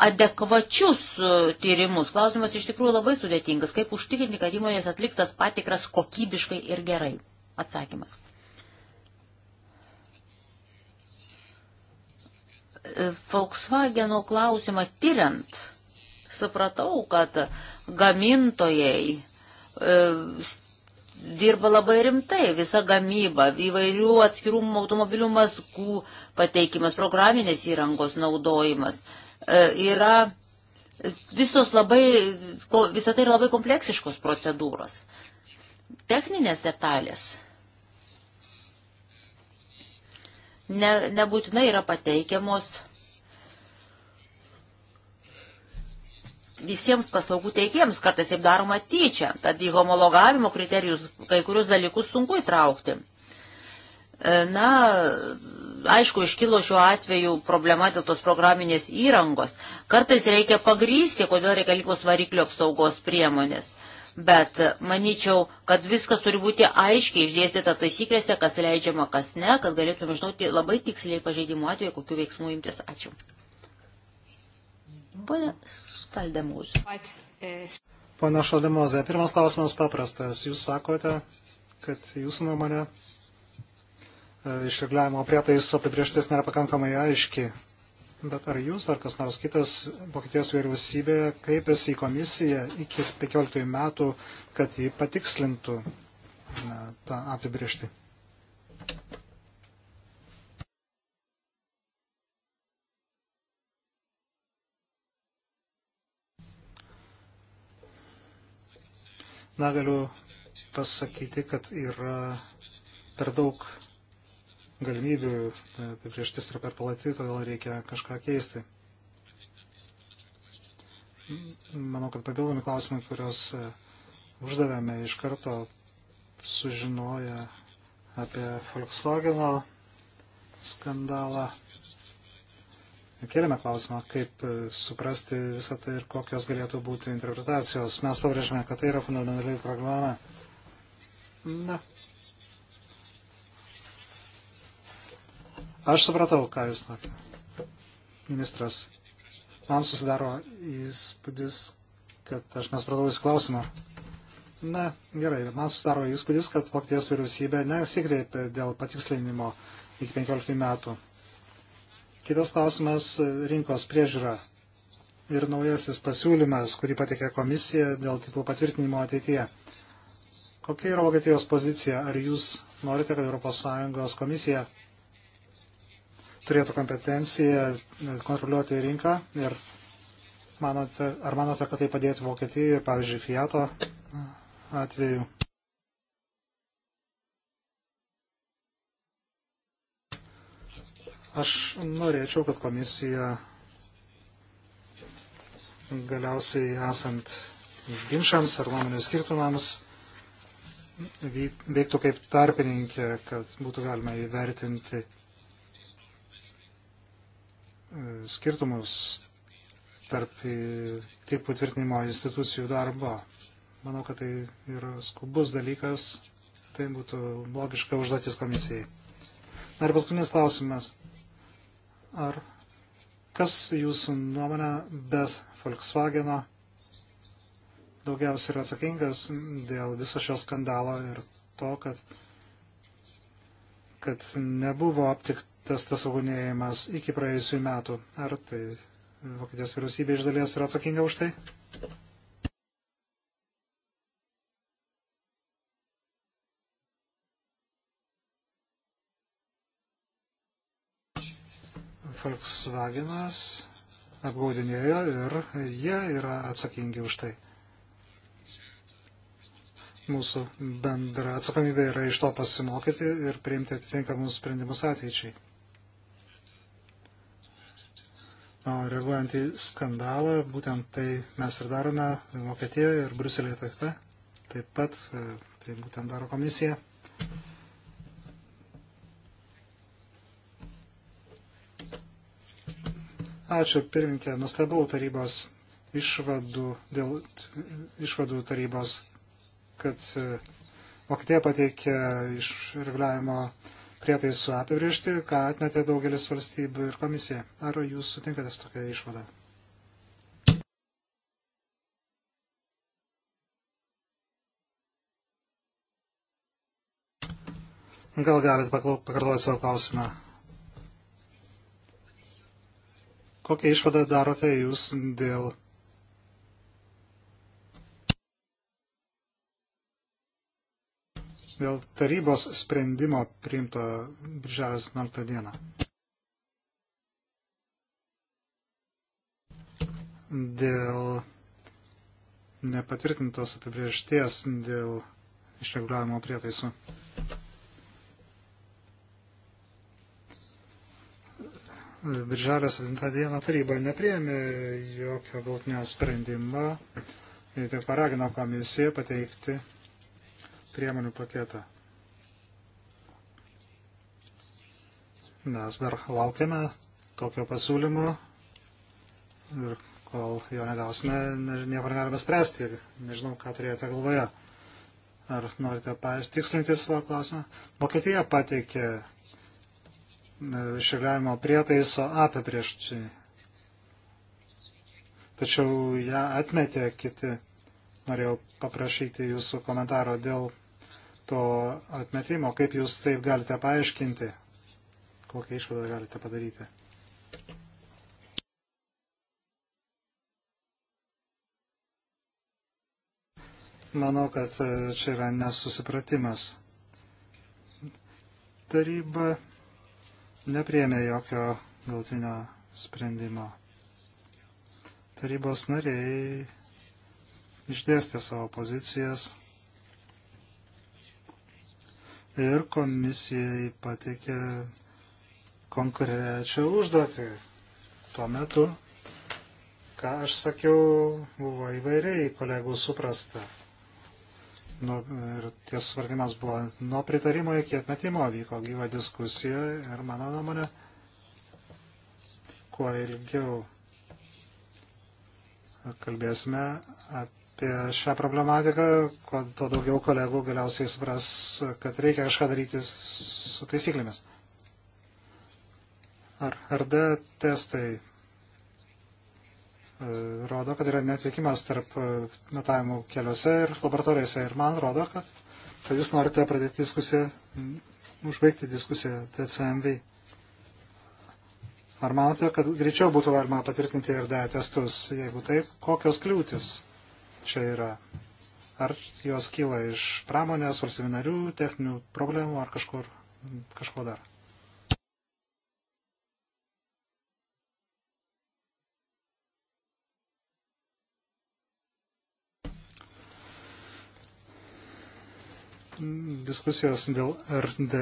adekvačius e, tyrimus. Klausimas iš tikrųjų labai sudėtingas. Kaip užtikrinti, kad įmonės atliks tas patikras kokybiškai ir gerai? Atsakymas. E, Volkswageno klausimą tyriant, supratau, kad gamintojai e, dirba labai rimtai, visa gamyba, įvairių atskirų automobilių maskų pateikimas, programinės įrangos naudojimas. E, yra visos labai, visą tai yra labai kompleksiškos procedūros. Techninės detalės ne, nebūtinai yra pateikiamos visiems paslaugų teikėjams, kartais taip daroma tyčia, tad į homologavimo kriterijus kai kurius dalykus sunku įtraukti. E, na, aišku, iškilo šiuo atveju problema dėl tos programinės įrangos. Kartais reikia pagrysti, kodėl reikalingos variklio apsaugos priemonės. Bet manyčiau, kad viskas turi būti aiškiai išdėstyta taisyklėse, kas leidžiama, kas ne, kad galėtume žinoti labai tiksliai pažeidimų atveju, kokiu veiksmu imtis. Ačiū. Pone Šaldemūz. Pana Šaldemūzė, pirmas klausimas paprastas. Jūs sakote, kad jūsų nuomonė e, išregliavimo prietaiso apibrieštis nėra pakankamai aiški. Bet ar jūs, ar kas nors kitas Vokietijos vyriausybė kreipėsi į komisiją iki 15 metų, kad jį patikslintų na, tą apibriešti? Na, galiu pasakyti, kad yra per daug galimybių, tai prieštis yra per palati, todėl reikia kažką keisti. Manau, kad papildomi klausimai, kuriuos e, uždavėme iš karto sužinoję apie Volkswageno skandalą kėlėme klausimą, kaip e, suprasti visą tai ir kokios galėtų būti interpretacijos. Mes pabrėžime, kad tai yra fundamentaliai problema. Na. Aš supratau, ką jūs sakėte. Ministras. Man susidaro įspūdis, kad aš nesupratau jūsų klausimą. Na, gerai, man susidaro įspūdis, kad Vokietijos vyriausybė nesikreipė dėl patikslinimo iki 15 metų. Kitas klausimas - rinkos priežiūra ir naujasis pasiūlymas, kurį patikė komisija dėl tipų patvirtinimo ateityje. Kokia yra Vokietijos pozicija? Ar jūs norite, kad ES komisija turėtų kompetenciją kontroliuoti rinką ir manote, ar manote, kad tai padėtų Vokietijai, pavyzdžiui, Fiato atveju? Aš norėčiau, kad komisija galiausiai esant ginčiams ar nuomonių skirtumams veiktų kaip tarpininkė, kad būtų galima įvertinti e, skirtumus tarp tipų tvirtinimo institucijų darbo. Manau, kad tai yra skubus dalykas, tai būtų logiška užduotis komisijai. Dar paskutinis klausimas. Ar kas jūsų nuomonė be Volkswageno daugiausiai yra atsakingas dėl viso šio skandalo ir to, kad, kad nebuvo aptiktas tas saugunėjimas iki praėjusių metų. Ar tai Vokietijos vyriausybė iš dalies yra atsakinga už tai? Volkswagenas apgaudinėjo ir jie yra atsakingi už tai. Mūsų bendra atsakomybė yra iš to pasimokyti ir priimti atitinkamus sprendimus ateičiai. O reaguojant į skandalą, būtent tai mes ir darome Vokietijoje ir Bruselėje taip pat. Taip pat e, tai būtent daro komisija. Ačiū pirminkė, nustebau tarybos išvadų, dėl išvadų tarybos, kad e, Vokietija pateikė iš reguliavimo prietaisų apibriežti, ką atmetė daugelis valstybių ir komisija. Ar jūs sutinkate su tokia išvada? Gal galite pakartoti savo klausimą? Kokią išvadą darote jūs dėl dėl tarybos sprendimo priimto birželio 17 dieną. Dėl nepatvirtintos apibriešties dėl išreguliavimo prietaisų. Birželio 7 dieną taryba nepriėmė jokio galtinio sprendimo ir tik paragino komisiją pateikti priemonių paketą. Mes dar laukiame tokio pasiūlymo ir kol jo negausime, nieko negalime spręsti. Nežinau, ką turėjote galvoje. Ar norite patikslinti savo klausimą? Vokietija pateikė širgavimo prietaiso apibrieščiai. Tačiau ją atmetė kiti. Norėjau paprašyti jūsų komentaro dėl to atmetimo. Kaip jūs taip galite paaiškinti? Kokią išvadą galite padaryti? Manau, kad e, čia yra nesusipratimas. Taryba nepriemė jokio galtinio sprendimo. Tarybos nariai išdėstė savo pozicijas ir komisijai pateikė konkrečią užduotį. Tuo metu, ką aš sakiau, buvo įvairiai kolegų suprasta nu, ir ties svartimas buvo nuo pritarimo iki atmetimo vyko gyva diskusija ir mano nuomonė, kuo ilgiau kalbėsime apie šią problematiką, tuo daugiau kolegų galiausiai supras, kad reikia kažką daryti su taisyklėmis. Ar RD testai E, rodo, kad yra netikimas tarp e, metavimų keliuose ir laboratorijose. Ir man rodo, kad, kad jūs norite pradėti diskusiją, užbaigti diskusiją TCMV. Ar manote, kad greičiau būtų galima patvirtinti ir DE testus? Jeigu taip, kokios kliūtis čia yra? Ar jos kyla iš pramonės, valstybinarių, techninių problemų ar kažkur, kažko dar? diskusijos dėl RDE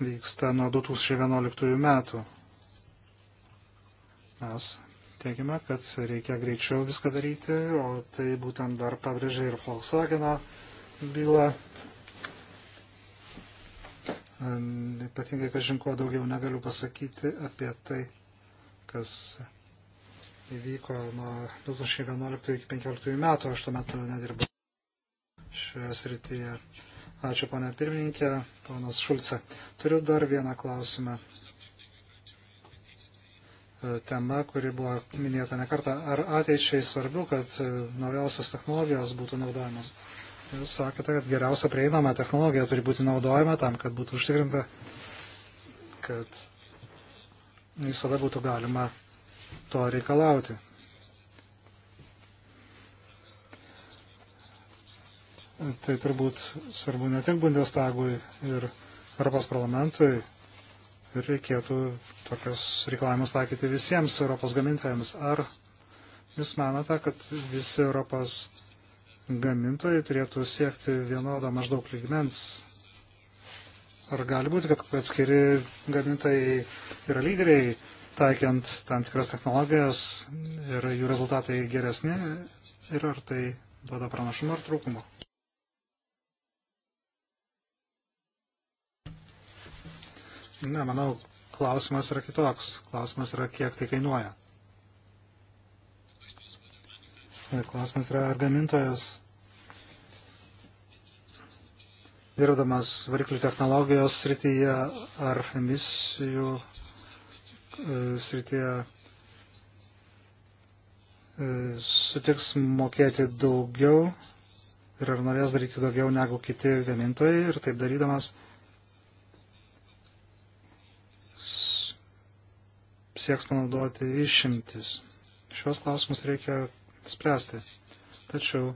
vyksta nuo 2011 metų. Mes teikime, kad reikia greičiau viską daryti, o tai būtent dar pabrėžia ir Volkswageno byla. Ypatingai, kad žinko daugiau negaliu pasakyti apie tai, kas įvyko nuo 2011 iki 2015 metų, aš tuo metu nedirbau šioje srityje. Ačiū, ponė pirmininkė, ponas Šulce. Turiu dar vieną klausimą. E, tema, kuri buvo minėta ne kartą. Ar ateičiai svarbu, kad e, naujausios technologijos būtų naudojamos? Jūs sakėte, kad geriausia prieinama technologija turi būti naudojama tam, kad būtų užtikrinta, kad visada būtų galima to reikalauti. tai turbūt svarbu ne tik Bundestagui ir Europos parlamentui, ir reikėtų tokius reikalavimus taikyti visiems Europos gamintojams. Ar jūs manote, kad visi Europos gamintojai turėtų siekti vienodo maždaug lygmens? Ar gali būti, kad atskiri gamintojai yra lyderiai, taikiant tam tikras technologijas ir jų rezultatai geresni? Ir ar tai duoda pranašumą ar trūkumą? Na, manau, klausimas yra kitoks. Klausimas yra, kiek tai kainuoja. Klausimas yra, ar gamintojas, dirbdamas variklių technologijos srityje ar emisijų e, srityje, e, sutiks mokėti daugiau ir ar norės daryti daugiau negu kiti gamintojai ir taip darydamas sieks panaudoti išimtis. Šios klausimus reikia spręsti. Tačiau,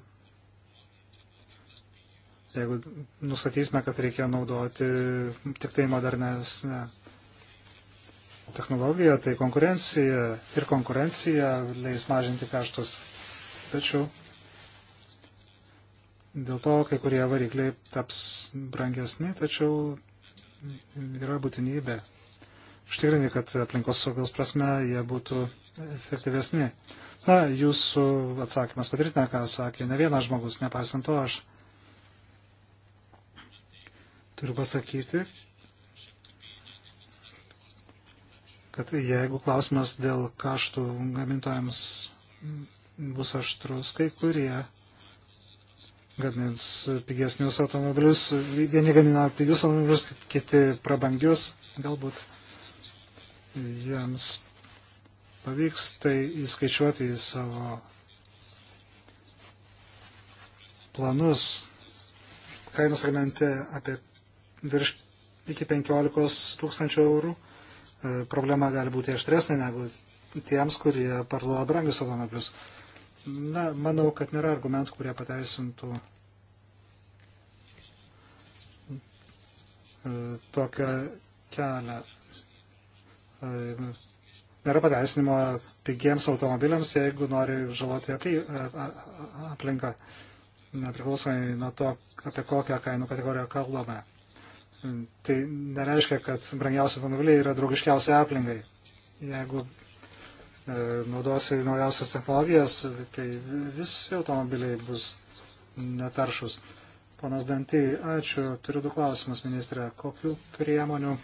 jeigu nusakysime, kad reikia naudoti tik tai modernesnę technologiją, tai konkurencija ir konkurencija leis mažinti kaštus. Tačiau dėl to kai kurie varikliai taps brangesni, tačiau yra būtinybė užtikrinti, kad aplinkos saugos prasme jie būtų efektyvesni. Na, jūsų atsakymas patvirtina, ką sakė ne vienas žmogus, nepaisant to aš turiu pasakyti, kad jeigu klausimas dėl kaštų gamintojams bus aštrus, kai kurie gamins pigesnius automobilius, vieni gamina pigius automobilius, kiti prabangius, galbūt jiems pavyks tai įskaičiuoti į savo planus. Kainos segmente apie virš iki 15 tūkstančių eurų. E, problema gali būti aštresnė negu tiems, kurie parduoda brangius automobilius. Na, manau, kad nėra argumentų, kurie pateisintų e, tokią kelią nėra pateisinimo pigiems automobiliams, jeigu nori žaloti aplinką, nepriklausomai nuo to, apie kokią kainų kategoriją kalbame. Tai nereiškia, kad brangiausi automobiliai yra draugiškiausi aplinkai. Jeigu e, naudosi naujausias technologijas, tai visi automobiliai bus netaršus. Ponas Dantį, ačiū. Turiu du klausimus, ministrė. Kokiu priemonių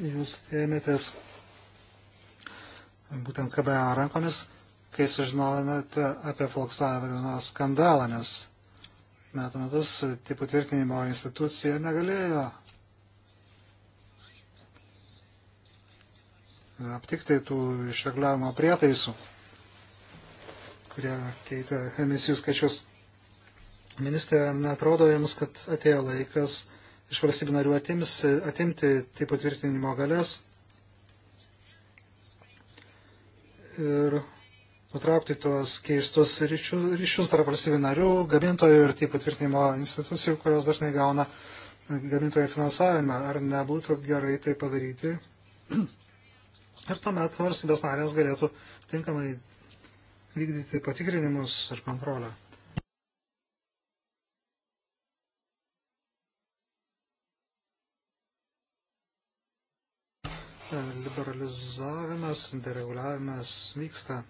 jūs ėmėtės būtent KBA rankomis, kai sužinojate apie Volkswagen skandalą, nes metų metus tipų tvirtinimo institucija negalėjo aptikti tų išreguliavimo prietaisų, kurie keitė emisijų skaičius. Ministrė, netrodo jums, kad atėjo laikas iš valstybių narių atims, atimti tai patvirtinimo galės ir nutraukti tuos keistus ryšius, ryšius tarp valstybių narių, gamintojų ir tai patvirtinimo institucijų, kurios dažnai gauna gamintojų finansavimą. Ar nebūtų gerai tai padaryti? Ir tuomet valstybės narės galėtų tinkamai vykdyti patikrinimus ir kontrolę. liberalizavimas, dereguliavimas vyksta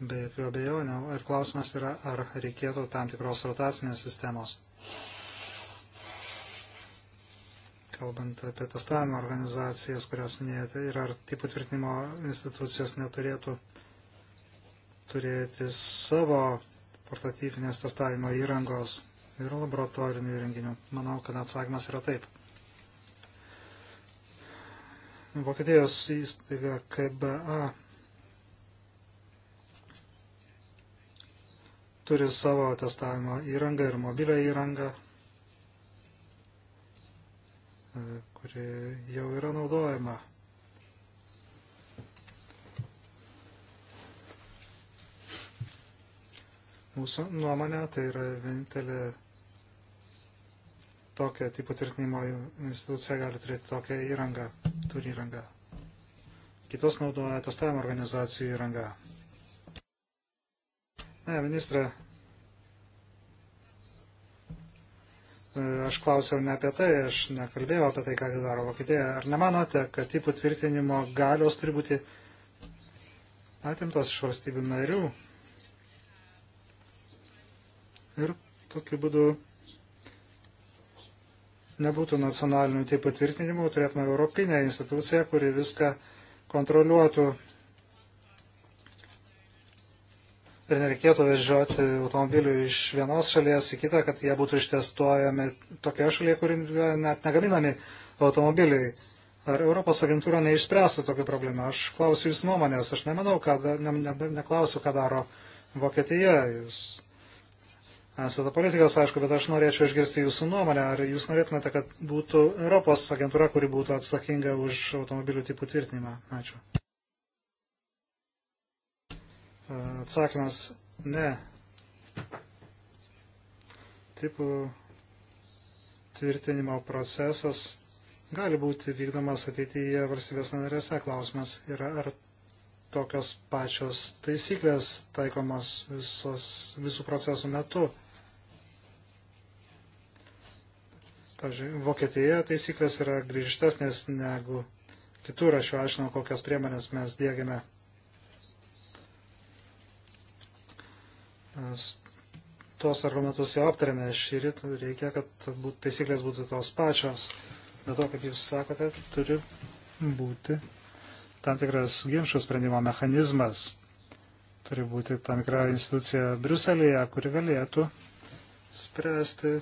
be jokių abejonių ir klausimas yra, ar reikėtų tam tikros rotacinės sistemos. Kalbant apie testavimo organizacijas, kurias minėjote, ir ar tipų tvirtinimo institucijos neturėtų turėti savo portatyvinės testavimo įrangos ir laboratorinių įrenginių. Manau, kad atsakymas yra taip. Vokietijos įstaiga KBA turi savo testavimo įrangą ir mobilę įrangą, e, kuri jau yra naudojama. Mūsų nuomonė tai yra vienintelė tokio tipo tvirtinimo institucija gali turėti tokią įrangą, turi įrangą. Kitos naudoja testavimo organizacijų įrangą. Ne, ministrė, e, aš klausiau ne apie tai, aš nekalbėjau apie tai, ką daro Vokietija. Ar nemanote, kad tipų tvirtinimo galios turi būti atimtos iš valstybių narių? Ir tokiu būdu nebūtų nacionalinių tai patvirtinimų, turėtume Europinę instituciją, kuri viską kontroliuotų ir nereikėtų vežioti automobilių iš vienos šalies į kitą, kad jie būtų ištestuojami tokioje šalyje, kur net negaminami automobiliai. Ar Europos agentūra neišspręstų tokią problemą? Aš klausiu Jūsų nuomonės, aš nemanau, kad, ne, ne, neklausiu, ką daro Vokietija. Jūs esate politikas, aišku, bet aš norėčiau išgirsti jūsų nuomonę. Ar jūs norėtumėte, kad būtų Europos agentūra, kuri būtų atsakinga už automobilių tipų tvirtinimą? Ačiū. Atsakymas - ne. Tipų tvirtinimo procesas gali būti vykdomas ateityje valstybės narėse. Klausimas yra, ar tokios pačios taisyklės taikomas visos, visų procesų metu. Pavyzdžiui, Vokietijoje taisyklės yra grįžtesnės negu kitur. Aš jau aišinau, kokias priemonės mes dėgiame. Tuos argumentus jau aptarėme šį rytą. Reikia, kad būt, taisyklės būtų tos pačios. Bet to, kaip jūs sakote, turi būti tam tikras ginčių sprendimo mechanizmas. Turi būti tam tikra institucija Briuselėje, kuri galėtų spręsti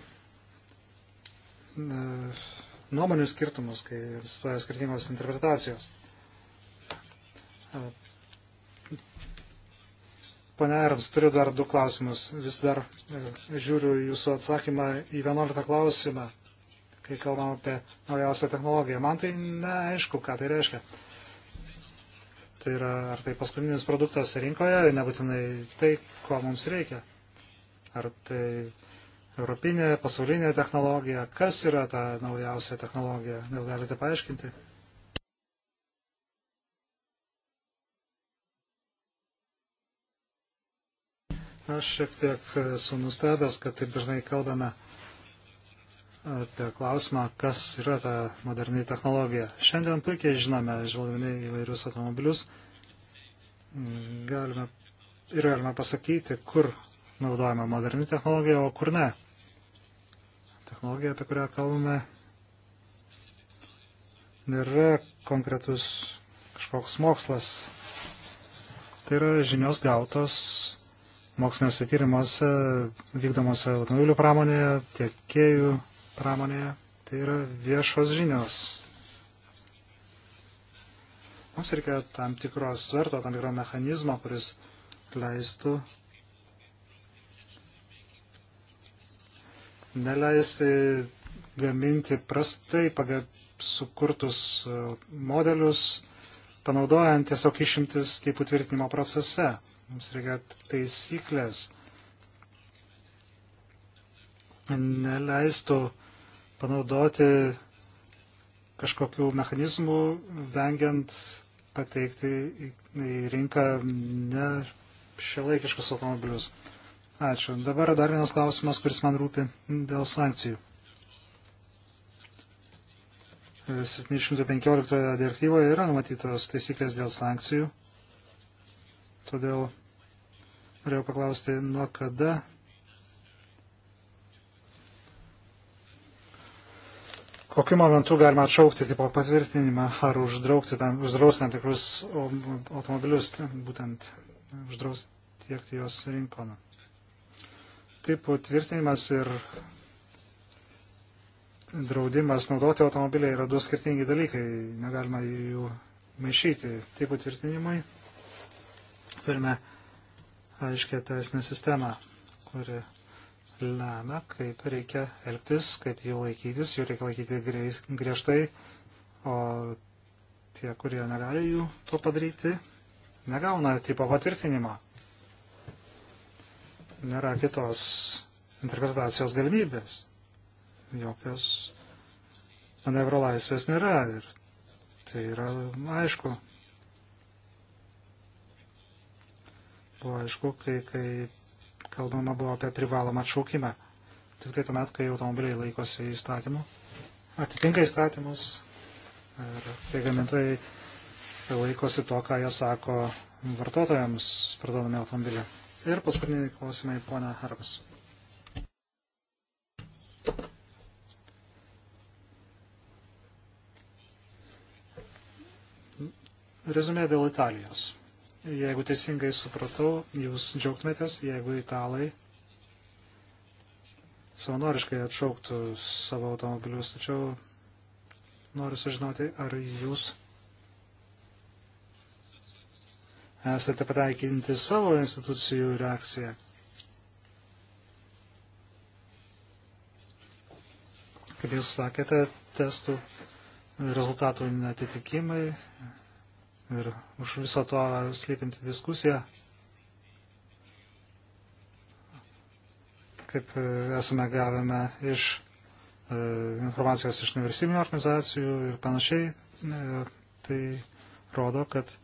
E, nuomonių skirtumus, kai egzistuoja skirtingos interpretacijos. Pane Ernst, turiu dar du klausimus. Vis dar e, žiūriu jūsų atsakymą į 11 klausimą, kai kalbam apie naujausią technologiją. Man tai neaišku, ką tai reiškia. Tai yra, ar tai paskutinis produktas rinkoje, nebūtinai tai, ko mums reikia. Ar tai europinė, pasaulinė technologija. Kas yra ta naujausia technologija? Gal galite paaiškinti? Aš šiek tiek esu nustebęs, kad taip dažnai kalbame apie klausimą, kas yra ta moderni technologija. Šiandien puikiai žinome, žvelgdami įvairius automobilius, galime, ir galime pasakyti, kur naudojama moderni technologija, o kur ne technologija, apie kurią kalbame, nėra konkretus kažkoks mokslas. Tai yra žinios gautos moksliniuose tyrimuose, vykdomuose automobilių pramonėje, tiekėjų pramonėje. Tai yra viešos žinios. Mums reikia tam tikros sverto, tam tikro mechanizmo, kuris leistų neleisti gaminti prastai pagal sukurtus e, modelius, panaudojant tiesiog išimtis tipų tvirtinimo procese. Mums reikia taisyklės neleistų panaudoti kažkokių mechanizmų, vengiant pateikti į rinką ne šio laikiškus automobilius. Ačiū. Dabar dar vienas klausimas, kuris man rūpi dėl sankcijų. 715 direktyvoje yra numatytos taisyklės dėl sankcijų. Todėl norėjau paklausti, nuo kada kokiu momentu galima atšaukti tipo patvirtinimą ar uždraukti tam, uždrausti tam tikrus automobilius, būtent uždrausti tiekti jos rinkoną tipų tvirtinimas ir draudimas naudoti automobilį yra du skirtingi dalykai, negalima jų maišyti. Tipų tvirtinimui turime aiškę teisinę sistemą, kuri lemia, kaip reikia elgtis, kaip jų laikytis, jų reikia laikyti griežtai, o tie, kurie negali jų to padaryti, negauna tipo patvirtinimo nėra kitos interpretacijos galimybės. Jokios manevro laisvės nėra ir tai yra aišku. Buvo aišku, kai, kai kalbama buvo apie privalomą atšaukimą. Tik tai tuomet, kai automobiliai laikosi įstatymų, atitinka įstatymus ir kai gamintojai laikosi to, ką jie sako vartotojams parduodami automobilį. Ir paskutiniai klausimai, ponia Harms. Rezumė dėl Italijos. Jeigu teisingai supratau, jūs džiaugtumėtės, jeigu italai savanoriškai atšauktų savo automobilius, tačiau noriu sužinoti, ar jūs esate pateikinti savo institucijų reakciją. Kaip jūs sakėte, testų rezultatų netitikimai ir už viso to slypinti diskusiją. Kaip e, esame gavome iš e, informacijos iš nevyriausybinio organizacijų ir panašiai, e, tai rodo, kad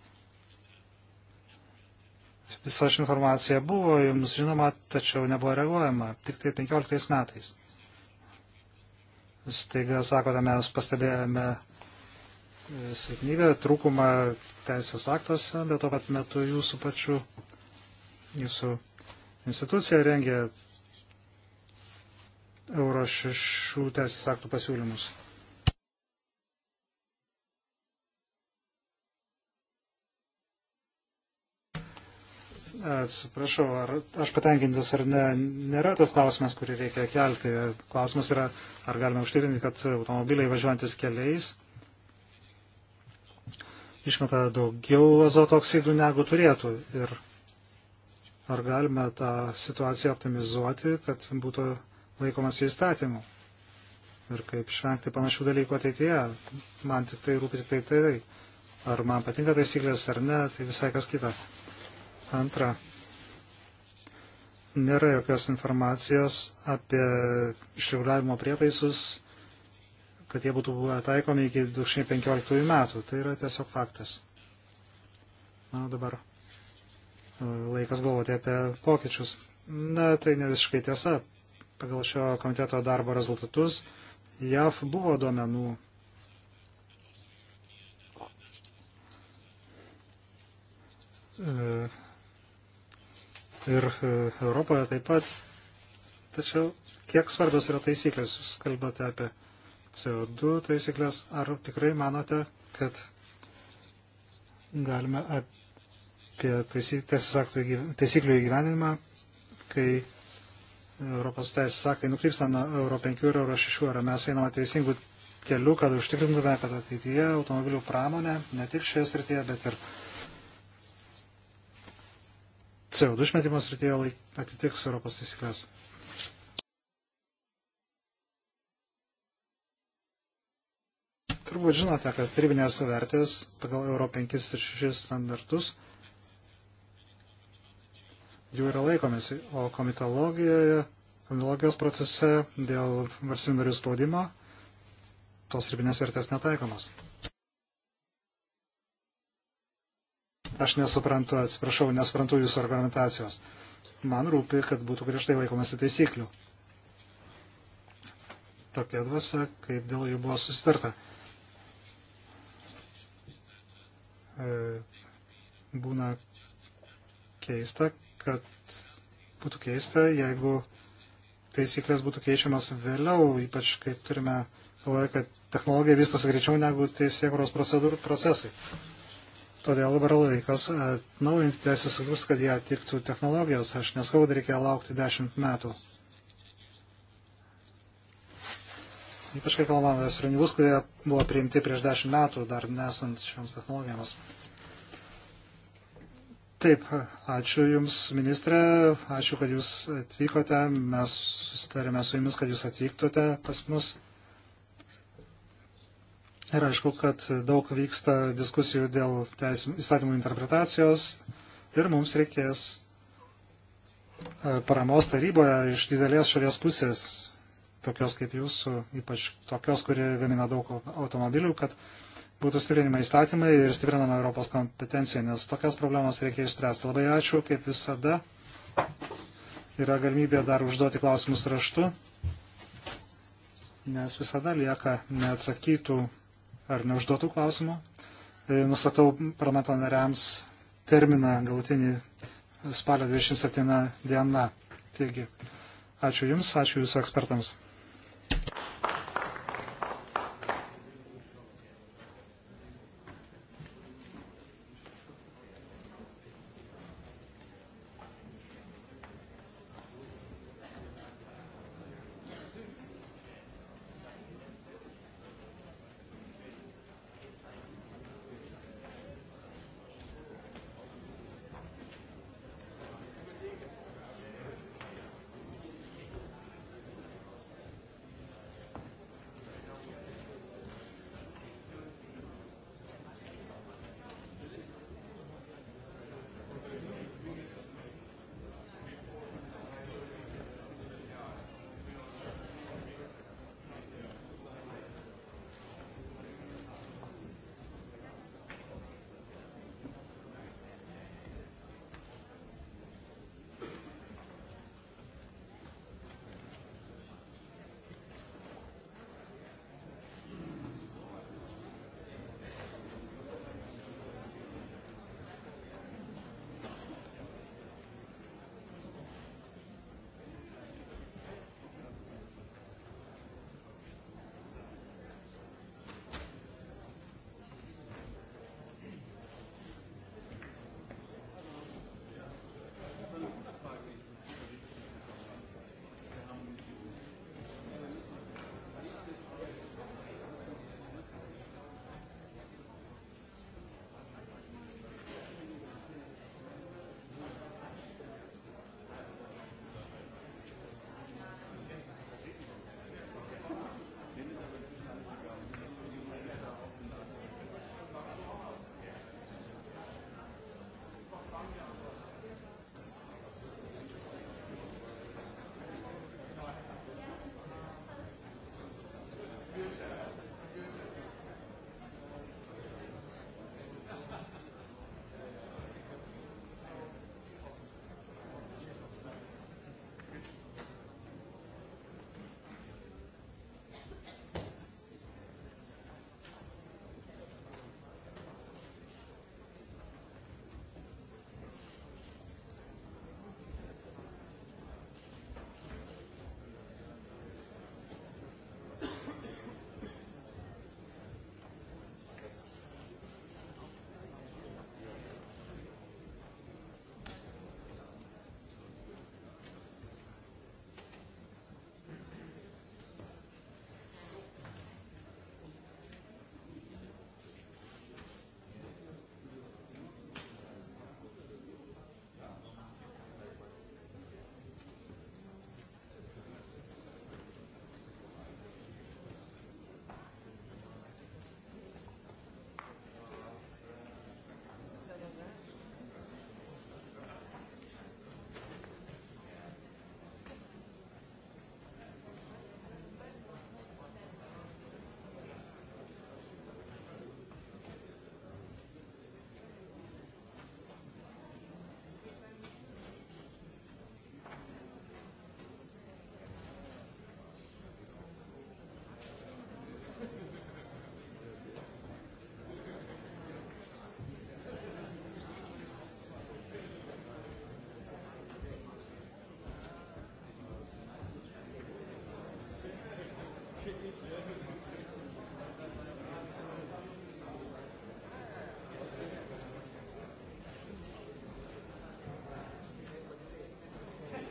Visa ši informacija buvo jums žinoma, tačiau nebuvo reaguojama, tik tai 15 metais. Staiga sakote, mes pastebėjome e, silpnybę, trūkumą teisės aktuose, bet tuo pat metu jūsų pačių, jūsų institucija rengia Euro 6 teisės aktų pasiūlymus. Atsiprašau, ar aš patenkintas ar ne, nėra tas klausimas, kurį reikia kelti. Klausimas yra, ar galime užtikrinti, kad automobiliai važiuojantis keliais išmeta daugiau azoto oksidų negu turėtų. Ir ar galime tą situaciją optimizuoti, kad būtų laikomas įstatymų. Ir kaip išvengti panašių dalykų ateityje. Man tik tai rūpi tik tai tai. Ar man patinka taisyklės ar ne, tai visai kas kita. Antra, nėra jokios informacijos apie išreguliavimo prietaisus, kad jie būtų buvę taikomi iki 2015 metų. Tai yra tiesiog faktas. Mano dabar e, laikas galvoti apie pokyčius. Na, tai ne visiškai tiesa. Pagal šio komiteto darbo rezultatus JAV buvo duomenų e, ir e, Europoje taip pat. Tačiau kiek svarbios yra taisyklės? Jūs kalbate apie CO2 taisyklės. Ar tikrai manote, kad galime apie taisyklių įgyvenimą, kai Europos teisės aktai nukrypsta nuo Euro 5 ir Euro 6, ar mes einame teisingų kelių, kad užtikrintume, kad ateityje automobilių pramonė, ne tik šioje srityje, bet ir CO2 išmetimo srityje atitiks Europos taisyklės. Turbūt žinote, kad ribinės vertės pagal Euro 5 ir 6 standartus jų yra laikomasi, o komitologijoje, komitologijos procese dėl valstybinarių spaudimo tos ribinės vertės netaikomos. Aš nesuprantu, atsiprašau, nesuprantu jūsų argumentacijos. Man rūpi, kad būtų griežtai laikomasi taisyklių. Tokia dvasia, kaip dėl jų buvo susitarta. E, būna keista, kad būtų keista, jeigu taisyklės būtų keičiamas vėliau, ypač kai turime galvoje, kad technologija vystosi greičiau negu teisėkuros procesai. Todėl dabar laikas atnaujinti teisės aktus, kad jie atitiktų technologijas. Aš neskau, kad reikia laukti dešimt metų. Ypač kai kalbame apie sprendimus, kurie buvo priimti prieš dešimt metų, dar nesant šioms technologijams. Taip, ačiū Jums, ministrė, ačiū, kad Jūs atvykote, mes susitarėme su Jumis, kad Jūs atvyktote pas mus. Ir aišku, kad daug vyksta diskusijų dėl teisų, įstatymų interpretacijos ir mums reikės e, paramos taryboje iš didelės šalies pusės, tokios kaip jūsų, ypač tokios, kurie gamina daug automobilių, kad būtų stiprinimai įstatymai ir stiprinama Europos kompetencija, nes tokias problemas reikia išspręsti. Labai ačiū, kaip visada. Yra galimybė dar užduoti klausimus raštu, nes visada lieka neatsakytų ar neužduotų klausimų. E, nustatau parlamento nariams terminą galutinį spalio 27 dieną. Taigi, ačiū Jums, ačiū Jūsų ekspertams.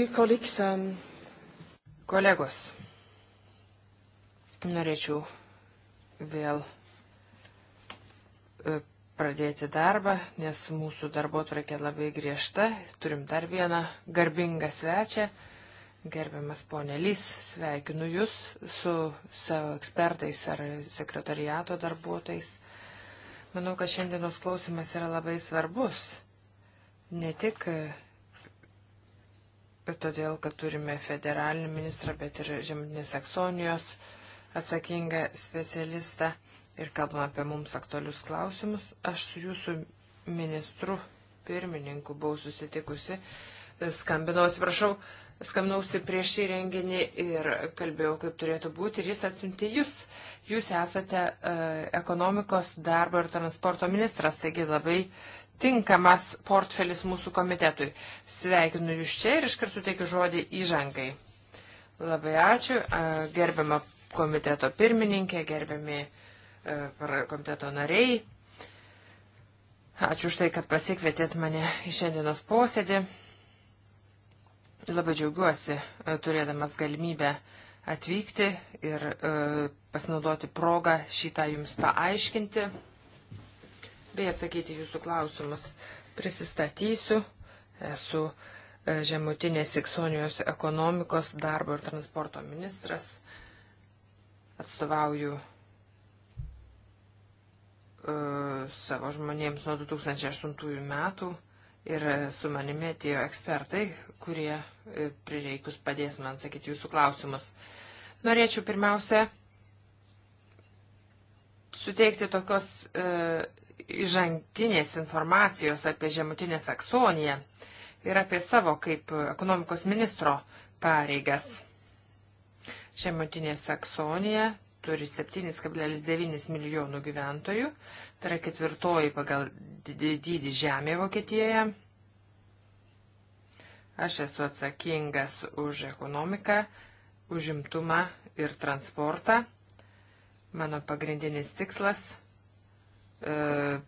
Um, Kolegos, norėčiau vėl e, pradėti darbą, nes mūsų darbo tvarkė labai griežta. Turim dar vieną garbingą svečią. Gerbiamas ponelys, sveikinu Jūs su savo ekspertais ar sekretariato darbuotojais. Manau, kad šiandienos klausimas yra labai svarbus. Ne tik e, todėl, kad turime federalinį ministrą, bet ir žemdinės Saksonijos atsakingą specialistą ir kalbam apie mums aktualius klausimus. Aš su jūsų ministru pirmininku buvau susitikusi, skambinau, atsiprašau, skambinausi prieš šį renginį ir kalbėjau, kaip turėtų būti, ir jis atsiuntė jūs. Jūs esate uh, ekonomikos, darbo ir transporto ministras, taigi labai tinkamas portfelis mūsų komitetui. Sveikinu jūs čia ir iškart suteikiu žodį įžangai. Labai ačiū, uh, gerbiama komiteto pirmininkė, gerbiami uh, komiteto nariai. Ačiū už tai, kad pasikvietėt mane į šiandienos posėdį. Labai džiaugiuosi e, turėdamas galimybę atvykti ir e, pasinaudoti progą šitą jums paaiškinti bei atsakyti jūsų klausimus. Prisistatysiu, esu e, Žemutinės Siksonijos ekonomikos, darbo ir transporto ministras, atstovauju e, savo žmonėms nuo 2008 metų. Ir su manimi atėjo ekspertai, kurie e, prireikus padės man sakyti jūsų klausimus. Norėčiau pirmiausia suteikti tokios e, įžanginės informacijos apie žemutinę Saksoniją ir apie savo kaip ekonomikos ministro pareigas. Žemutinė Saksonija turi 7,9 milijonų gyventojų, Tai yra ketvirtoji pagal dydį žemė Vokietijoje. Aš esu atsakingas už ekonomiką, užimtumą ir transportą. Mano pagrindinis tikslas e,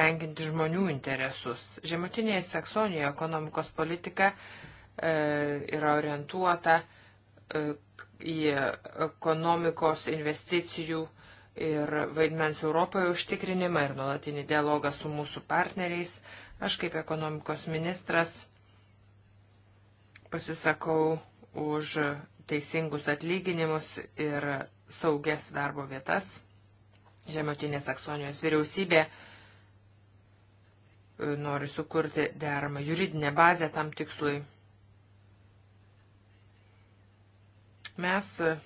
tenkinti žmonių interesus. Žemutinėje Saksonijoje ekonomikos politika e, yra orientuota e, į ekonomikos investicijų e, ir vaidmens Europoje užtikrinimą ir nuolatinį dialogą su mūsų partneriais. Aš kaip ekonomikos ministras pasisakau už teisingus atlyginimus ir saugias darbo vietas. Žemutinės Saksonijos vyriausybė e, nori sukurti deramą juridinę bazę tam tikslui. Mes e,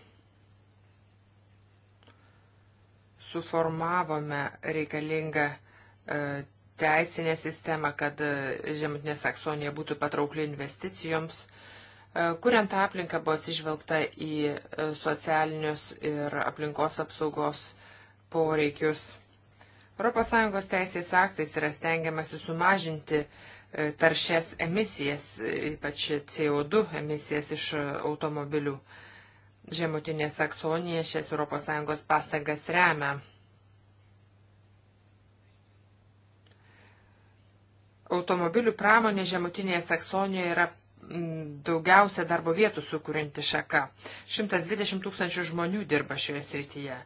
suformavome reikalingą e, teisinę sistemą, kad e, Žemutinė Saksonija būtų patraukli investicijoms. E, kuriant aplinką buvo atsižvelgta į socialinius ir aplinkos apsaugos poreikius. ES teisės aktais yra stengiamasi sumažinti taršias emisijas, ypač CO2 emisijas iš automobilių. Žemutinė Saksonija šias ES pastangas remia. Automobilių pramonė Žemutinėje Saksonijoje yra daugiausia darbo vietų sukūrinti šaka. 120 tūkstančių žmonių dirba šioje srityje.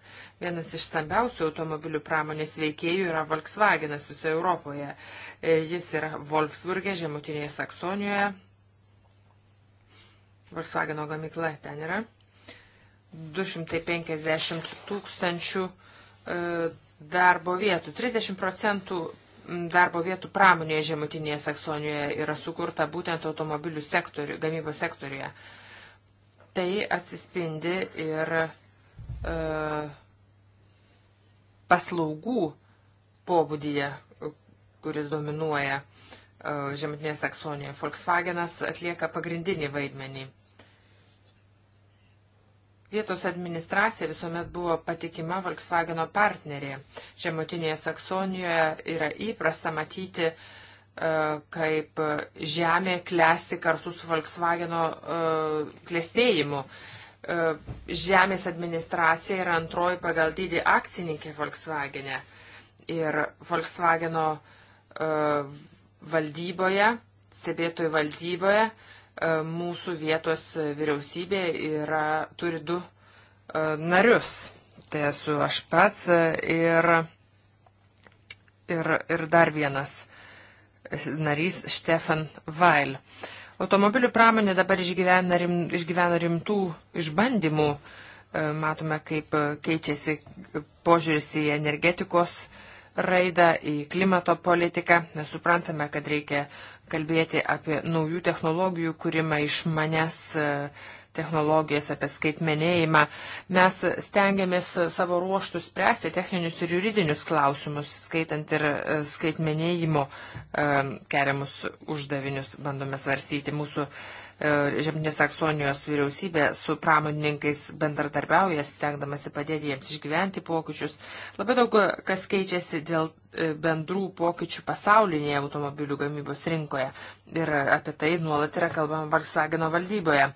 Vienas iš stambiausių automobilių pramonės veikėjų yra Volkswagenas visoje Europoje. E, jis yra Wolfsburgė, Žemutinėje Saksonijoje. Volkswageno gamykla ten yra. 250 tūkstančių e, darbo vietų. 30 procentų darbo vietų pramonėje žemutinėje Saksonijoje yra sukurta būtent automobilių sektoriu, gamybos sektoriuje. Tai atsispindi ir e, paslaugų pobūdyje, kuris dominuoja e, žemutinėje Saksonijoje. Volkswagenas atlieka pagrindinį vaidmenį. Vietos administracija visuomet buvo patikima Volkswageno partnerė. Žemutinėje Saksonijoje yra įprasta matyti, e, kaip žemė klesti kartu su Volkswageno e, klėstėjimu. E, žemės administracija yra antroji pagal dydį akcininkė Volkswagene. Ir Volkswageno valdyboje, stebėtojų valdyboje, E, mūsų vietos vyriausybė yra, turi du e, narius. Tai esu aš pats e, ir, ir, ir dar vienas narys Štefan Vail. Automobilių pramonė dabar išgyvena, rim, išgyvena rimtų išbandymų. Matome, kaip keičiasi požiūris į energetikos raidą, į klimato politiką. Mes suprantame, kad reikia kalbėti apie naujų technologijų kūrimą iš manęs e, technologijas, apie skaitmenėjimą. Mes stengiamės savo ruoštų spręsti techninius ir juridinius klausimus, skaitant ir e, skaitmenėjimo e, keliamus uždavinius, bandome svarstyti mūsų uh, E, Žeminės Saksonijos vyriausybė su pramoninkais bendradarbiauja, stengdamasi padėti jiems išgyventi pokyčius. Labai daug kas keičiasi dėl e, bendrų pokyčių pasaulinėje automobilių gamybos rinkoje ir apie tai nuolat yra kalbama Volkswageno valdyboje.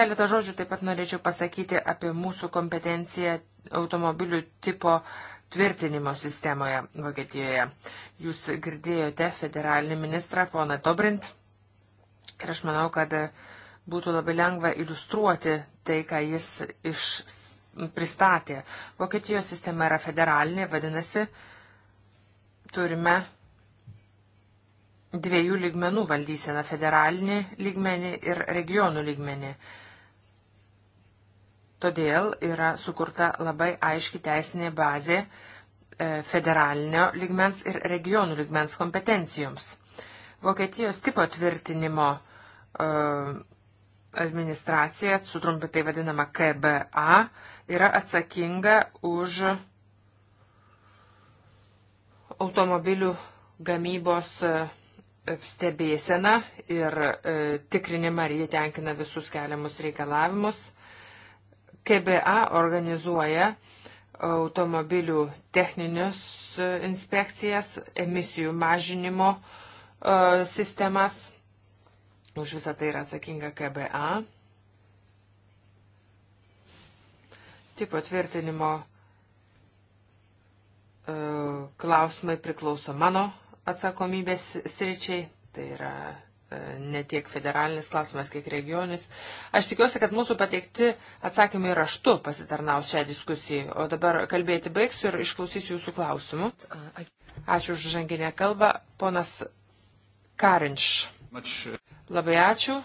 Keletą žodžių taip pat norėčiau pasakyti apie mūsų kompetenciją automobilių tipo tvirtinimo sistemoje Vokietijoje. Jūs girdėjote federalinį ministrą poną Dobrint Ir aš manau, kad būtų labai lengva iliustruoti tai, ką jis iš pristatė. Vokietijos sistema yra federalinė, vadinasi, turime dviejų lygmenų valdyseną - federalinį lygmenį ir regionų lygmenį. Todėl yra sukurta labai aiški teisinė bazė e, federalinio lygmens ir regionų lygmens kompetencijoms. Vokietijos tipo tvirtinimo e, administracija, sutrumpitai tai vadinama KBA, yra atsakinga už automobilių gamybos e, stebėseną ir e, tikrinimą, ar jie tenkina visus keliamus reikalavimus. KBA organizuoja automobilių techninius inspekcijas, emisijų mažinimo uh, E, sistemas. Už visą tai yra atsakinga KBA. Tipo tvirtinimo e, klausimai priklauso mano atsakomybės sričiai. Tai yra e, ne tiek federalinis klausimas, kiek regionis. Aš tikiuosi, kad mūsų pateikti atsakymai raštu pasitarnaus šią diskusiją. O dabar kalbėti baigsiu ir išklausysiu jūsų klausimų. Uh, Ačiū už žanginę kalbą. Ponas Karinš. Uh, labai ačiū.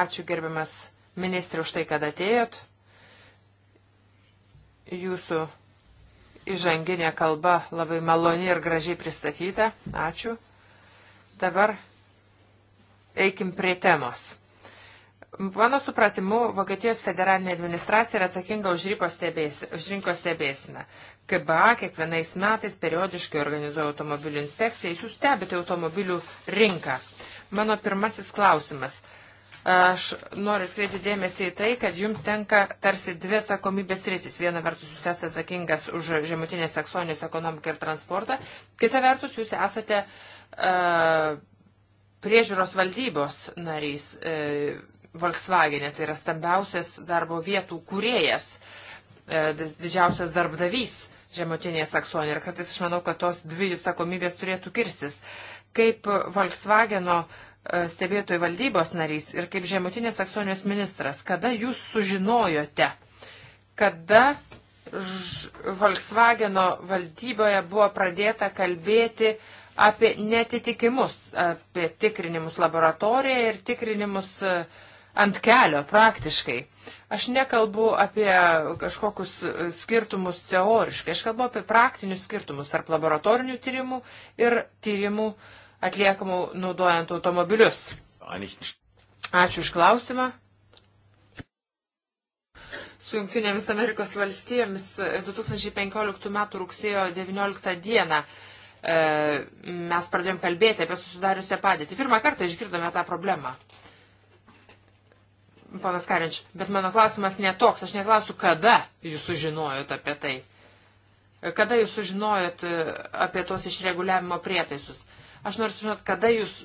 Ačiū gerbiamas ministrė už tai, kad atėjot. Jūsų įžanginė kalba labai maloni ir gražiai pristatyta. Ačiū. Dabar eikim prie temos. Mano supratimu, Vokietijos federalinė administracija yra atsakinga už, stebės, už rinkos stebėsiną. KBA kiekvienais metais periodiškai organizuoja automobilių inspekciją, jūs stebite automobilių rinką. Mano pirmasis klausimas. Aš noriu atkreipti dėmesį į tai, kad jums tenka tarsi dvi atsakomybės rytis. Viena vertus jūs esate atsakingas už žemutinės Saksonijos ekonomiką ir transportą, kita vertus jūs esate uh, priežiūros valdybos narys. Uh, Volkswagenė, tai yra stambiausias darbo vietų kūrėjas, e, didžiausias darbdavys žemutinėje Saksonijoje. Ir kartais aš manau, kad tos dvi atsakomybės turėtų kirstis. Kaip Volkswageno e, stebėtojų valdybos narys ir kaip žemutinės Saksonijos ministras, kada jūs sužinojote, kada Volkswageno valdyboje buvo pradėta kalbėti apie netitikimus, apie tikrinimus laboratorijoje ir tikrinimus uh, ant kelio praktiškai. Aš nekalbu apie kažkokius e, skirtumus teoriškai, aš kalbu apie praktinius skirtumus tarp laboratorinių tyrimų ir tyrimų atliekamų naudojant automobilius. Ačiū iš klausimą. Su Junktinėmis Amerikos valstijomis 2015 e, m. rugsėjo 19 d e, mes pradėjom kalbėti apie susidariusią padėtį. Pirmą kartą išgirdome tą problemą. Ponas Karinč, bet mano klausimas netoks, aš neklausiu, kada jūs sužinojot apie tai. Kada jūs sužinojot e, apie tuos išreguliavimo prietaisus? Aš noriu sužinot, kada jūs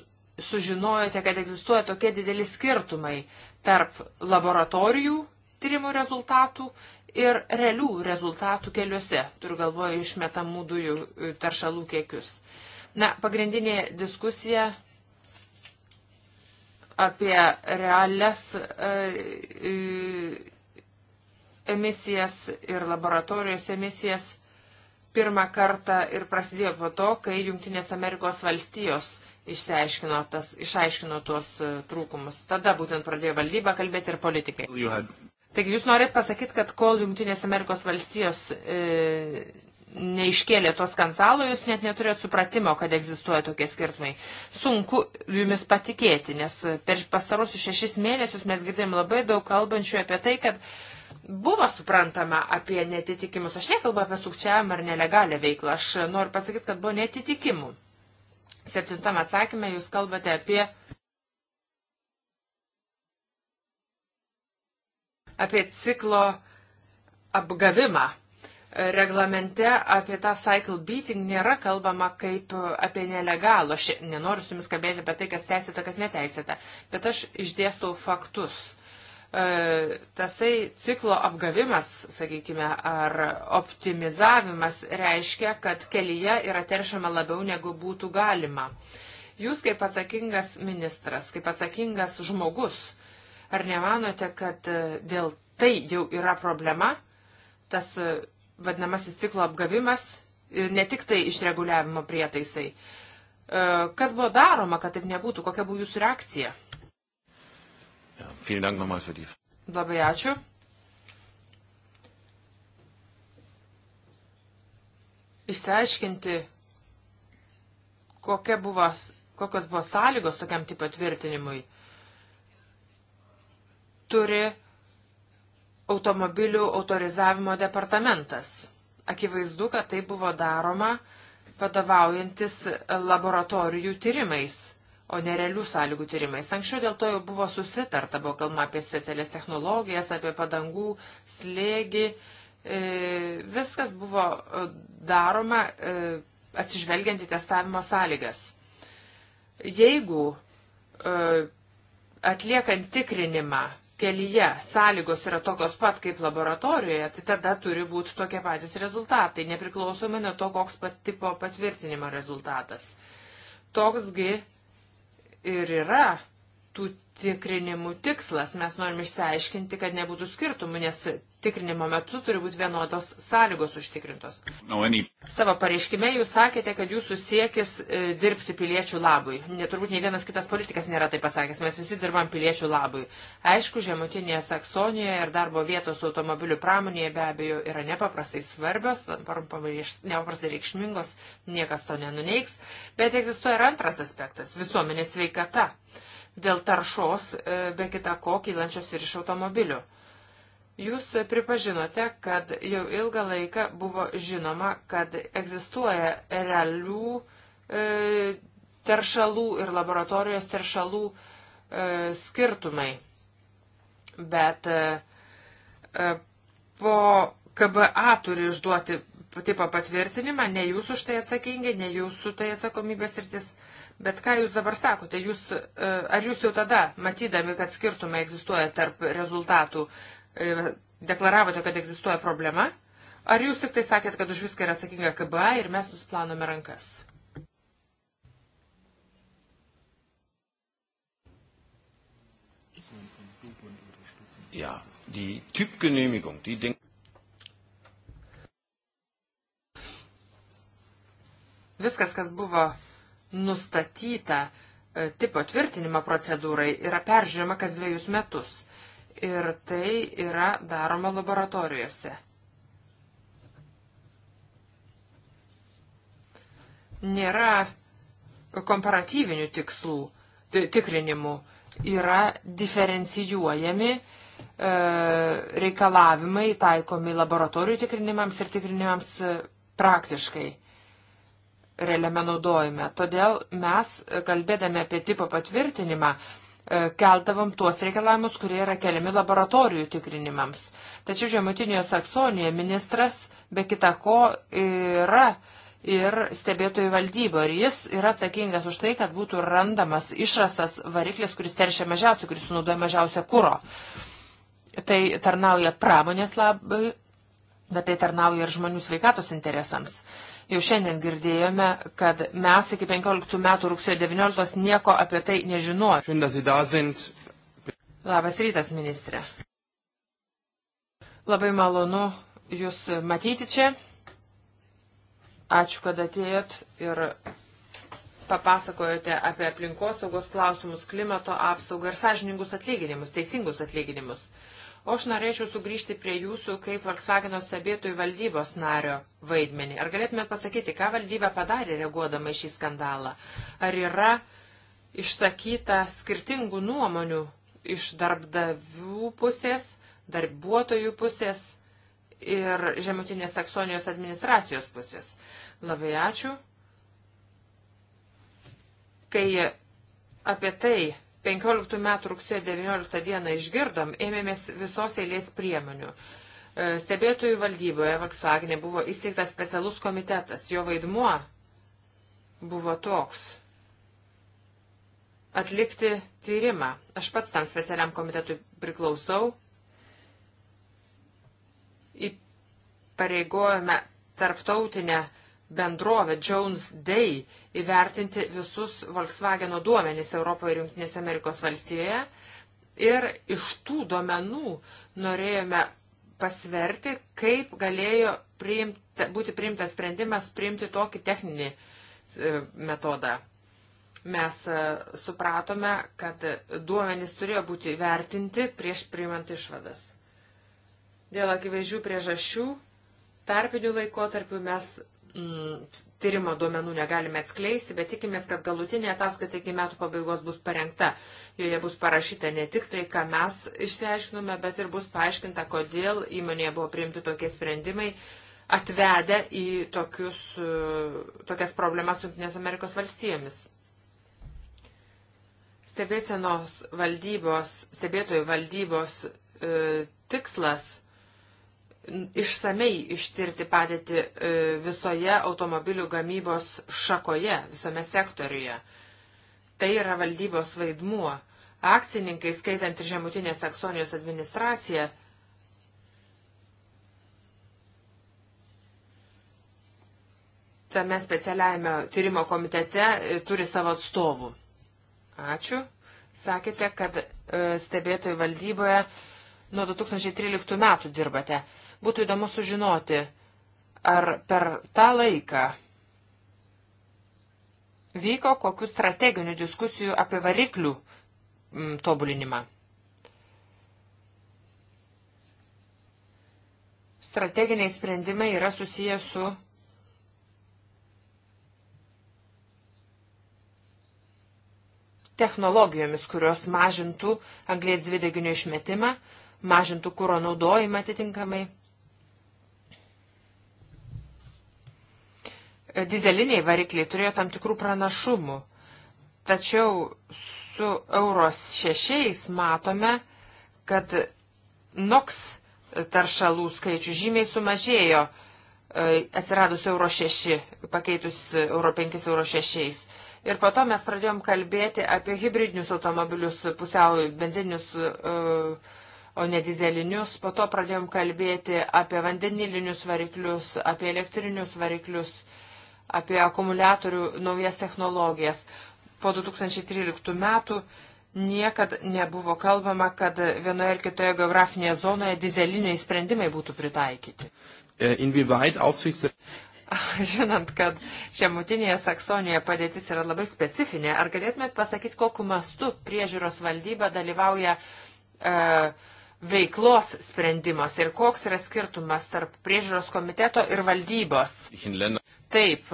sužinojote, kad egzistuoja tokie dideli skirtumai tarp laboratorijų tyrimų rezultatų ir realių rezultatų keliuose, turiu galvoje išmetamų dujų e, taršalų kiekius. Na, pagrindinė diskusija apie realias e, emisijas ir laboratorijos emisijas pirmą kartą ir prasidėjo po to, kai Junktinės Amerikos valstijos išsiaiškino tas, išaiškino tuos e, trūkumus. Tada būtent pradėjo valdyba kalbėti ir politikai. Taigi jūs norit pasakyti, kad kol Junktinės Amerikos valstijos e, neiškėlė to skandalo, jūs net neturėjot supratimo, kad egzistuoja tokie skirtumai. Sunku jumis patikėti, nes per pastarusius šešis mėnesius mes girdėjom labai daug kalbančių apie tai, kad buvo suprantama apie netitikimus. Aš nekalbu apie sukčiavimą ar nelegalią veiklą, aš noriu pasakyti, kad buvo netitikimų. Septintam atsakymė jūs kalbate apie. apie ciklo apgavimą reglamente apie tą cycle beating nėra kalbama kaip apie nelegalų. Aš nenoriu su jumis kalbėti apie tai, kas teisėta, kas neteisėta, bet aš išdėstau faktus. E, tasai ciklo apgavimas, sakykime, ar optimizavimas reiškia, kad kelyje yra teršiama labiau negu būtų galima. Jūs kaip atsakingas ministras, kaip atsakingas žmogus, ar nemanote, kad e, dėl tai jau yra problema? Tas e, vadinamasis ciklo apgavimas, ne tik tai išreguliavimo prietaisai. E, kas buvo daroma, kad taip nebūtų, kokia buvo jūsų reakcija? Ja, Dank nochmal für die... Labai ačiū. Išsiaiškinti, kokia buvo, kokios buvo sąlygos tokiam tipo tvirtinimui, turi automobilių autorizavimo departamentas. Akivaizdu, kad tai buvo daroma vadovaujantis laboratorijų tyrimais, o nerealių sąlygų tyrimais. Anksčiau dėl to jau buvo susitarta, buvo kalbama apie specialias technologijas, apie padangų slėgį. E, viskas buvo e, daroma e, atsižvelgiant į testavimo sąlygas. Jeigu e, atliekant tikrinimą kelyje sąlygos yra tokios pat kaip laboratorijoje, tai tada turi būti tokie patys rezultatai, nepriklausomai nuo to, koks pat tipo patvirtinimo rezultatas. Toksgi ir yra tų tikrinimų tikslas. Mes norim išsiaiškinti, kad nebūtų skirtumų, nes tikrinimo metu turi būti vienodos sąlygos užtikrintos. No, any... Savo pareiškime jūs sakėte, kad jūsų siekis e, dirbti piliečių labui. Neturbūt nei vienas kitas politikas nėra tai pasakęs, mes visi dirbam piliečių labui. Aišku, Žemutinėje Saksonijoje ir darbo vietos automobilių pramonėje be abejo yra nepaprastai svarbios, nepaprastai reikšmingos, niekas to nenuneiks, bet egzistuoja ir antras aspektas - visuomenės sveikata dėl taršos, e, be kita ko, kylančios ir iš automobilių. Jūs pripažinote, kad jau ilgą laiką buvo žinoma, kad egzistuoja realių e, teršalų ir laboratorijos teršalų e, skirtumai. Bet e, e po KBA turi išduoti tipo patvirtinimą, ne jūs už tai atsakingi, ne jūsų tai atsakomybės rytis. E, Bet ką jūs dabar sakote, jūs, e, ar jūs jau tada, matydami, kad skirtumai egzistuoja tarp rezultatų, e, deklaravote, kad egzistuoja problema, ar jūs tik tai sakėt, kad už viską yra atsakinga KBA ir mes nusplanome rankas? Ja, die Typgenehmigung, die Ding. Viskas, kas buvo nustatyta e, tipo tvirtinimo procedūrai yra peržiūrima kas dviejus metus. Ir tai yra daroma laboratorijose. Nėra komparatyvinių tikslų, tikrinimų, yra diferencijuojami e, reikalavimai taikomi laboratorijų tikrinimams ir tikrinimams e, praktiškai realiame naudojime. Todėl mes, kalbėdami apie tipo patvirtinimą, e, keldavom tuos reikalavimus, kurie yra keliami laboratorijų tikrinimams. Tačiau Žemutinėje Saksonijoje ministras be kita ko yra ir stebėtojų valdybo. Ir jis yra atsakingas už tai, kad būtų randamas išrastas variklis, kuris teršia mažiausiai, kuris sunaudoja mažiausia kūro. Tai tarnauja pramonės labai, bet tai tarnauja ir žmonių sveikatos interesams. Uh, Jau šiandien girdėjome, kad mes iki 15 metų rugsėjo 19 nieko apie tai nežinojome. Labas rytas, ministrė. Labai malonu Jūs matyti čia. Ačiū, kad atėjot ir papasakojote apie aplinkosaugos klausimus, klimato apsaugą ir sąžiningus atlyginimus, teisingus atlyginimus. O aš norėčiau sugrįžti prie jūsų kaip Volkswageno stebėtojų valdybos nario vaidmenį. Ar galėtumėte pasakyti, ką valdyba padarė reaguodama į šį skandalą? Ar yra išsakyta skirtingų nuomonių iš darbdavių pusės, darbuotojų pusės ir Žemutinės Saksonijos administracijos pusės? Labai ačiū. Kai apie tai 15 metų rugsėjo 19 dieną išgirdom, ėmėmės visos eilės priemonių. E, stebėtojų valdyboje Volkswagen buvo įsteigtas specialus komitetas. Jo vaidmuo buvo toks - atlikti tyrimą. Aš pats tam specialiam komitetui priklausau. Įpareigojame tarptautinę bendrovę Jones Day įvertinti visus Volkswageno duomenys Europoje ir Junktinėse Amerikos valstijoje. Ir iš tų duomenų norėjome pasverti, kaip galėjo priimta, būti priimtas sprendimas priimti tokį techninį e, metodą. Mes e, supratome, kad duomenys turėjo būti vertinti prieš priimant išvadas. Dėl akivaizdžių priežasčių tarpinių laikotarpių mes mm, tyrimo duomenų negalime atskleisti, bet tikimės, kad galutinė ataskaita iki metų pabaigos bus parengta. Joje bus parašyta ne tik tai, ką mes išsiaiškinome, bet ir bus paaiškinta, kodėl įmonėje buvo priimti tokie sprendimai, atvedę į tokius, e, tokias problemas Junktinės Amerikos valstijomis. Stebėsenos valdybos, stebėtojų valdybos e, tikslas išsamei ištirti padėti e, visoje automobilių gamybos šakoje, visame sektoriuje. Tai yra valdybos vaidmuo. Akcininkai, skaitant ir žemutinės Saksonijos administraciją, tame specialiajame tyrimo komitete e, turi savo atstovų. Ačiū. Sakėte, kad e, stebėtojų valdyboje nuo 2013 metų dirbate. Būtų įdomu sužinoti, ar per tą laiką vyko kokių strateginių diskusijų apie variklių m, mm, tobulinimą. Strateginiai sprendimai yra susiję su technologijomis, kurios mažintų anglės dvideginio išmetimą, mažintų kūro naudojimą atitinkamai dizeliniai varikliai turėjo tam tikrų pranašumų. Tačiau su Euros 6 matome, kad NOX taršalų skaičių žymiai sumažėjo e, atsiradus Euro 6, pakeitus Euro 5 Euro 6. Ir po to mes pradėjom kalbėti apie hybridinius automobilius, pusiau benzininius, e, o ne dizelinius. Po to pradėjom kalbėti apie vandenilinius variklius, apie elektrinius variklius. Uh, apie akumuliatorių naujas technologijas. Po 2013 metų niekad nebuvo kalbama, kad vienoje ar kitoje geografinėje zonoje dizeliniai sprendimai būtų pritaikyti. Äh, inwieweit aufsichts. Žinant, kad žemutinėje Saksonijoje padėtis yra labai specifinė, ar galėtumėt pasakyti, kokiu mastu priežiūros valdyba dalyvauja e, veiklos sprendimuose ir koks yra skirtumas tarp priežiūros komiteto ir valdybos? Taip,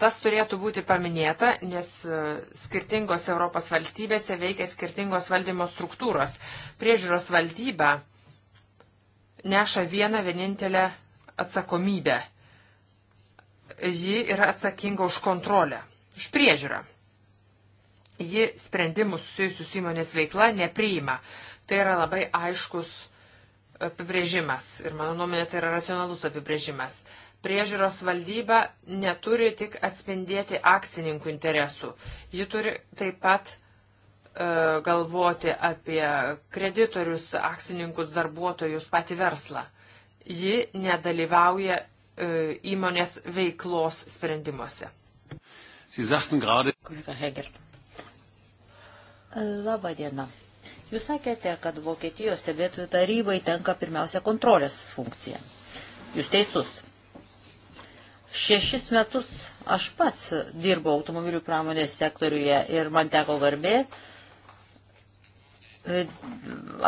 tas turėtų būti paminėta, nes e, skirtingos Europos valstybėse veikia skirtingos valdymo struktūros. Priežiūros valdyba neša vieną vienintelę atsakomybę. Ji yra atsakinga už kontrolę, už priežiūrą. Ji sprendimus susijusius įmonės veikla nepriima. Tai yra labai aiškus apibrėžimas ir mano nuomonė tai yra racionalus apibrėžimas. Priežiūros valdyba neturi tik atspindėti akcininkų interesų. Ji turi taip pat e, galvoti apie kreditorius, akcininkus, darbuotojus, patį verslą. Ji nedalyvauja e, įmonės veiklos sprendimuose. Kolega Heger. Labą dieną. Jūs sakėte, kad Vokietijos stebėtojų tarybai tenka pirmiausia kontrolės funkcija. Jūs teisus. Šešis metus aš pats dirbau automobilių pramonės sektoriuje ir man teko garbė e,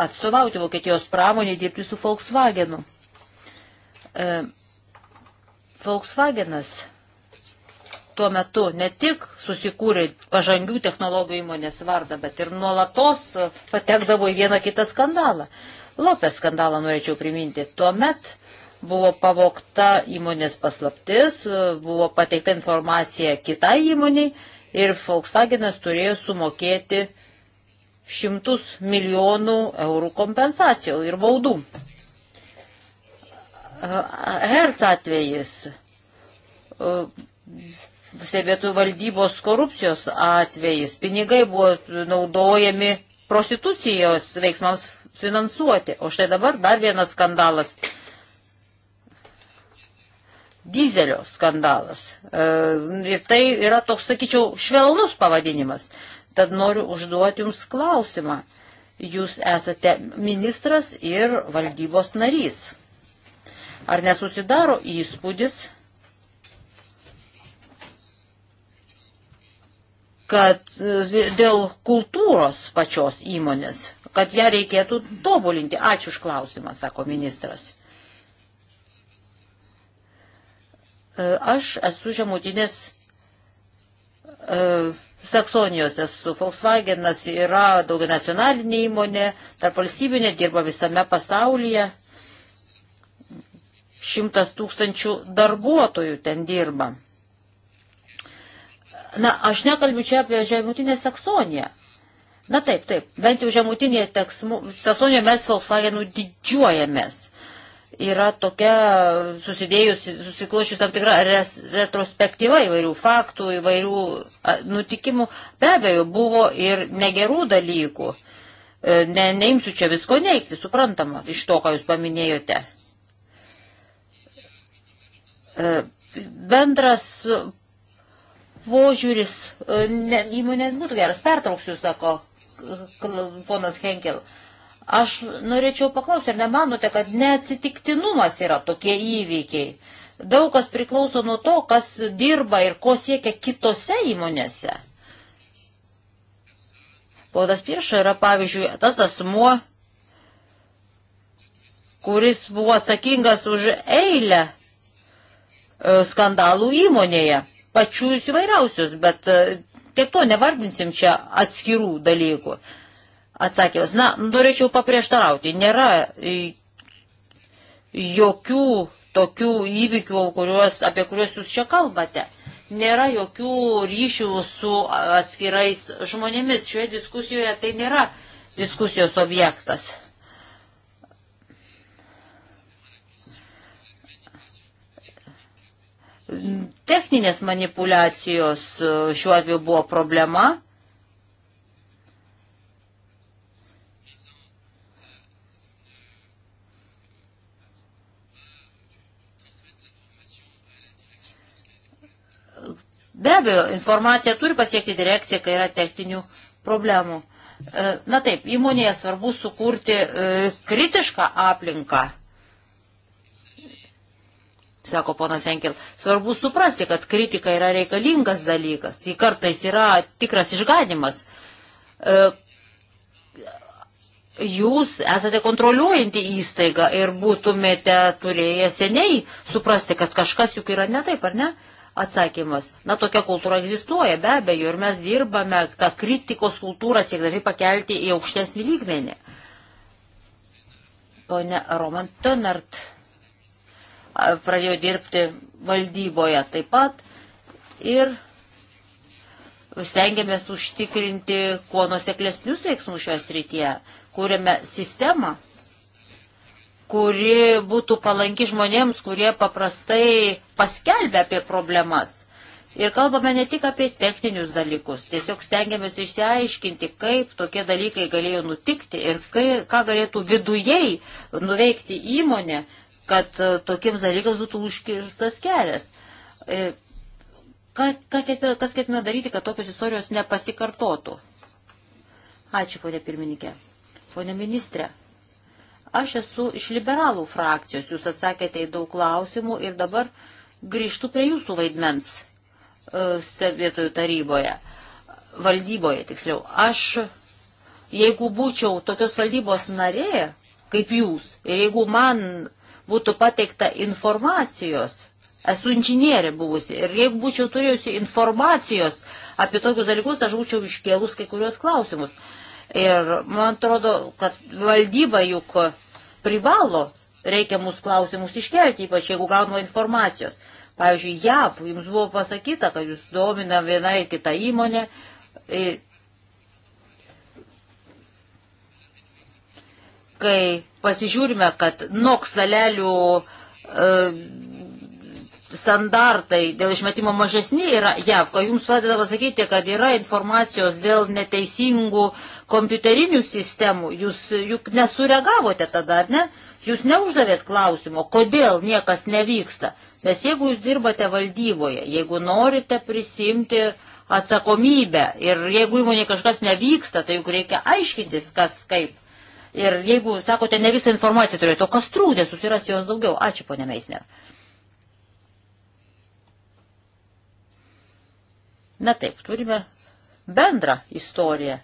atstovauti Vokietijos pramonį dirbti su Volkswagenu. E, Volkswagenas tuo metu ne tik susikūrė pažangių technologijų įmonės vardą, bet ir nuolatos patekdavo į vieną kitą skandalą. Lopės skandalą norėčiau priminti. Tuomet buvo pavokta įmonės paslaptis, buvo pateikta informacija kitai įmoniai ir Volkswagenas turėjo sumokėti šimtus milijonų eurų kompensacijų ir baudų. Hertz atvejis, stebėtų valdybos korupcijos atvejis, pinigai buvo naudojami prostitucijos veiksmams finansuoti. O štai dabar dar vienas skandalas dizelio skandalas. E, ir tai yra toks, sakyčiau, švelnus pavadinimas. Tad noriu užduoti Jums klausimą. Jūs esate ministras ir valdybos narys. Ar nesusidaro įspūdis, kad e, dėl kultūros pačios įmonės, kad ją reikėtų tobulinti? Ačiū už klausimą, sako ministras. E, aš esu žemutinės e, Saksonijos esu. Volkswagenas yra daugia nacionalinė įmonė, tarp valstybinė, dirba visame pasaulyje. Šimtas tūkstančių darbuotojų ten dirba. Na, aš nekalbiu čia apie žemutinę Saksoniją. Na taip, taip, bent jau žemutinėje Saksonijoje mes Volkswagenų didžiuojamės yra tokia susidėjusi, susiklošius tam tikra res, retrospektyva įvairių faktų, įvairių nutikimų. Be abejo, buvo ir negerų dalykų. E, ne, neimsiu čia visko neikti, suprantama, iš to, ką jūs paminėjote. E, bendras požiūris e, ne, įmonė būtų geras, pertrauksiu, sako ponas Henkel. Uh, Aš norėčiau paklausti, ar nemanote, kad neatsitiktinumas yra tokie įvykiai? Daug kas priklauso nuo to, kas dirba ir ko siekia kitose įmonėse. Podas Pirša yra, pavyzdžiui, tas asmuo, kuris buvo atsakingas už eilę e, skandalų įmonėje, pačių įvairiausius, bet e, tiek to nevardinsim čia atskirų dalykų atsakymas. Na, norėčiau paprieštarauti. Nėra e, jokių tokių įvykių, kuriuos, apie kuriuos jūs čia kalbate. Nėra jokių ryšių su atskirais žmonėmis. Šioje diskusijoje tai nėra diskusijos objektas. Techninės manipulacijos e, šiuo atveju buvo problema Be abejo, informacija turi pasiekti direkciją, kai yra techninių problemų. E, na taip, įmonėje svarbu sukurti e, kritišką aplinką, sako ponas Enkel. Svarbu suprasti, kad kritika yra reikalingas dalykas, ji kartais yra tikras išganimas. E, jūs esate kontroliuojanti įstaiga ir būtumėte turėję seniai suprasti, kad kažkas juk yra ne taip, ar ne? Uh, Atsakymas. Na, tokia kultūra egzistuoja, be abejo, ir mes dirbame tą kritikos kultūrą siekdami pakelti į aukštesnį lygmenį. Pone Roman Tonart pradėjo dirbti valdyboje taip pat ir stengiamės užtikrinti kuo nuseklesnius veiksmus šioje srityje, kūrėme sistemą kuri būtų palanki žmonėms, kurie paprastai paskelbia apie problemas. Ir kalbame ne tik apie techninius dalykus, tiesiog stengiamės išsiaiškinti, kaip tokie dalykai galėjo nutikti ir kai, ką galėtų vidujei nuveikti įmonė, kad e, tokiems dalykams būtų užkirstas kelias. E, ką, ką, kas ketina daryti, kad tokios istorijos nepasikartotų? Ačiū, ponė pirmininkė. Pone ministrė, Aš esu iš liberalų frakcijos, jūs atsakėte į daug klausimų ir dabar grįžtų prie jūsų vaidmens e, stebėtojų taryboje, valdyboje tiksliau. Aš, jeigu būčiau tokios valdybos narė, kaip jūs, ir jeigu man būtų pateikta informacijos, esu inžinierė buvusi, ir jeigu būčiau turėjusi informacijos apie tokius dalykus, aš būčiau iškėlus kai kurios klausimus. Uh, Ir man atrodo, kad valdyba juk privalo reikiamus klausimus iškelti, ypač jeigu gaunama informacijos. Pavyzdžiui, JAV jums buvo pasakyta, kad jūs domina viena ir kita įmonė. Ir kai pasižiūrime, kad NOX dalelių e, standartai dėl išmetimo mažesni yra JAV, kai jums pradeda pasakyti, kad yra informacijos dėl neteisingų e, kompiuterinių sistemų, jūs juk nesureagavote tada, ar ne? Jūs neuždavėt klausimo, kodėl niekas nevyksta. Nes jeigu jūs dirbate valdyboje, jeigu norite prisimti atsakomybę ir jeigu įmonė kažkas nevyksta, tai juk reikia aiškintis, kas kaip. Ir jeigu sakote, ne visą informaciją turėjote, o kas trūdė, susiras jos daugiau. Ačiū, ponė Meisner. Na taip, turime bendrą istoriją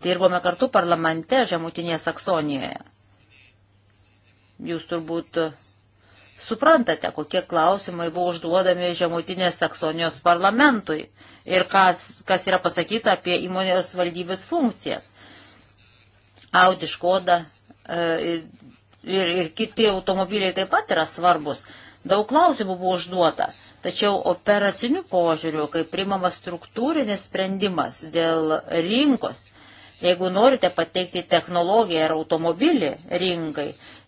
Dirbome kartu parlamente Žemutinėje Saksonijoje. Jūs turbūt suprantate, kokie klausimai buvo užduodami Žemutinės Saksonijos parlamentui ir kas, kas yra pasakyta apie įmonės valdybės funkcijas. Audi Škoda e, ir, ir kiti automobiliai taip pat yra svarbus. Daug klausimų buvo užduota. Tačiau operacinių požiūrių, kai primamas struktūrinis sprendimas dėl rinkos, Jeigu norite pateikti technologiją ar automobilį rinkai,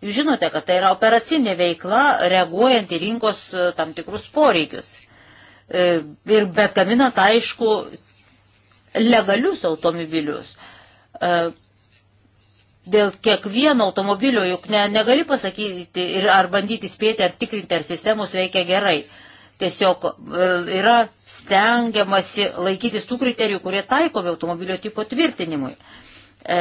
jūs žinote, kad tai yra operacinė veikla reaguojant į rinkos e, tam tikrus poreikius. E, ir bet gaminant, aišku, legalius automobilius. E, dėl kiekvieno automobilio juk ne, negali pasakyti ir ar bandyti spėti, ar tikrinti, ar sistemos veikia gerai. Tiesiog e, yra stengiamasi laikytis tų kriterijų, kurie taikomi automobilio tipo tvirtinimui. E,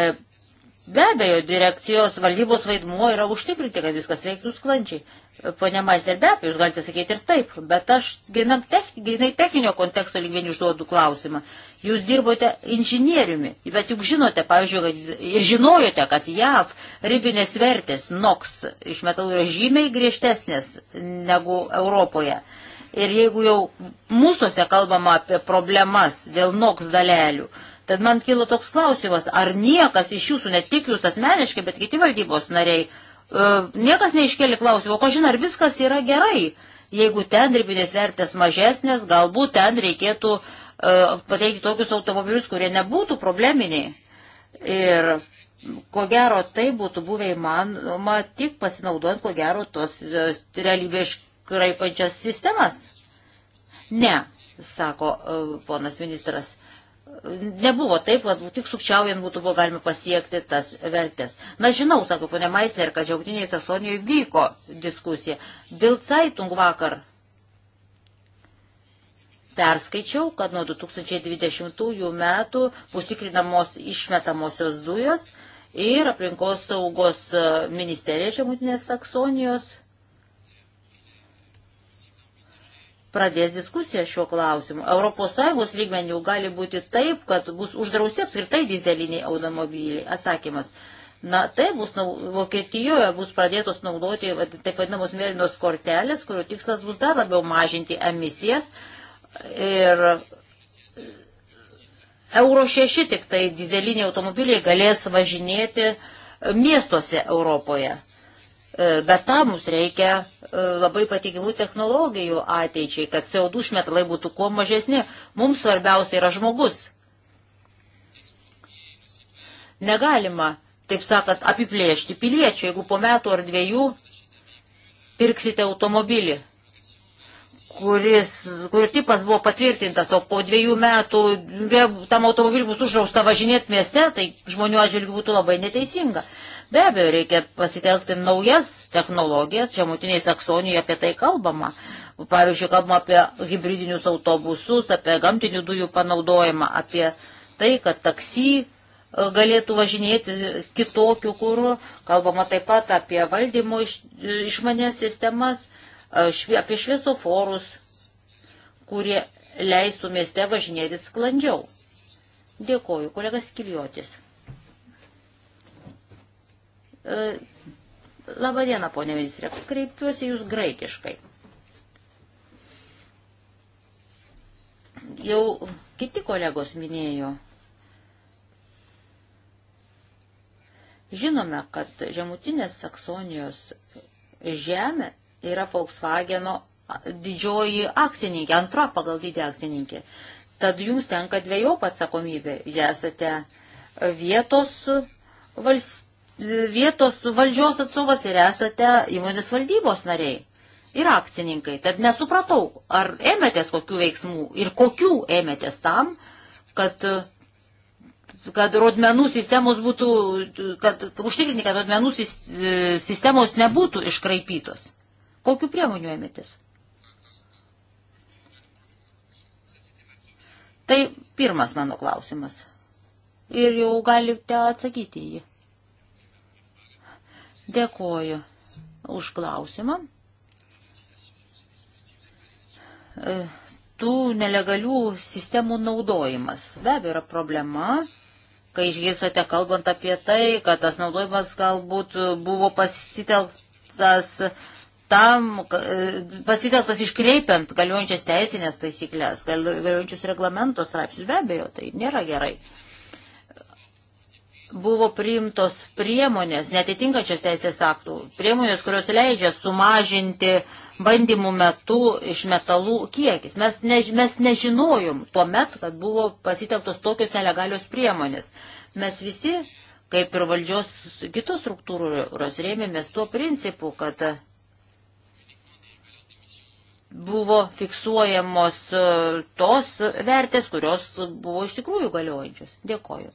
be abejo, direkcijos valdybos vaidmuo yra užtikrinti, kad viskas veiktų sklandžiai. E, Pone Maister, be abejo, jūs galite sakyti ir taip, bet aš grinam techni, grinai techninio konteksto lygmenį užduodu klausimą. Jūs dirbote inžinieriumi, bet juk žinote, pavyzdžiui, kad, ir žinojote, kad JAV ribinės vertės NOX iš metalų yra žymiai griežtesnės negu Europoje. Ir jeigu jau mūsųse kalbama apie problemas dėl NOX dalelių, tad man kilo toks klausimas, ar niekas iš jūsų, ne tik jūs asmeniškai, bet kiti valdybos nariai, e, niekas neiškėlė klausimo, ko žinai, ar viskas yra gerai. Jeigu ten ribinės vertės mažesnės, galbūt ten reikėtų uh, pateikti tokius automobilius, kurie nebūtų probleminiai. Ir ko gero tai būtų buvę įmanoma tik pasinaudojant, ko gero, tos e, realybės kraipančias sistemas. Ne, sako e, ponas ministras. Nebuvo taip, kad tik sukčiaujant būtų buvo galima pasiekti tas vertės. Na, žinau, sako ponė Maisner, kad Žiaugtiniai Sasonijoje vyko diskusija. Bilcaitung vakar perskaičiau, kad nuo 2020 metų bus tikrinamos išmetamosios dujos ir aplinkos saugos e, ministerija Žemutinės Saksonijos pradės diskusiją šiuo klausimu. ES lygmenių gali būti taip, kad bus uždrausti apskritai dizeliniai automobiliai. Atsakymas. Na, tai bus Vokietijoje bus pradėtos naudoti taip vadinamos mėlynos kortelės, kurio tikslas bus dar labiau mažinti emisijas. Ir Euro 6 tik tai dizeliniai automobiliai galės važinėti miestuose Europoje. E, bet tam mums reikia e, labai patikimų technologijų ateičiai, kad CO2 išmetalai būtų kuo mažesni. Mums svarbiausia yra žmogus. Negalima, taip sakant, apiplėšti piliečių, jeigu po metų ar dviejų pirksite automobilį, kuris, kurio tipas buvo patvirtintas, o po dviejų metų tam automobiliu bus uždrausta važinėti mieste, tai žmonių atžvilgių būtų labai neteisinga. Be abejo, reikia pasitelkti naujas technologijas, čia mutiniai Saksonijoje apie tai kalbama. Pavyzdžiui, kalbama apie hybridinius autobusus, apie gamtinių dujų panaudojimą, apie tai, kad taksi e, galėtų važinėti kitokių kūrų. Kalbama taip pat apie valdymo iš, e, išmanės sistemas, e, švi, apie šviesoforus, kurie leistų mieste važinėti sklandžiau. Dėkoju, kolegas Kiliotis. E, Labą dieną, ponė ministrė. Kreipiuosi jūs graikiškai. Jau kiti kolegos minėjo. Žinome, kad žemutinės Saksonijos žemė yra Volkswageno didžioji akcininkė, antra pagal didį akcininkė. Tad jums tenka dviejopą atsakomybę. Jie esate vietos valstybės vietos valdžios atstovas ir esate įmonės valdybos nariai ir akcininkai. Tad nesupratau, ar ėmėtės kokių veiksmų ir kokių ėmėtės tam, kad, kad rodmenų sistemos būtų, kad užtikrinti, kad rodmenų e, sistemos nebūtų iškraipytos. Kokiu priemonių ėmėtės? Tai pirmas mano klausimas. Ir jau galite atsakyti į jį. Dėkoju už klausimą. E, tų nelegalių sistemų naudojimas be abejo yra problema, kai išgirsate kalbant apie tai, kad tas naudojimas galbūt buvo pasitelktas tam, e, pasitelktas iškreipiant galiojančias teisinės taisyklės, galiojančius reglamentos raipsis, be abejo, tai nėra gerai. Uh, buvo priimtos priemonės, netitinkančios teisės aktų, priemonės, kurios leidžia sumažinti bandymų metu iš metalų kiekis. Mes, ne, mes nežinojom tuo met, kad buvo pasitelktos tokios nelegalios priemonės. Mes visi, kaip ir valdžios kitos struktūros, rėmėmės tuo principu, kad buvo fiksuojamos tos vertės, kurios buvo iš tikrųjų galiojančios. Dėkoju.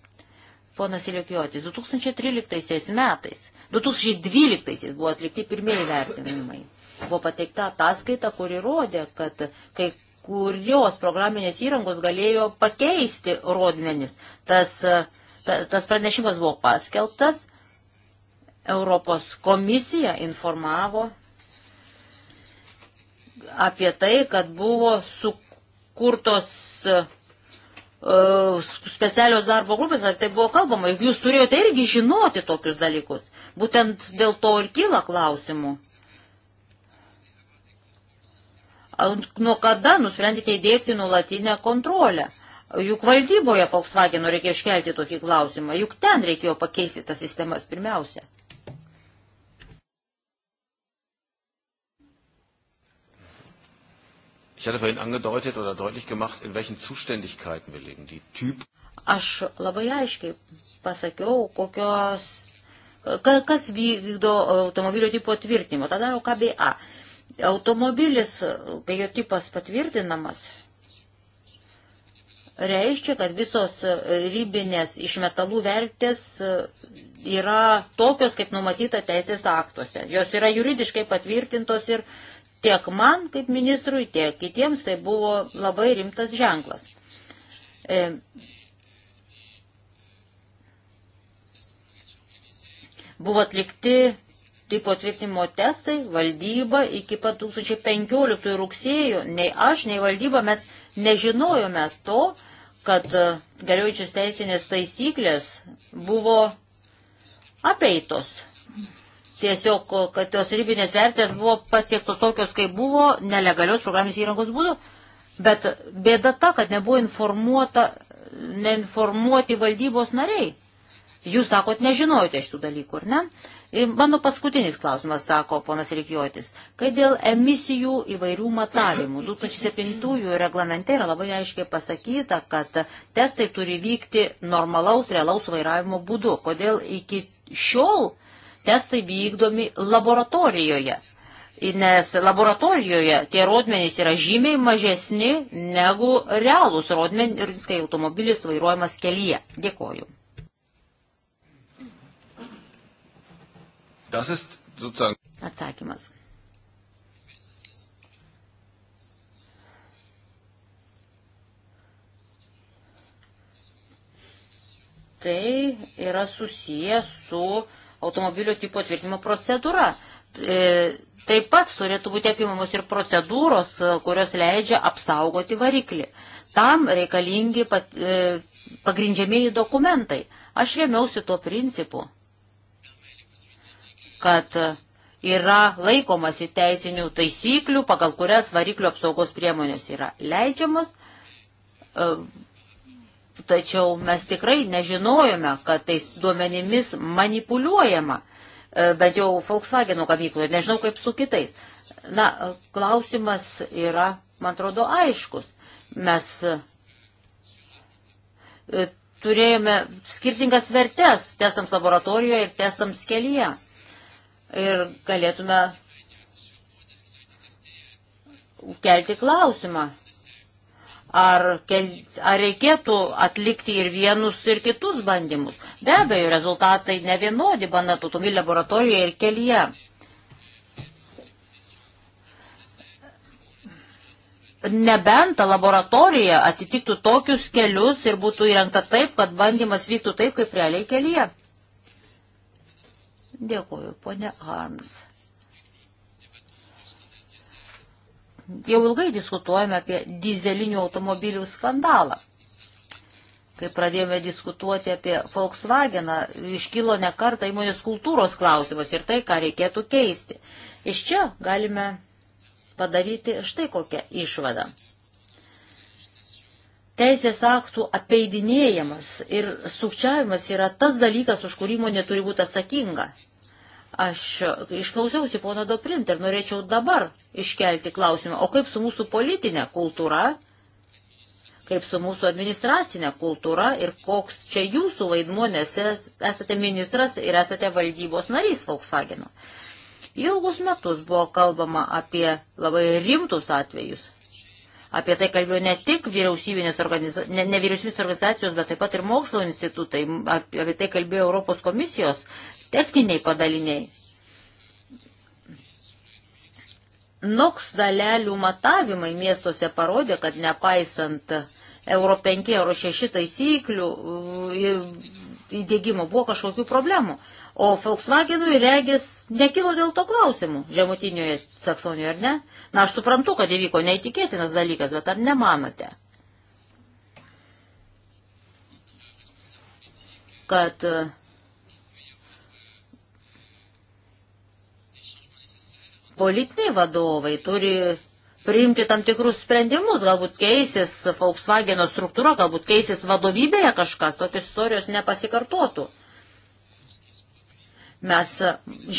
Ponas Iliokijotis, 2013 metais, 2012 buvo atlikti pirmieji vertinimai. Buvo pateikta ataskaita, kuri rodė, kad kai kurios programinės įrangos galėjo pakeisti rodmenis. Tas, tas, tas pranešimas buvo paskelbtas, Europos komisija informavo apie tai, kad buvo sukurtos E, specialios darbo grupės, tai buvo kalbama, juk jūs turėjote irgi žinoti tokius dalykus. Būtent dėl to ir kyla klausimų. Nuo kada nusprendėte įdėkti nulatinę kontrolę? Juk valdyboje Volkswageno reikia iškelti tokį klausimą, juk ten reikėjo pakeisti tas sistemas pirmiausia. Ich hatte vorhin angedeutet oder deutlich gemacht, in welchen Zuständigkeiten wir liegen. Die Typ. Aš labai aiškiai pasakiau, kokios, kas vykdo automobilio tipo tvirtinimą. Tada daro KBA. Automobilis, kai jo tipas patvirtinamas, reiškia, kad visos rybinės iš metalų vertės yra tokios, kaip numatyta teisės aktuose. Jos yra juridiškai patvirtintos ir Tiek man, kaip ministrui, tiek kitiems tai buvo labai rimtas ženklas. E, buvo atlikti tipo tvirtinimo testai, valdyba iki pat 2015 rugsėjo, nei aš, nei valdyba mes nežinojome to, kad e, galiojančios teisinės taisyklės buvo apeitos tiesiog, kad tos ribinės vertės buvo pasiektos tokios, kaip buvo, nelegalios programinės įrangos būdu. Bet bėda ta, kad nebuvo informuota, neinformuoti valdybos nariai. Jūs sakot, nežinojote šitų dalykų, ar ne? Ir mano paskutinis klausimas, sako ponas Reikijotis, kai dėl emisijų įvairių matavimų 2007 reglamente yra labai aiškiai pasakyta, kad testai turi vykti normalaus, realaus vairavimo būdu. Kodėl iki šiol testai vykdomi laboratorijoje. Nes laboratorijoje tie rodmenys yra žymiai mažesni negu realūs rodmenys, kai automobilis vairuojamas kelyje. Dėkoju. Atsakymas. Tai yra susijęs su automobilio tipo tvirtinimo procedūra. E, taip pat turėtų būti apimamos ir procedūros, e, kurios leidžia apsaugoti variklį. Tam reikalingi pat, e, pagrindžiamieji dokumentai. Aš remiausi tuo principu, kad yra laikomasi teisinių taisyklių, pagal kurias variklio apsaugos priemonės yra leidžiamas Tačiau mes tikrai nežinojome, kad tais duomenimis manipuliuojama, e, bent jau Volkswagenų gamykloje, nežinau kaip su kitais. Na, klausimas yra, man atrodo, aiškus. Mes e, turėjome skirtingas vertes testams laboratorijoje ir testams kelyje. Ir galėtume kelti klausimą, ar, ar reikėtų atlikti ir vienus, ir kitus bandymus. Be abejo, rezultatai ne vienodi, bandant automobilį laboratorijoje ir kelyje. Nebent ta laboratorija atitiktų tokius kelius ir būtų įrengta taip, kad bandymas vyktų taip, kaip realiai kelyje. Dėkuoju, ponė Arms. jau ilgai diskutuojame apie dizelinių automobilių skandalą. Kai pradėjome diskutuoti apie Volkswageną, iškilo ne kartą įmonės kultūros klausimas ir tai, ką reikėtų keisti. Iš čia galime padaryti štai kokią išvadą. Teisės aktų apeidinėjimas ir sukčiavimas yra tas dalykas, už kurį įmonė turi būti atsakinga. Aš išklausiausi pono Doprint ir norėčiau dabar iškelti klausimą, o kaip su mūsų politinė kultūra, kaip su mūsų administracinė kultūra ir koks čia jūsų vaidmuo, nes esate ministras ir esate valdybos narys Volkswageno. Ilgus metus buvo kalbama apie labai rimtus atvejus. Apie tai kalbėjo ne tik vyriausybinės organiza... ne, ne vyriausybinės organizacijos, bet taip pat ir mokslo institutai. Apie tai kalbėjo Europos komisijos techniniai padaliniai. NOX dalelių matavimai miestuose parodė, kad nepaisant Euro 5, Euro 6 taisyklių įdėgymo buvo kažkokių problemų. O Volkswagenui regis nekilo dėl to klausimų žemutinioje Saksonijoje, ar ne? Na, aš suprantu, kad įvyko neįtikėtinas dalykas, bet ar nemanote, kad Politiniai vadovai turi priimti tam tikrus sprendimus, galbūt keisis Volkswageno struktūra, galbūt keisis vadovybėje kažkas, tokios istorijos nepasikartotų. Mes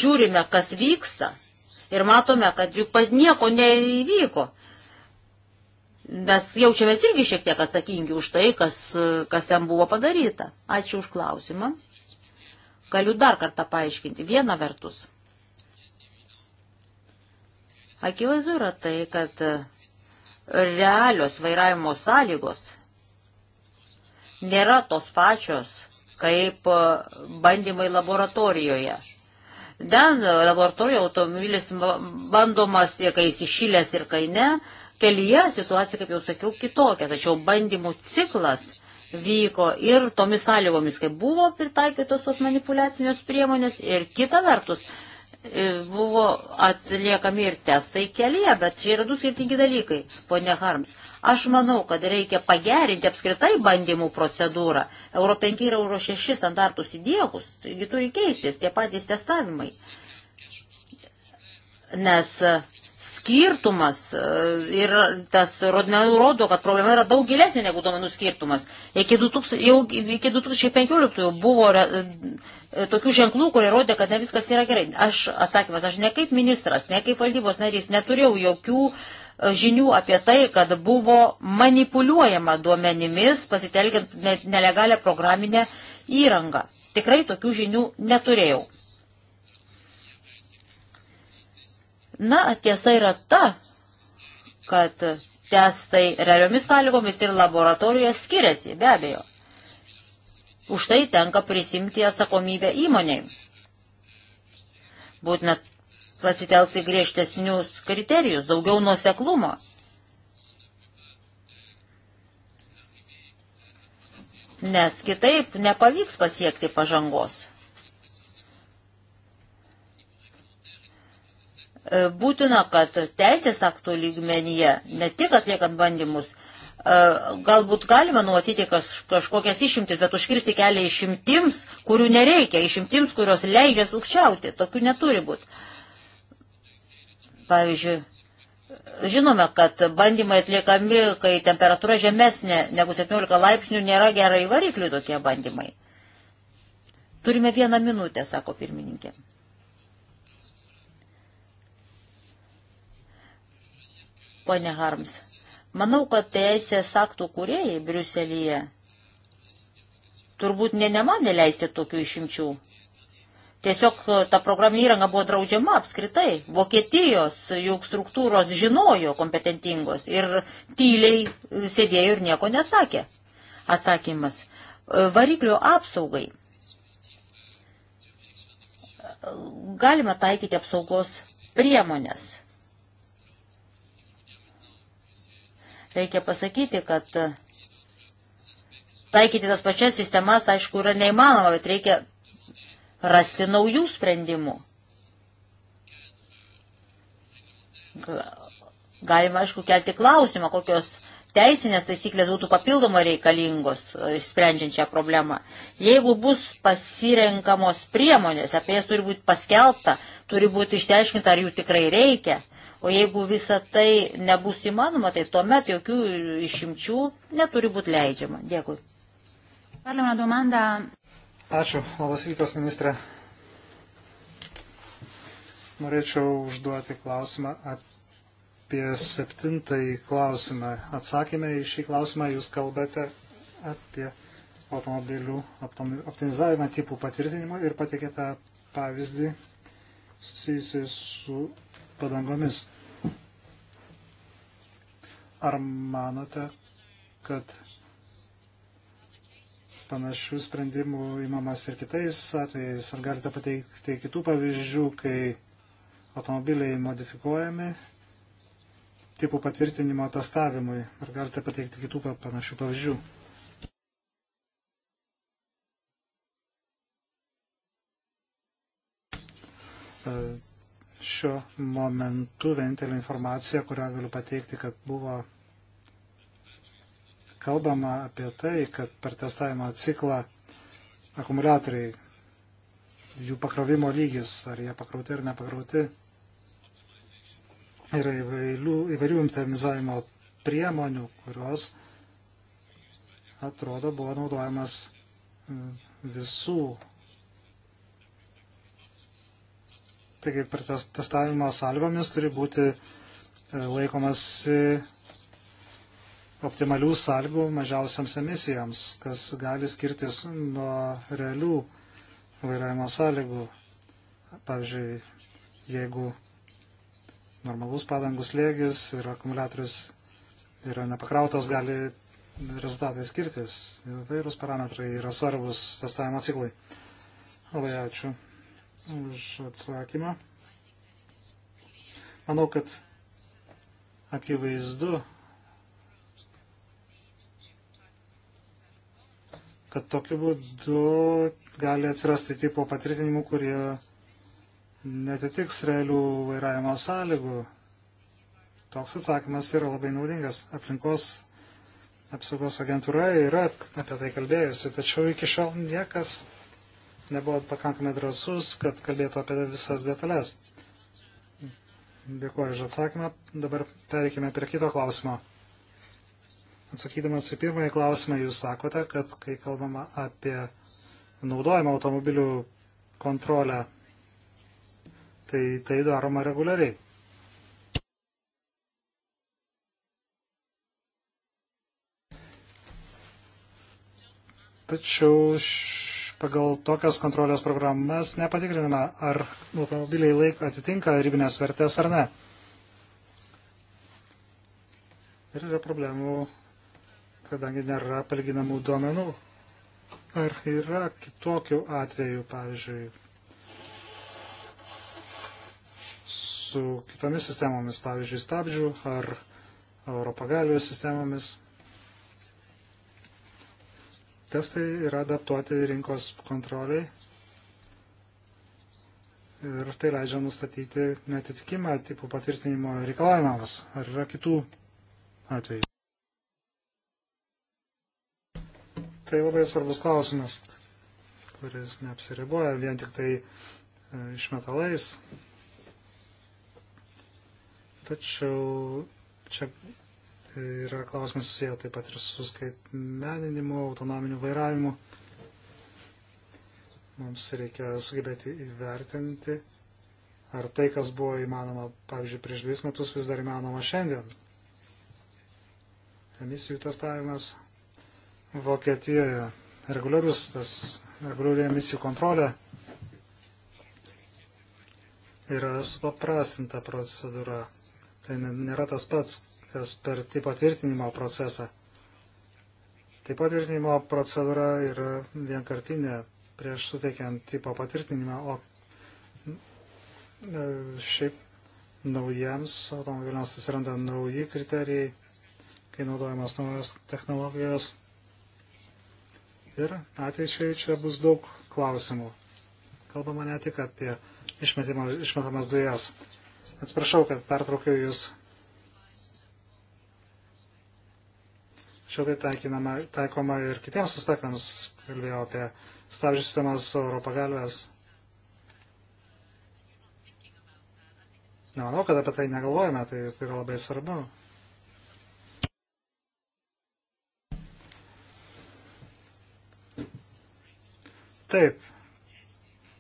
žiūrime, kas vyksta ir matome, kad juk pat nieko neįvyko. Mes jaučiamės irgi šiek tiek atsakingi už tai, kas, kas ten buvo padaryta. Ačiū už klausimą. Galiu dar kartą paaiškinti. Viena vertus. Akivaizdu yra tai, kad e, realios vairavimo sąlygos nėra tos pačios, kaip e, bandymai laboratorijoje. Ten e, laboratorijoje automobilis bandomas ir kai jis išilęs ir kai ne, kelyje situacija, kaip jau sakiau, kitokia, tačiau bandymų ciklas vyko ir tomis sąlygomis, kaip buvo pritaikytos tos manipulacinės priemonės ir kita vertus E, buvo atliekami ir testai kelyje, bet čia yra du skirtingi dalykai, ponė Harms. Aš manau, kad reikia pagerinti apskritai bandymų procedūrą. Euro 5 ir Euro 6 standartus įdėkus, taigi turi keistis tie patys testavimai. Nes e, skirtumas e, ir tas rodmenų rodo, kad problema yra daug gilesnė negu duomenų skirtumas. Iki, 2000, jau, iki 2015 buvo E, tokių ženklų, kurie rodė, kad ne viskas yra gerai. Aš atsakymas, aš ne kaip ministras, ne kaip valdybos narys neturėjau jokių e, žinių apie tai, kad buvo manipuliuojama duomenimis, pasitelkiant nelegalią programinę įrangą. Tikrai tokių žinių neturėjau. Na, tiesa yra ta, kad testai realiomis sąlygomis ir laboratorijoje skiriasi, be abejo už tai tenka prisimti atsakomybę įmoniai. Būtina pasitelkti griežtesnius kriterijus, daugiau nuoseklumo. Nes kitaip nepavyks pasiekti pažangos. Būtina, kad teisės aktų lygmenyje, ne tik atliekant bandymus, E, galbūt galima numatyti kažkokias išimtis, bet užkirsti kelią išimtims, kurių nereikia, išimtims, kurios leidžia sukčiauti. Tokių neturi būti. Pavyzdžiui, žinome, kad bandymai atliekami, kai temperatūra žemesnė negu 17 laipsnių, nėra gerai variklių tokie bandymai. Turime vieną minutę, sako pirmininkė. Pone Harms, Manau, kad teisės aktų kuriejai Briuselyje turbūt ne nemanė leisti tokių išimčių. Tiesiog e, ta programinė įranga buvo draudžiama apskritai. Vokietijos juk struktūros žinojo kompetentingos ir tyliai e, sėdėjo ir nieko nesakė. Atsakymas. E, variklio apsaugai galima taikyti apsaugos priemonės Reikia pasakyti, kad taikyti tas pačias sistemas, aišku, yra neįmanoma, bet reikia rasti naujų sprendimų. Galima, aišku, kelti klausimą, kokios teisinės taisyklės būtų papildomai reikalingos, e, sprendžiant šią problemą. Jeigu bus pasirenkamos priemonės, apie jas turi būti paskelbta, turi būti išsiaiškinta, ar jų tikrai reikia. O jeigu visa tai nebus įmanoma, tai tuomet jokių išimčių neturi būti leidžiama. Dėkui. Ačiū. Labas rytas, ministrė. Norėčiau užduoti klausimą apie septintąjį klausimą. Atsakymę į šį klausimą jūs kalbate apie automobilių optimizavimą tipų patvirtinimą ir patikėte pavyzdį susijusiu su padangomis. Ar manote, kad panašių sprendimų įmamas ir kitais atvejais? Ar galite pateikti kitų pavyzdžių, kai automobiliai modifikuojami tipų patvirtinimo testavimui? Ar galite pateikti kitų panašių pavyzdžių? Uh, šiuo momentu vienintelė informacija, kurią galiu pateikti, kad buvo kalbama apie tai, kad per testavimo ciklą akumuliatoriai, jų pakrovimo lygis, ar jie pakrauti ar nepakrauti, yra įvairių, įvairių internizavimo priemonių, kurios atrodo buvo naudojamas mm, visų taigi per tas testavimo sąlygomis turi būti e, laikomas optimalių sąlygų mažiausiams emisijoms, kas gali skirtis nuo realių vairavimo sąlygų. Pavyzdžiui, jeigu normalus padangų slėgis ir akumuliatorius yra nepakrautas, gali rezultatai skirtis. Vairūs parametrai yra svarbus testavimo ciklai. Labai ačiū už atsakymą. Manau, kad akivaizdu, kad tokiu būdu gali atsirasti tipo patvirtinimų, kurie netitiks realių vairavimo sąlygų. Toks atsakymas yra labai naudingas. Aplinkos apsaugos agentūra yra apie tai kalbėjusi, tačiau iki šiol niekas nebuvo pakankamai drasus, kad kalbėtų apie visas detalės. Dėkuoju už atsakymą. Dabar pereikime prie kito klausimo. Atsakydamas į pirmąjį klausimą, jūs sakote, kad kai kalbama apie naudojimą automobilių kontrolę, tai tai daroma reguliariai. Tačiau š pagal tokias kontrolės programas nepatikriname, ar automobiliai laik atitinka ribinės vertės ar ne. Ir yra problemų, kadangi nėra palyginamų duomenų. Ar yra kitokių atvejų, pavyzdžiui, su kitomis sistemomis, pavyzdžiui, stabdžių ar Europagalių sistemomis testai yra adaptuoti rinkos kontroliai ir tai leidžia nustatyti netitikimą tipų patvirtinimo reikalavimams. Ar yra kitų atvejų? Tai labai svarbus klausimas, kuris neapsiriboja vien tik tai e, išmetalais. Tačiau čia yra klausimai susiję taip pat ir su skaitmeninimu, autonominiu vairavimu. Mums reikia sugebėti įvertinti, ar tai, kas buvo įmanoma, pavyzdžiui, prieš dviejus metus, vis dar įmanoma šiandien. Emisijų testavimas Vokietijoje, reguliarus tas, reguliarių emisijų kontrolė yra supaprastinta procedūra. Tai nėra tas pats, patvirtintas per tipo tvirtinimo procesą. Taip pat tvirtinimo procedūra yra vienkartinė prieš suteikiant tipo patvirtinimą, o e, šiaip naujiems automobiliams atsiranda nauji kriterijai, kai naudojamas naujos technologijos. Ir ateičiai čia bus daug klausimų. Kalbama ne tik apie išmetamas dujas. Atsiprašau, kad pertraukiau jūs Tačiau tai taikinama, taikoma ir kitiems aspektams. Kalbėjau apie stabdžių sistemas oro pagalbės. Nemanau, kad apie tai negalvojame, tai, tai yra labai svarbu. Taip,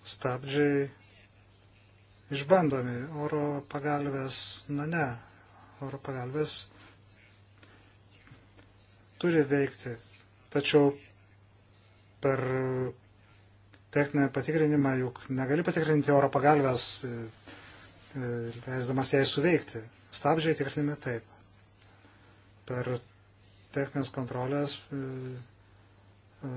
stabdžiai išbandomi, oro pagalbės, na ne, oro pagalbės turi veikti. Tačiau per techninį patikrinimą juk negali patikrinti oro pagalbės, e, e, leisdamas jai suveikti. Stabdžiai tikrinami taip. Per techninės kontrolės e,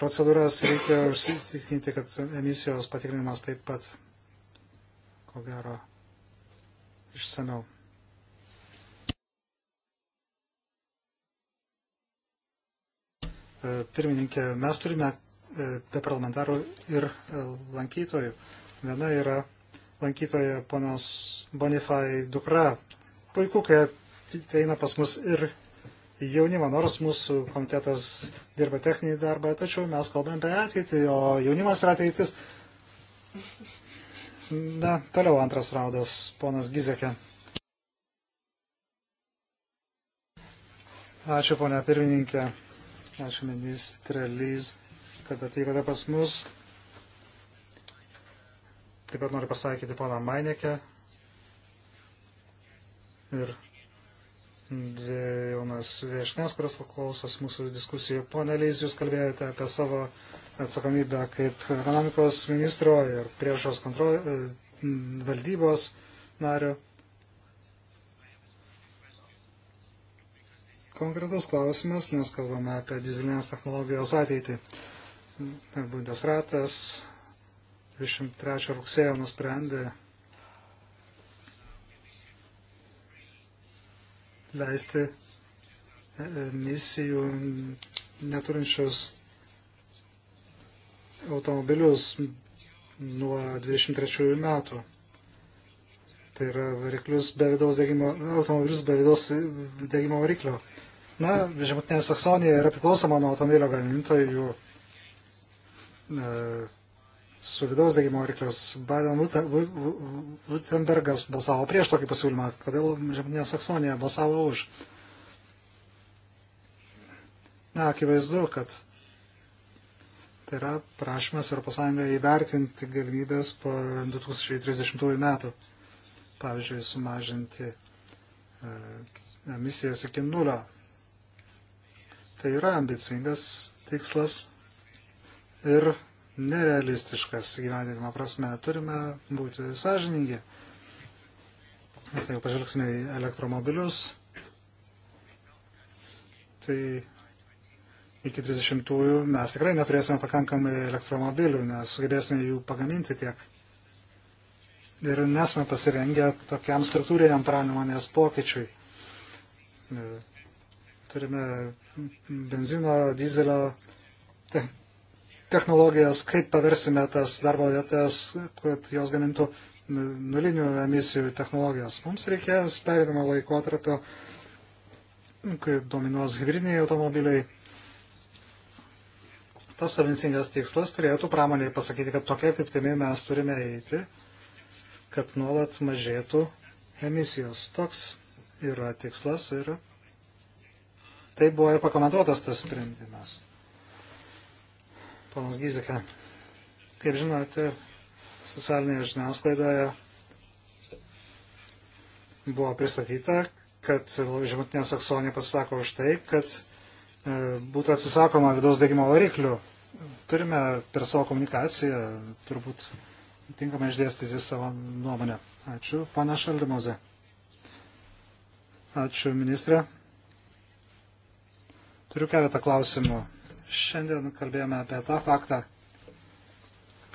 procedūras reikia užsitikinti, kad emisijos patikrinimas taip pat, ko gero, išsameu. E, pirmininkė, mes turime e, be parlamentarų ir e, lankytojų. Viena yra lankytoja ponios Bonifai dukra. Puiku, kai ateina pas mus ir jaunimą, nors mūsų komitetas dirba techninį darbą, tačiau mes kalbame apie ateitį, o jaunimas yra ateitis. Na, toliau antras raudas, ponas Gizekė. Ačiū, ponia pirmininkė ačiū ministrė Lyz, kad atvykote pas mus. Taip pat noriu pasakyti poną Mainekę ir dvi jaunas viešnės, kurios klausos mūsų diskusijų. Pone Lyz, jūs kalbėjote apie savo atsakomybę kaip ekonomikos ministro ir priežos e, valdybos nario. konkretus klausimas, nes kalbame apie dizelinės technologijos ateitį. Bundesratas 23 rugsėjo nusprendė leisti misijų neturinčius automobilius nuo 23 metų. Tai yra variklius be vidaus degimo, automobilius be vidaus degimo variklio. Na, Žemutinė Saksonija yra priklausoma nuo automobilio gamintojų e, su vidaus degimo variklius. Baden-Württembergas balsavo prieš tokį pasiūlymą, kodėl Žemutinė Saksonija balsavo už. Na, akivaizdu, kad tai yra prašymas Europos Sąjungoje įvertinti galimybės po 2030 metų. Pavyzdžiui, sumažinti e, emisijas iki nulio Tai yra ambicingas tikslas ir nerealistiškas gyvenimo prasme. Turime būti sąžiningi. Mes jeigu pažvelgsime į elektromobilius, tai iki 30-ųjų mes tikrai neturėsime pakankamai elektromobilių, nesugebėsime jų pagaminti tiek. Ir nesame pasirengę tokiam struktūriniam pramonės pokyčiui. Turime benzino, dizelio te technologijas, kaip paversime tas darbo vietas, kad jos gamintų nu, nulinių emisijų technologijas. Mums reikės perėdamo laikotarpio, kai dominuos hybridiniai automobiliai. Tas savincingas tikslas turėtų pramoniai pasakyti, kad tokia kryptimi mes turime eiti, kad nuolat mažėtų emisijos. Toks yra tikslas ir tai buvo ir pakomentuotas tas sprendimas. Ponas Gizika, kaip žinote, socialinėje žiniasklaidoje buvo pristatyta, kad Žemutinė Saksonija pasisako už tai, kad e, būtų atsisakoma vidaus degimo variklių. Turime per savo komunikaciją turbūt tinkamai išdėstyti savo nuomonę. Ačiū, pana Šaldimoze. Ačiū, ministrė. Turiu keletą klausimų. Šiandien kalbėjome apie tą faktą,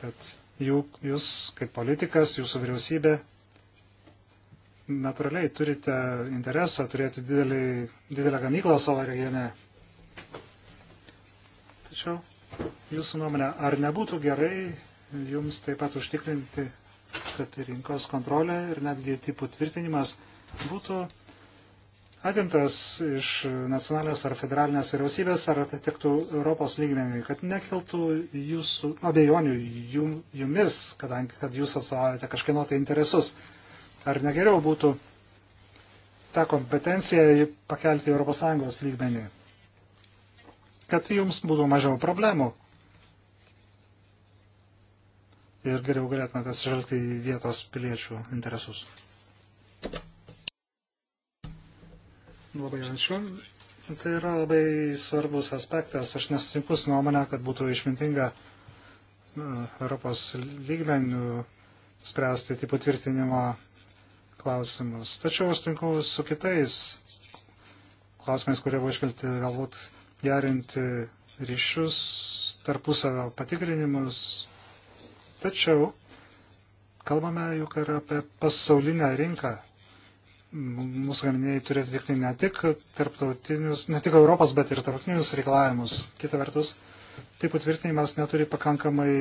kad jūs kaip politikas, jūsų vyriausybė natūraliai turite interesą turėti didelį, didelę gamyklą savo regione. Tačiau jūsų nuomonė, ar nebūtų gerai jums taip pat užtikrinti, kad rinkos kontrolė ir netgi tipų tvirtinimas būtų atimtas iš nacionalinės ar federalinės vyriausybės ar atitiktų Europos lygmenį, kad nekiltų jūsų abejonių jum, jumis, kadangi kad jūs atstovaujate kažkieno tai interesus. Ar negeriau būtų tą kompetenciją pakelti ES lygmenį, kad jums būtų mažiau problemų ir geriau galėtumėte atsižvelgti į vietos piliečių interesus. Thank you. Labai ačiū. Tai yra labai svarbus aspektas. Aš nesutinku su nuomonė, kad būtų išmintinga Europos lygmenių spręsti tipų tvirtinimo klausimus. Tačiau aš sutinku su kitais klausimais, kurie buvo iškelti galbūt gerinti ryšius, tarpusavio patikrinimus. Tačiau kalbame juk ir apie pasaulinę rinką mūsų gaminiai turi atitikti ne tik tarptautinius, ne tik Europos, bet ir tarptautinius reikalavimus. Kita vertus, tai patvirtinimas neturi pakankamai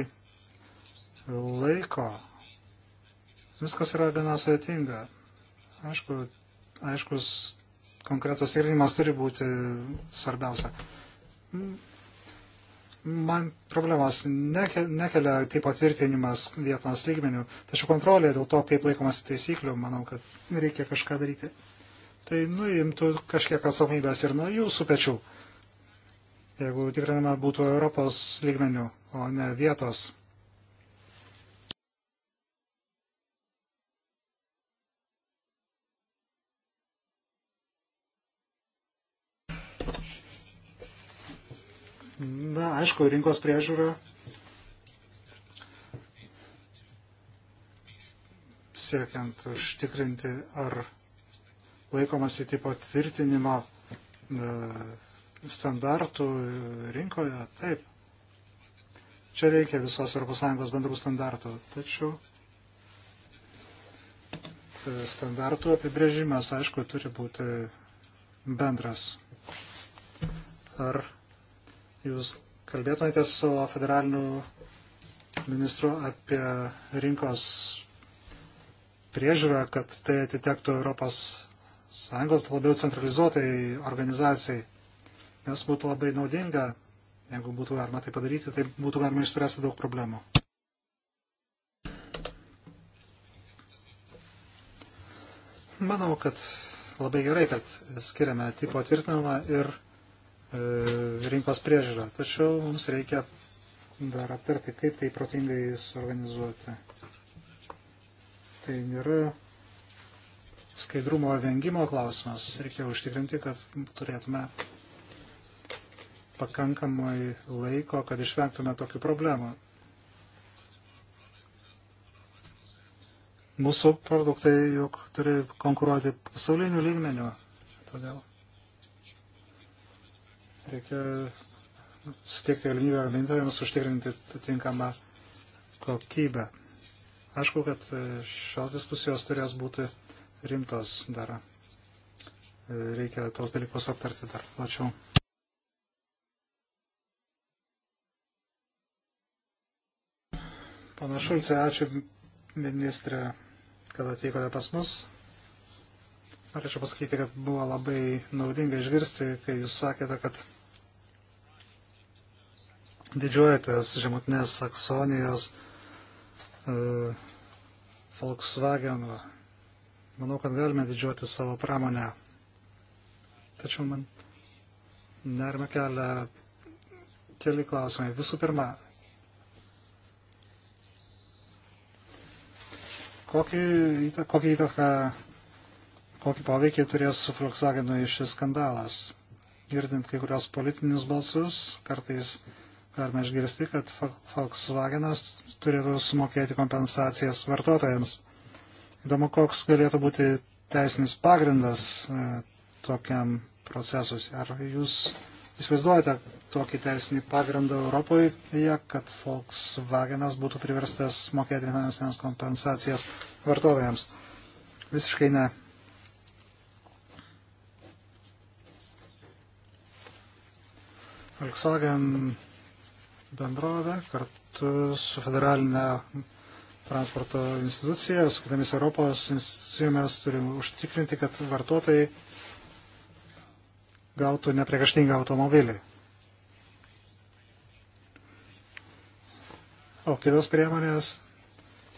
laiko. Viskas yra gana sudėtinga. Aišku, aiškus konkretus tikrinimas turi būti svarbiausia man problemas nekelia tai patvirtinimas vietos lygmenių, tačiau kontrolė dėl to, kaip laikomas taisyklių, manau, kad reikia kažką daryti. Tai nuimtų kažkiek atsakomybės ir nuo jūsų pečių, jeigu tikrinama būtų Europos lygmenių, o ne vietos. Na, aišku, rinkos priežiūra siekiant užtikrinti, ar laikomasi tipo tvirtinimo e, standartų rinkoje, taip. Čia reikia visos ES bendrų standartų, tačiau e, standartų apibrėžimas, aišku, turi būti bendras. Ar jūs kalbėtumėte su savo federaliniu ministru apie rinkos priežiūrą, kad tai atitektų Europos Sąjungos labiau centralizuotai organizacijai, nes būtų labai naudinga, jeigu būtų galima tai padaryti, tai būtų galima išspręsti daug problemų. Manau, kad labai gerai, kad skiriame tipo tvirtinimą ir E, rinkos priežiūrą. Tačiau mums reikia dar aptarti, kaip tai protingai suorganizuoti. Tai nėra skaidrumo vengimo klausimas. Reikia užtikrinti, kad turėtume pakankamai laiko, kad išvengtume tokių problemų. Mūsų produktai juk turi konkuruoti pasaulinių lygmenių. Todėl Reikia suteikti galimybę gamintojams užtikrinti tinkamą kokybę. Aišku, kad šios diskusijos turės būti rimtos dar. Reikia tuos dalykus aptarti dar plačiau. Pana Šulce, ačiū ministrė, kad atvykote pas mus norėčiau pasakyti, kad buvo labai naudinga išgirsti, kai jūs sakėte, kad didžiuojatės žemutinės Saksonijos uh, Volkswagenu. Manau, kad galime didžiuoti savo pramonę. Tačiau man nerima kelia keli klausimai. Visų pirma, kokį, kokią įtaką kokį poveikį turės su Volkswagenui šis skandalas. Girdint kai kurios politinius balsus, kartais galime išgirsti, kad Volkswagenas turėtų sumokėti kompensacijas vartotojams. Įdomu, koks galėtų būti teisinis pagrindas e, tokiam procesui. Ar jūs įsivaizduojate tokį teisinį pagrindą Europoje, kad Volkswagenas būtų priverstas mokėti finansinės kompensacijas vartotojams? Visiškai ne. Volkswagen bendrovė kartu su federalinė transporto institucija, su kitomis Europos institucijomis turime užtikrinti, kad vartotojai gautų nepriekaštingą automobilį. O kitos priemonės,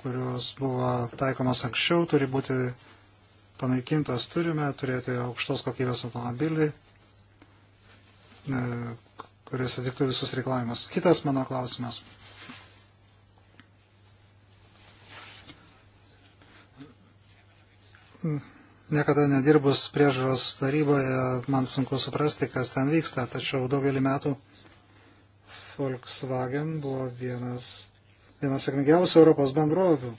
kurios buvo taikomas anksčiau, turi būti panaikintos. Turime turėti aukštos kokybės automobilį, e, kuris atitiktų visus reikalavimus. Kitas mano klausimas. Niekada nedirbus priežaros taryboje, man sunku suprasti, kas ten vyksta, tačiau daugelį metų Volkswagen buvo vienas, vienas sėkmingiausių Europos bendrovių.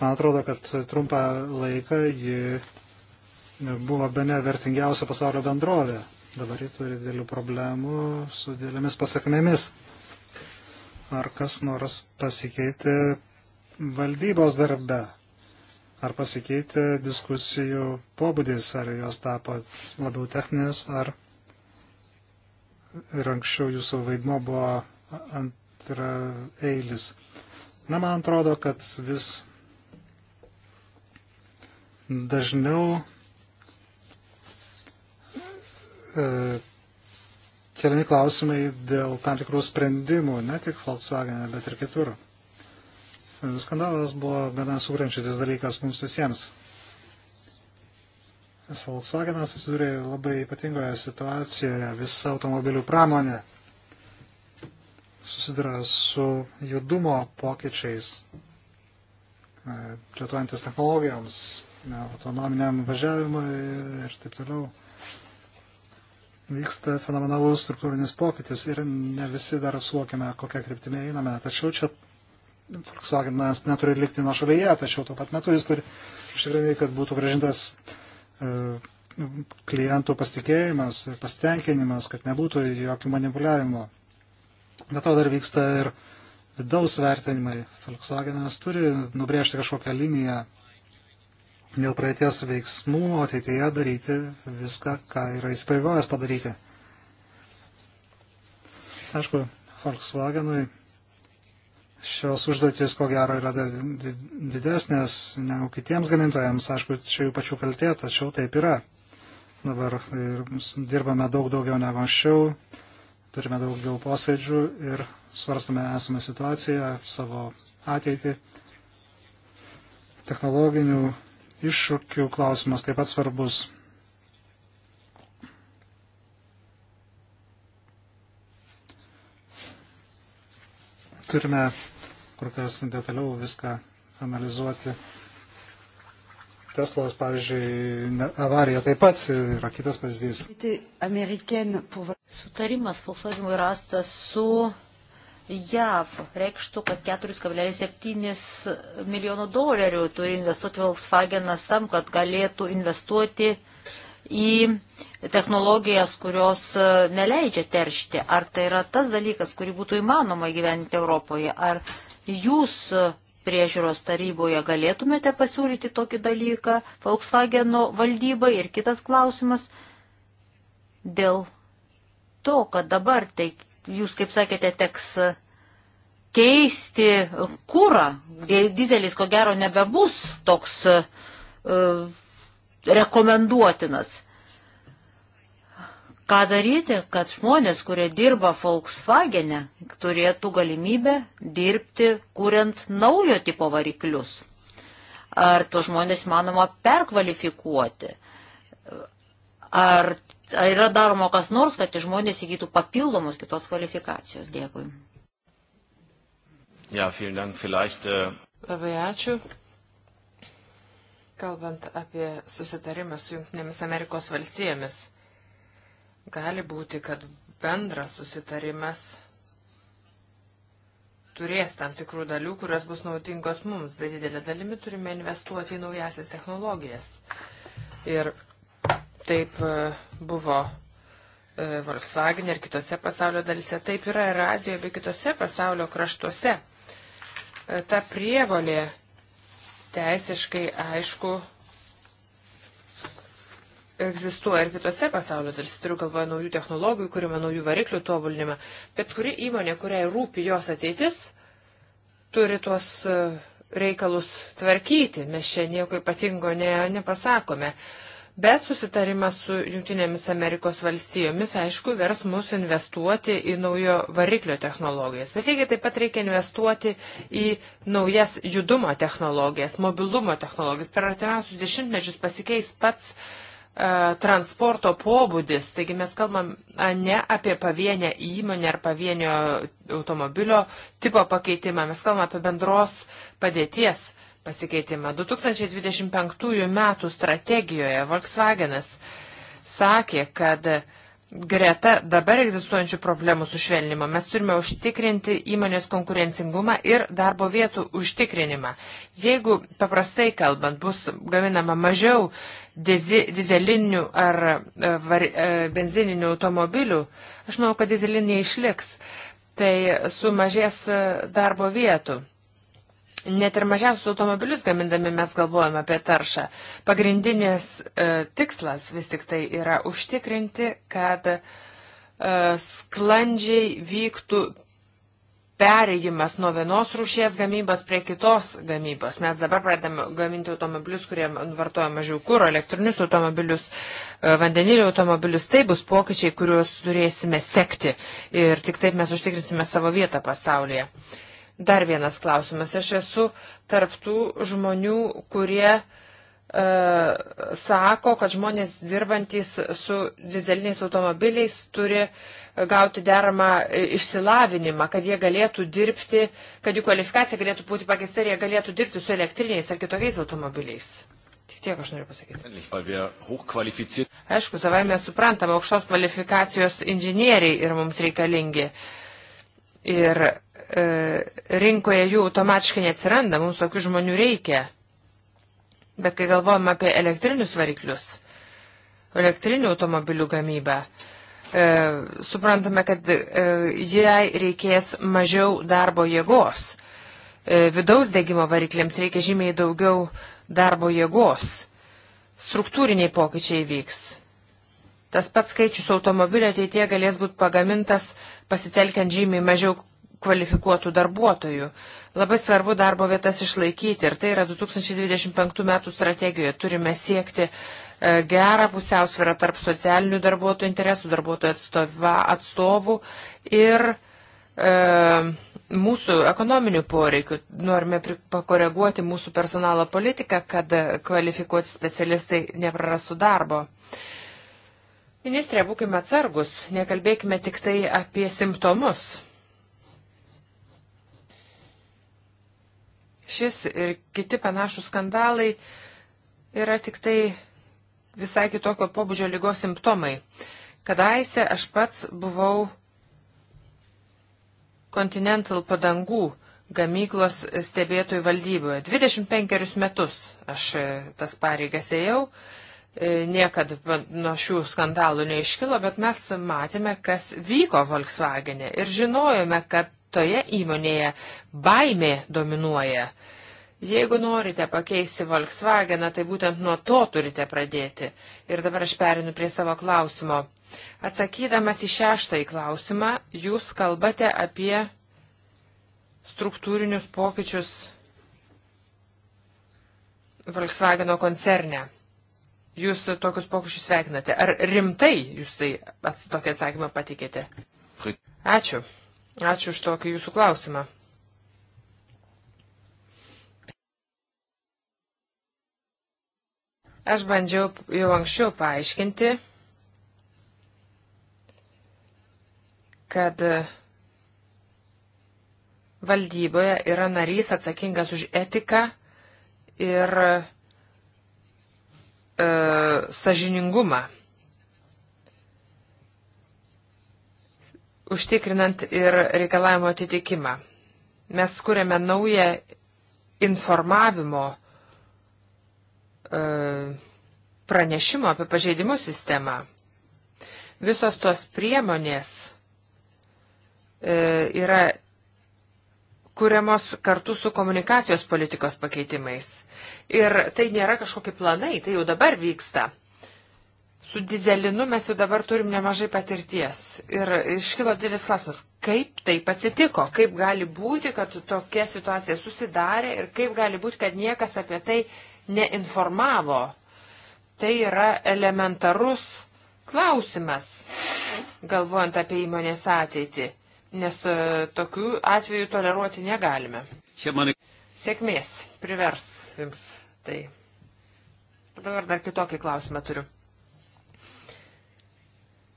Man atrodo, kad trumpą laiką ji buvo bene vertingiausia pasaulio bendrovė. Dabar ji turi dėlių problemų su dėlėmis pasakmėmis. Ar kas nors pasikeitė valdybos darbe? Ar pasikeitė diskusijų pobūdis? Ar jos tapo labiau techninės? Ar ir anksčiau jūsų vaidmo buvo antra eilis? Na, man atrodo, kad vis dažniau e, keliami klausimai dėl tam tikrų sprendimų, ne tik Volkswagen, e, bet ir kitur. Skandalas buvo gana sukrenčiantis dalykas mums visiems. Volkswagenas atsidūrė labai ypatingoje situacijoje, visa automobilių pramonė susiduria su judumo pokyčiais, e, plėtuojantis technologijoms, autonominiam važiavimui ir taip toliau. Vyksta fenomenalus struktūrinis pokytis ir ne visi dar suvokiame, kokią kryptimį einame. Tačiau čia Volkswagenas neturi likti nuo šalyje, tačiau tuo pat metu jis turi išrinkai, kad būtų gražintas e, klientų pasitikėjimas ir pasitenkinimas, kad nebūtų jokių manipuliavimo. Bet to dar vyksta ir vidaus vertinimai. Volkswagenas turi nubrėžti kažkokią liniją dėl praeities veiksmų, o ateityje daryti viską, ką yra įsipareigojęs padaryti. Aišku, Volkswagenui šios užduotis, ko gero, yra didesnės negu kitiems gamintojams. Aišku, čia jų pačių kaltė, tačiau taip yra. Dabar dirbame daug daugiau negu anksčiau, turime daugiau posėdžių ir svarstame esamą situaciją, savo ateitį technologinių iššūkių klausimas taip pat svarbus. Turime kur kas detaliau viską analizuoti. Teslos, pavyzdžiui, avarija taip pat yra kitas pavyzdys. Sutarimas Volkswagen rastas su JAV reikštų, kad 4,7 milijono dolerių turi investuoti Volkswagenas tam, kad galėtų investuoti į technologijas, kurios e, neleidžia teršti. Ar tai yra tas dalykas, kurį būtų įmanoma gyventi Europoje? Ar jūs priežiūros taryboje galėtumėte pasiūlyti tokį dalyką Volkswageno valdybai? Ir kitas klausimas dėl to, kad dabar teik, jūs, kaip sakėte, teks keisti kūrą. Dizelis, ko gero, nebebus toks uh, rekomenduotinas. Ką daryti, kad žmonės, kurie dirba Volkswagene, turėtų galimybę dirbti, kuriant naujo tipo variklius? Ar tuos žmonės manoma perkvalifikuoti? Ar yra daroma kas nors, kad žmonės įgytų papildomus kitos kvalifikacijos. Dėkui. Ja, Dank. Vielleicht, uh... Labai ačiū. Kalbant apie susitarimą su Junktinėmis Amerikos valstijomis, gali būti, kad bendras susitarimas turės tam tikrų dalių, kurios bus naudingos mums, bet didelė dalimi turime investuoti į naujasias technologijas. Ir taip e, buvo e, Volkswagen ir kitose pasaulio dalise, taip yra ir Azijoje bei kitose pasaulio kraštuose. E, ta prievolė teisiškai aišku egzistuoja ir kitose pasaulio dalise, turiu galvoje naujų technologijų kūrimą, naujų variklių tobulinimą, bet kuri įmonė, kuriai rūpi jos ateitis, turi tuos reikalus tvarkyti. Mes čia nieko ypatingo ne, nepasakome. Uh, Bet susitarimas su Junktinėmis Amerikos valstijomis, aišku, vers mus investuoti į naujo variklio technologijas. Bet lygiai taip pat reikia investuoti į naujas judumo technologijas, mobilumo technologijas. Per artimiausius dešimtmečius pasikeis pats uh, transporto pobūdis, taigi mes kalbam ne apie pavienę įmonę ar pavienio automobilio tipo pakeitimą, mes kalbam apie bendros padėties pasikeitimą. 2025 metų strategijoje Volkswagenas sakė, kad greta dabar egzistuojančių problemų sušvelnimo mes turime užtikrinti įmonės konkurencingumą ir darbo vietų užtikrinimą. Jeigu paprastai kalbant bus gaminama mažiau dizelinių ar e, var, e, benzininių automobilių, aš manau, kad dizeliniai išliks, tai sumažės e, darbo vietų. Net ir mažiausius automobilius gamindami mes galvojam apie taršą. Pagrindinis e, tikslas vis tik tai yra užtikrinti, kad e, sklandžiai vyktų perėjimas nuo vienos rūšies gamybos prie kitos gamybos. Mes dabar pradedame gaminti automobilius, kurie vartoja mažiau kūro, elektrinius automobilius, e, vandenilio automobilius. Tai bus pokyčiai, kuriuos turėsime sekti ir tik taip mes užtikrinsime savo vietą pasaulyje. Uh, Dar vienas klausimas. Aš esu tarptų žmonių, kurie e, sako, kad žmonės dirbantys su dizeliniais automobiliais turi gauti deramą išsilavinimą, kad jie galėtų dirbti, kad jų kvalifikacija galėtų būti pakeista ir jie galėtų dirbti su elektriniais ar kitokiais automobiliais. Tik tiek aš noriu pasakyti. Aišku, savai mes suprantame, aukštos kvalifikacijos inžinieriai ir mums reikalingi. Ir E, rinkoje jų automatiškai neatsiranda, mums tokių žmonių reikia. Bet kai galvojam apie elektrinius variklius, elektrinių automobilių gamybą, e, suprantame, kad e, jai reikės mažiau darbo jėgos. E, vidaus degimo varikliams reikia žymiai daugiau darbo jėgos. Struktūriniai pokyčiai vyks. Tas pats skaičius automobilio ateitie galės būti pagamintas pasitelkiant žymiai mažiau kvalifikuotų darbuotojų. Labai svarbu darbo vietas išlaikyti ir tai yra 2025 metų strategijoje. Turime siekti e, gerą pusiausvyrą tarp socialinių darbuotojų interesų, darbuotojų atstova, atstovų ir e, mūsų ekonominių poreikių. Norime pakoreguoti mūsų personalo politiką, kad kvalifikuoti specialistai neprarastų darbo. Ministrė, būkime atsargus, nekalbėkime tik tai apie simptomus. Šis ir kiti panašus skandalai yra tik tai visai kitokio pobūdžio lygos simptomai. Kadaise aš pats buvau Continental padangų gamyklos stebėtojų valdyboje. 25 metus aš e, tas pareigas ėjau e, niekad nuo šių skandalų neiškilo, bet mes matėme, kas vyko Volkswagenė e ir žinojome, kad toje įmonėje baimė dominuoja. Jeigu norite pakeisti Volkswageną, tai būtent nuo to turite pradėti. Ir dabar aš perinu prie savo klausimo. Atsakydamas į šeštąjį klausimą, jūs kalbate apie struktūrinius pokyčius Volkswageno koncerne. Jūs tokius pokyčius sveikinate. Ar rimtai jūs tai tokią atsakymą patikėte? Ačiū. Ačiū už tokį jūsų klausimą. Aš bandžiau jau anksčiau paaiškinti, kad valdyboje yra narys atsakingas už etiką ir e, sažiningumą. užtikrinant ir reikalavimo atitikimą. Mes skūrėme naują informavimo e, pranešimo apie pažeidimų sistemą. Visos tos priemonės e, yra kuriamos kartu su komunikacijos politikos pakeitimais. Ir tai nėra kažkokie planai, tai jau dabar vyksta. Su dizelinu mes jau dabar turim nemažai patirties. Ir iškilo didelis klausimas, kaip taip atsitiko, kaip gali būti, kad tokia situacija susidarė ir kaip gali būti, kad niekas apie tai neinformavo. Tai yra elementarus klausimas, galvojant apie įmonės ateitį, nes e, tokių atvejų toleruoti negalime. Sėkmės, privers jums tai. Dabar dar kitokį klausimą turiu.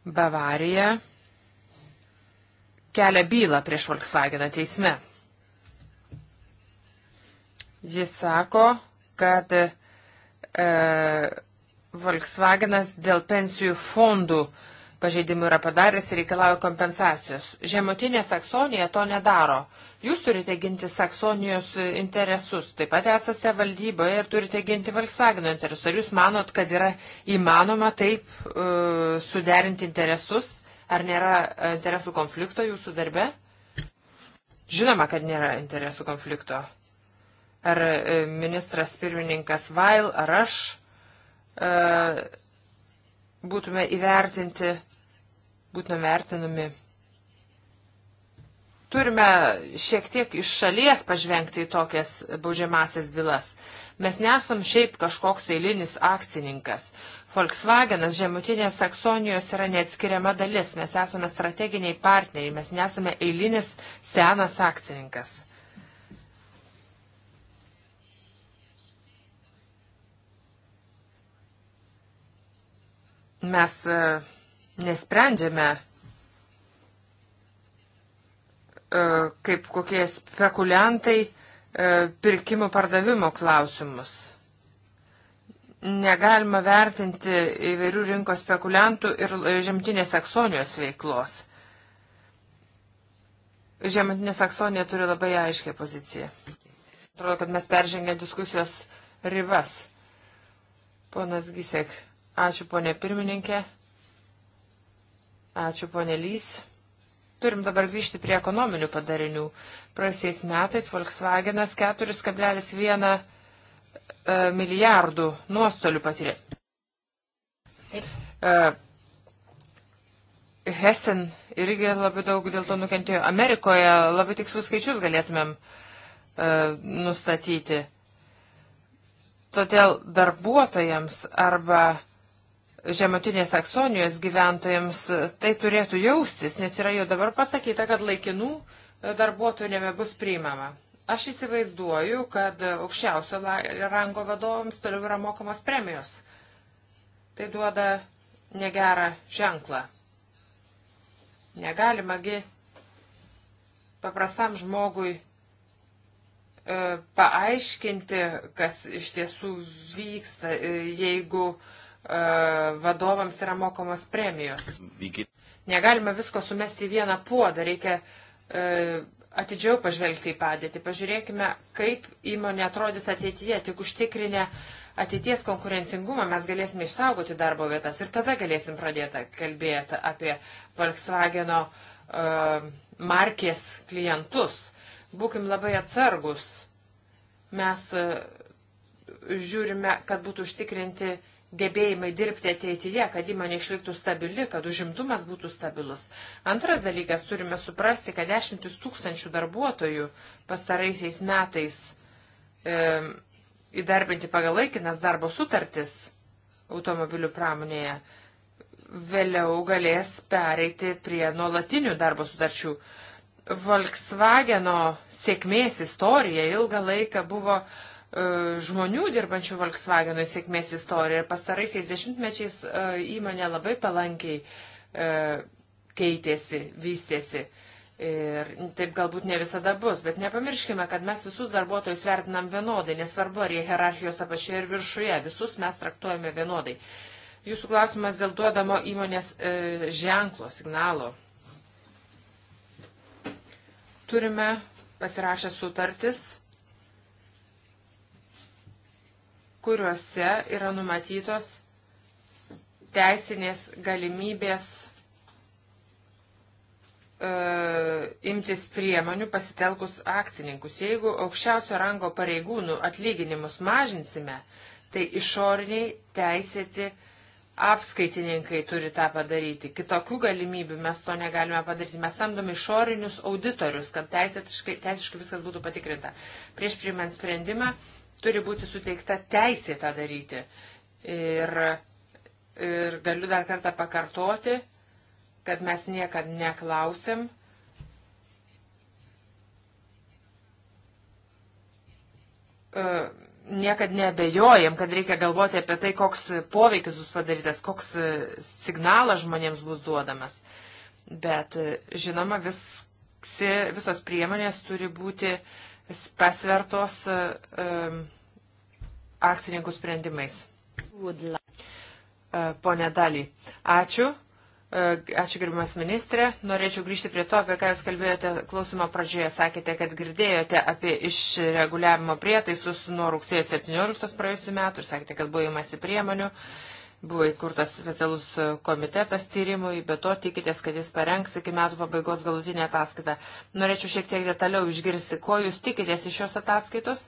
Bavarija kelia bylą prieš Volkswageną teisme. Jis sako, kad e, Volkswagenas dėl pensijų fondų pažeidimų yra padaręs ir reikalauja kompensacijos. Žemutinė Saksonija to nedaro. E, Jūs turite ginti Saksonijos interesus, taip pat esate valdyboje ir turite ginti Valksagino interesus. Ar jūs manot, kad yra įmanoma taip uh, suderinti interesus? Ar nėra interesų konflikto jūsų darbe? Žinoma, kad nėra interesų konflikto. Ar e, ministras pirmininkas Vail, ar aš uh, būtume įvertinti, būtume vertinami turime šiek tiek iš šalies pažvengti į tokias baudžiamasias bylas. Mes nesam šiaip kažkoks eilinis akcininkas. Volkswagenas žemutinės Saksonijos yra neatskiriama dalis. Mes esame strateginiai partneriai, mes nesame eilinis senas akcininkas. Mes e, nesprendžiame E, kaip kokie spekuliantai e, pirkimų pardavimo klausimus. Negalima vertinti įvairių rinkos spekuliantų ir e, žemtinės Saksonijos veiklos. Žemutinė Saksonija turi labai aiškę poziciją. Atrodo, kad mes peržengę diskusijos ribas. Ponas Gisek, ačiū ponė pirmininkė, ačiū ponė Lys. Turim dabar grįžti prie ekonominių padarinių. Praėjusiais metais Volkswagenas 4,1 e, milijardų nuostolių patyrė. E, Hessen irgi labai daug dėl to nukentėjo. Amerikoje labai tikslus skaičius galėtumėm e, nustatyti. Todėl darbuotojams arba žemutinės Saksonijos gyventojams tai turėtų jaustis, nes yra jau dabar pasakyta, kad laikinų darbuotojų nebebus priimama. Aš įsivaizduoju, kad aukščiausio rango vadovams toliau yra mokamos premijos. Tai duoda negerą ženklą. Negalimagi paprastam žmogui e, paaiškinti, kas iš tiesų vyksta, e, jeigu uh, E, vadovams yra mokamos premijos. Negalima visko sumesti į vieną puodą, reikia e, atidžiau pažvelgti į padėtį. Pažiūrėkime, kaip įmonė atrodys ateityje, tik užtikrinę ateities konkurencingumą mes galėsime išsaugoti darbo vietas ir tada galėsim pradėti kalbėti apie Volkswageno uh, markės klientus. Būkim labai atsargus. Mes uh, žiūrime, kad būtų užtikrinti uh, gebėjimai dirbti ateityje, kad įmonė išliktų stabili, kad užimtumas būtų stabilus. Antras dalykas, turime suprasti, kad dešimtis tūkstančių darbuotojų pastaraisiais metais e, įdarbinti pagal laikinas darbo sutartis automobilių pramonėje vėliau galės pereiti prie nuolatinių darbo sutarčių. Volkswageno sėkmės istorija ilgą laiką buvo uh, E, žmonių dirbančių Volkswagenui sėkmės istorija ir pastaraisiais dešimtmečiais e, įmonė labai palankiai e, keitėsi, vystėsi. Ir taip galbūt ne visada bus, bet nepamirškime, kad mes visus darbuotojus vertinam vienodai, nesvarbu ar jie hierarchijos apačioje ir viršuje, visus mes traktuojame vienodai. Jūsų klausimas dėl duodamo įmonės e, ženklo, signalo. Turime pasirašę sutartis kuriuose yra numatytos teisinės galimybės e, imtis priemonių pasitelkus akcininkus. Jeigu aukščiausio rango pareigūnų atlyginimus mažinsime, tai išoriniai teisėti apskaitininkai turi tą padaryti. Kitokių galimybių mes to negalime padaryti. Mes samdome išorinius auditorius, kad teisiškai, teisiškai viskas būtų patikrinta. Prieš priimant sprendimą turi būti suteikta teisė tą daryti. Ir, ir galiu dar kartą pakartoti, kad mes niekad neklausėm. E, niekad nebejojam, kad reikia galvoti apie tai, koks poveikis bus padarytas, koks signalas žmonėms bus duodamas. Bet e, žinoma, vis, visos priemonės turi būti uh, pasvertos e, e, akcininkų sprendimais. E, pone Dalį, ačiū. Ačiū, gerbimas ministrė. Norėčiau grįžti prie to, apie ką Jūs kalbėjote klausimo pradžioje. Sakėte, kad girdėjote apie išreguliavimo prietaisus nuo rugsėjo 17 praėjusiu metu ir sakėte, kad buvo įmasi priemonių. Uh, Buvo įkurtas specialus komitetas tyrimui, bet to tikitės, kad jis parengs iki metų pabaigos galutinę ataskaitą. Norėčiau šiek tiek detaliau išgirsti, ko jūs tikitės iš šios ataskaitos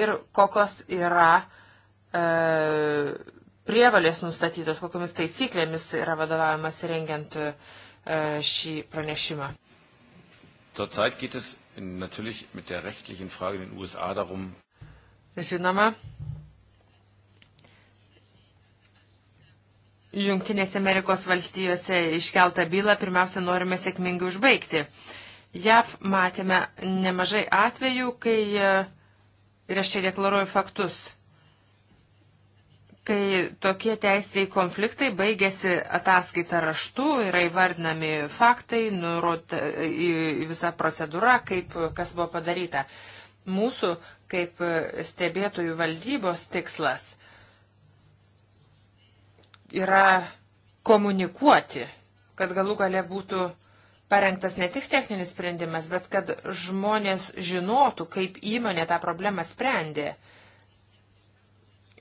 ir kokios yra e, prievalės nustatytos, kokiamis taisyklėmis yra vadovavimas rengiant e, šį pranešimą. Zurzeit geht es natürlich mit der rechtlichen Frage in den USA darum. Žinoma, Junktinėse Amerikos valstijose iškeltą bylą pirmiausia norime sėkmingai užbaigti. JAV matėme nemažai atvejų, kai, e, ir aš čia deklaruoju faktus, kai tokie teisėjai konfliktai baigėsi ataskaita raštu, yra įvardinami faktai, nurod e, į visą procedūrą, kaip kas buvo padaryta. Mūsų kaip e, stebėtojų valdybos tikslas – yra komunikuoti, kad galų gale būtų parengtas ne tik techninis sprendimas, bet kad žmonės žinotų, kaip įmonė tą problemą sprendė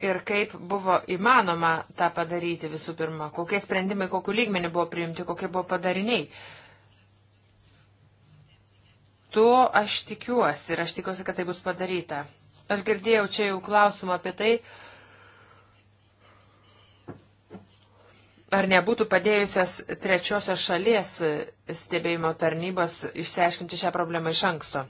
ir kaip buvo įmanoma tą padaryti visų pirma, kokie sprendimai, kokiu lygmenį buvo priimti, kokie buvo padariniai. Tuo aš tikiuosi ir aš tikiuosi, kad tai bus padaryta. Aš girdėjau čia jau klausimą apie tai, uh, ar nebūtų padėjusios trečiosios šalies stebėjimo tarnybos išsiaiškinti šią problemą iš anksto.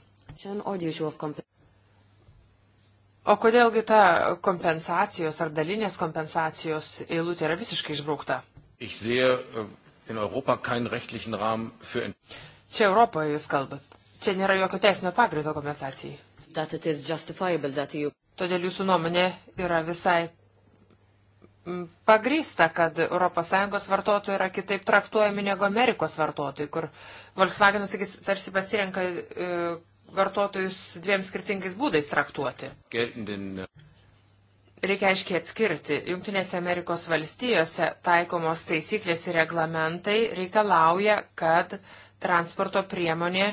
O kodėlgi ta kompensacijos ar dalinės kompensacijos eilutė yra visiškai išbraukta? Äh, Čia Europoje jūs kalbat. Čia nėra jokio teisinio pagrindo kompensacijai. You... Todėl jūsų nuomonė yra visai pagrįsta, kad ES vartotojai yra kitaip traktuojami negu Amerikos vartotojai, kur Volkswagen, sakys, tarsi pasirenka e, vartotojus dviem skirtingais būdais traktuoti. E, Reikia aiškiai atskirti. Junktinėse Amerikos valstijose taikomos taisyklės ir reglamentai reikalauja, kad transporto priemonė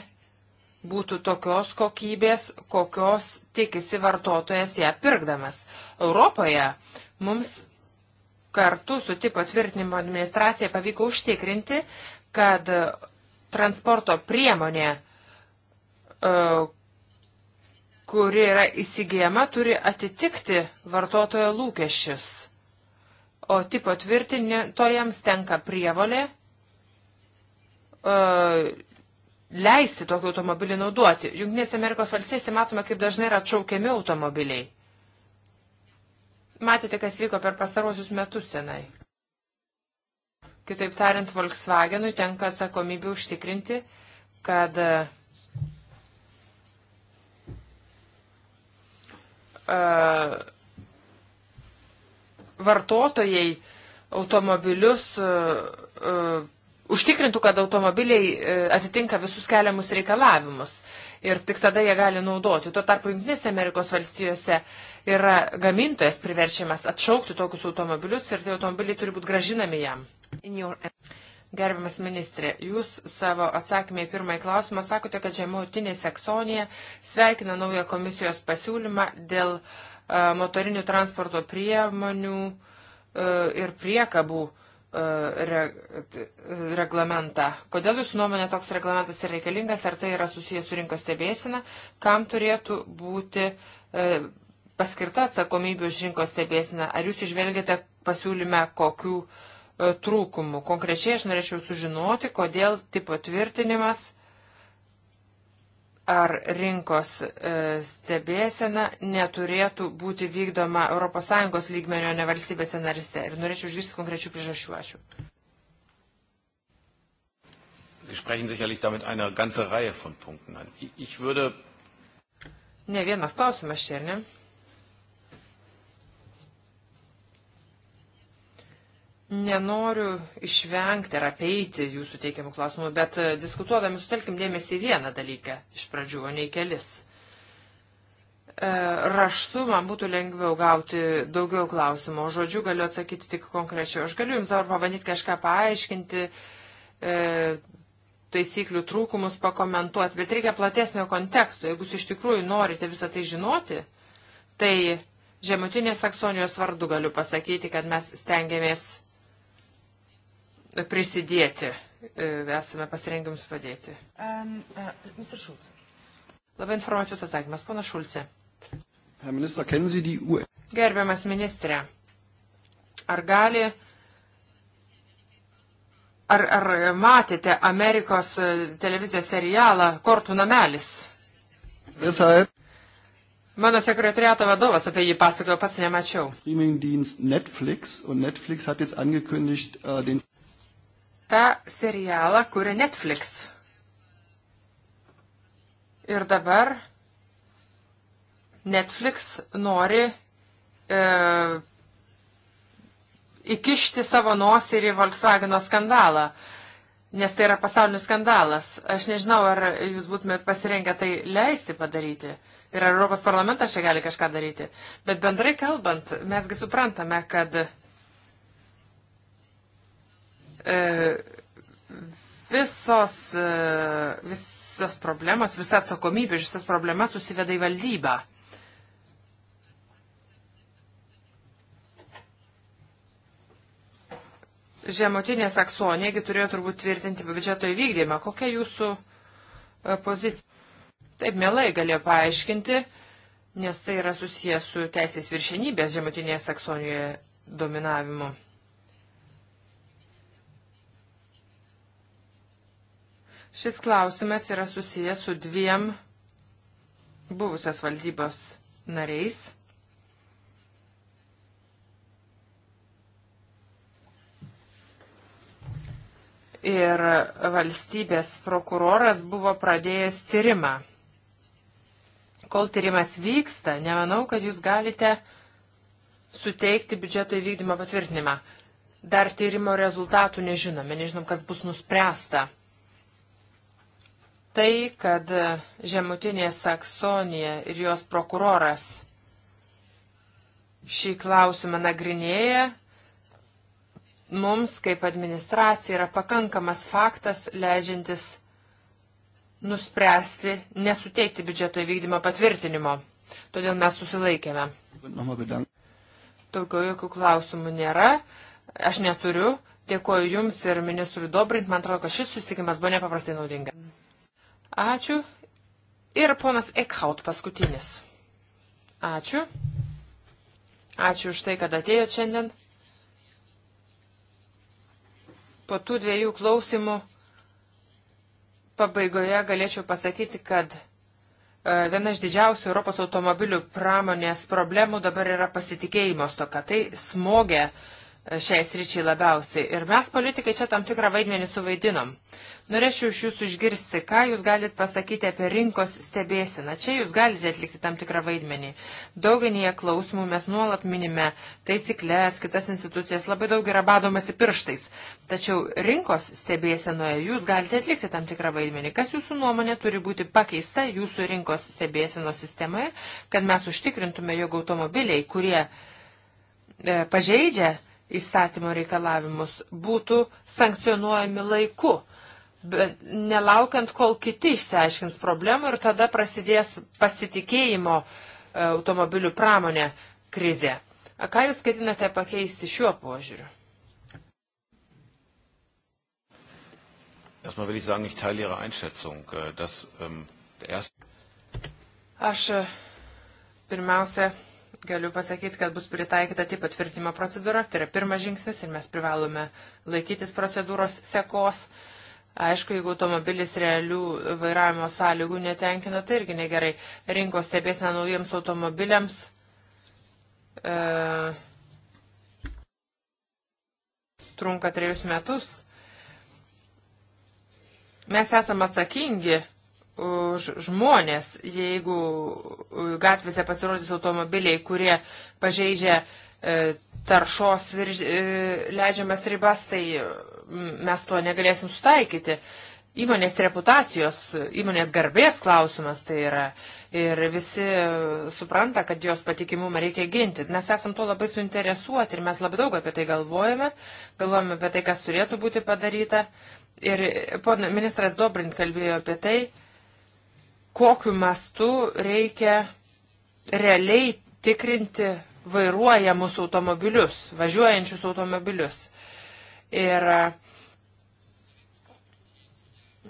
būtų tokios kokybės, kokios tikisi vartotojas ją pirkdamas. Europoje mums kartu su tipo tvirtinimo administracija pavyko užtikrinti, kad transporto priemonė, e, kuri yra įsigijama, turi atitikti vartotojo lūkesčius. O tipo tvirtintojams tenka prievolė e, leisti tokį automobilį naudoti. Junktinėse Amerikos valstijose matome, kaip dažnai yra atšaukiami automobiliai matėte, kas vyko per pasarosius metus senai. Kitaip tariant, Volkswagenui tenka atsakomybė užtikrinti, kad uh, vartotojai automobilius uh, uh, užtikrintų, kad automobiliai uh, atitinka visus keliamus reikalavimus. Uh, ir tik tada jie gali naudoti. Tuo tarpu Junktinėse Amerikos valstijose yra gamintojas priverčiamas atšaukti tokius automobilius ir tie automobiliai turi būti gražinami jam. Gerbiamas ministrė, jūs savo atsakymę į pirmąjį klausimą sakote, kad žemautinė Saksonija sveikina naują komisijos pasiūlymą dėl uh, motorinių transporto priemonių uh, ir priekabų uh, E, re, reglamentą. Kodėl jūsų nuomonė toks reglamentas yra reikalingas, ar tai yra susijęs su rinkos stebėsina, kam turėtų būti e, paskirta atsakomybė už rinkos stebėsina, ar jūs išvelgiate pasiūlyme kokių e, trūkumų. Konkrečiai aš norėčiau sužinoti, kodėl tipo tvirtinimas ar rinkos e, stebėsena neturėtų būti vykdoma ES lygmenio, ne valstybėse narise. Ir norėčiau išgirsti konkrečių priežasčių. Ačiū. Ne vienas klausimas čia, ne? Nenoriu išvengti ar apeiti jūsų teikiamų klausimų, bet e, diskutuodami sutelkim dėmesį į vieną dalyką iš pradžių, o ne į kelis. E, raštu man būtų lengviau gauti daugiau klausimų, o žodžiu galiu atsakyti tik konkrečiau. Aš galiu jums dabar pabandyti kažką paaiškinti, e, taisyklių trūkumus pakomentuoti, bet reikia platesnio konteksto. Jeigu jūs iš tikrųjų norite visą tai žinoti, tai žemutinės Saksonijos vardu galiu pasakyti, kad mes stengiamės prisidėti. E, esame pasirengę jums padėti. Um, uh, Labai informacijos atsakymas, pana Šulce. Gerbiamas ministrė, ar gali, ar, ar matėte Amerikos e, televizijos serialą Kortų namelis? Visai. Mano sekretariato vadovas apie jį pasakojo, pats nemačiau. Streamingdienst Netflix und Netflix hat jetzt angekündigt, uh, den tą serialą kuria Netflix. Ir dabar Netflix nori e, įkišti savo nosį ir į Volkswageno skandalą, nes tai yra pasaulinis skandalas. Aš nežinau, ar jūs būtumėt pasirengę tai leisti padaryti. Ir ar Europos parlamentas čia gali kažką daryti. Bet bendrai kalbant, mesgi suprantame, kad E, visos, e, visos problemos, visa atsakomybė, visas problemas susiveda į valdybą. Žemutinė Saksonėgi turėjo turbūt tvirtinti biudžeto įvykdymą. Kokia jūsų e, pozicija? Taip, mielai galėjo paaiškinti, nes tai yra susijęs su teisės viršenybės Žemutinėje Saksonijoje dominavimu. Šis klausimas yra susijęs su dviem buvusios valdybos nariais. Ir valstybės prokuroras buvo pradėjęs tyrimą. Kol tyrimas vyksta, nemanau, kad jūs galite suteikti biudžeto įvykdymo patvirtinimą. Dar tyrimo rezultatų nežinome, nežinom, kas bus nuspręsta. Tai, kad Žemutinė Saksonija ir jos prokuroras šį klausimą nagrinėja, mums kaip administracija yra pakankamas faktas leidžiantis nuspręsti nesuteikti biudžeto įvykdymo patvirtinimo. Todėl mes susilaikėme. Daugiau jokių klausimų nėra. Aš neturiu. Dėkuoju Jums ir ministrui Dobrint. Man atrodo, kad šis susitikimas buvo nepaprastai naudingas. Ačiū. Ir ponas Ekhaut paskutinis. Ačiū. Ačiū už tai, kad atėjot šiandien. Po tų dviejų klausimų pabaigoje galėčiau pasakyti, kad e, viena iš didžiausių Europos automobilių pramonės problemų dabar yra pasitikėjimo stoka. Tai smogia uh, šiai sričiai labiausiai. Ir mes, politikai, čia tam tikrą vaidmenį suvaidinom. Norėčiau iš jūsų išgirsti, ką jūs galite pasakyti apie rinkos stebėsiną. Čia jūs galite atlikti tam tikrą vaidmenį. Dauginėje klausimų mes nuolat minime taisyklės, kitas institucijas, labai daug yra badomasi pirštais. Tačiau rinkos stebėsenoje jūs galite atlikti tam tikrą vaidmenį. Kas jūsų nuomonė turi būti pakeista jūsų rinkos stebėseno sistemoje, kad mes užtikrintume, jog automobiliai, kurie e, pažeidžia, įstatymo reikalavimus, būtų sankcionuojami laiku, bet nelaukiant, kol kiti išsiaiškins problemų ir tada prasidės pasitikėjimo e, automobilių pramonė krizė. A, ką Jūs ketinate pakeisti šiuo požiūriu? Erstmal will ich sagen, ich teile Ihre Einschätzung, äh, dass ähm, der erste. Aš äh, pirmiausia galiu pasakyti, kad bus pritaikyta taip patvirtimo procedūra. Tai yra pirmas žingsnis ir mes privalome laikytis procedūros sekos. Aišku, jeigu automobilis realių vairavimo sąlygų netenkina, tai irgi negerai. Rinkos stebėsina naujiems automobiliams. E, trunka trejus metus. Mes esame atsakingi už žmonės, jeigu e, gatvėse pasirodys automobiliai, kurie pažeidžia e, taršos virž... E, leidžiamas ribas, tai mes tuo negalėsim sutaikyti. Įmonės reputacijos, įmonės garbės klausimas tai yra. Ir visi supranta, kad jos patikimumą reikia ginti. Mes esam tuo labai suinteresuoti ir mes labai daug apie tai galvojame. Galvojame apie tai, kas turėtų būti padaryta. Ir ponas ministras Dobrint kalbėjo apie tai, kokiu mastu reikia realiai tikrinti vairuojamus automobilius, važiuojančius automobilius. Ir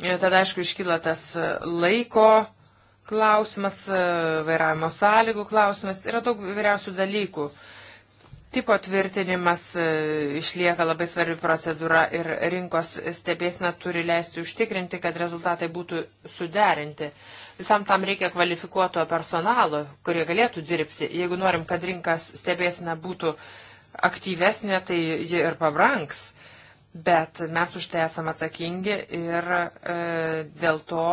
Ir tada, aišku, iškyla tas laiko klausimas, vairavimo sąlygų klausimas, yra daug vyriausių dalykų. Tipo tvirtinimas e, išlieka labai svarbi procedūra ir rinkos stebėsina turi leisti užtikrinti, kad rezultatai būtų suderinti. Visam tam reikia kvalifikuoto personalo, kurie galėtų dirbti. Jeigu norim, kad rinkas stebėsina būtų aktyvesnė, tai ji ir pabranks. Bet mes už tai esam atsakingi ir e, dėl to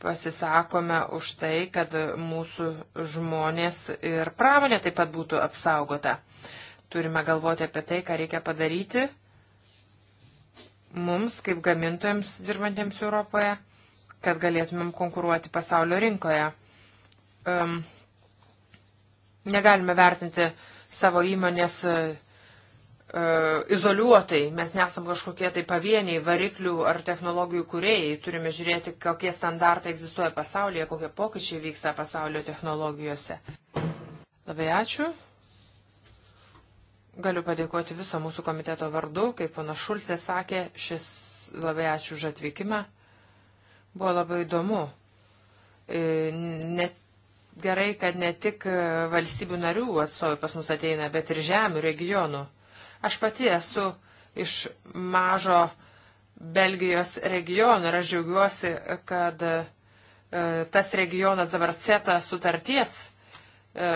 pasisakome už tai, kad mūsų žmonės ir pramonė taip pat būtų apsaugota. Turime galvoti apie tai, ką reikia padaryti mums, kaip gamintojams dirbantiems Europoje kad galėtumėm konkuruoti pasaulio rinkoje. Um, negalime vertinti savo įmonės uh, izoliuotai, mes nesam kažkokie tai pavieniai variklių ar technologijų kuriejai, turime žiūrėti, kokie standartai egzistuoja pasaulyje, kokie pokyčiai vyksta pasaulio technologijose. Labai ačiū. Galiu padėkoti viso mūsų komiteto vardu, kaip pana Šulcė sakė, šis labai ačiū už atvykimą. Buvo labai įdomu. E, Net gerai, kad ne tik e, valstybių narių atstovai pas mus ateina, bet ir žemių regionų. Aš pati esu iš mažo Belgijos regionų ir aš džiaugiuosi, kad e, tas regionas dabar CETA sutarties e,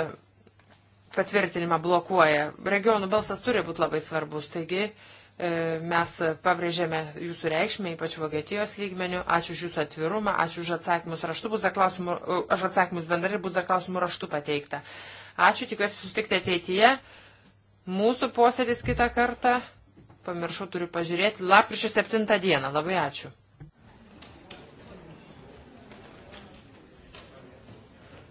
patvirtinimą blokuoja. Regionų balsas turi būti labai svarbus, taigi E, mes pabrėžėme jūsų reikšmę, ypač Vokietijos lygmenių. Ačiū už jūsų atvirumą, ačiū už atsakymus raštu, bus klausimų, aš e, atsakymus bendrai bus klausimų raštu pateikta. Ačiū, tikiuosi susitikti ateityje. Mūsų posėdis kitą kartą, pamiršau, turiu pažiūrėti, lapkričio 7 dieną. Labai ačiū.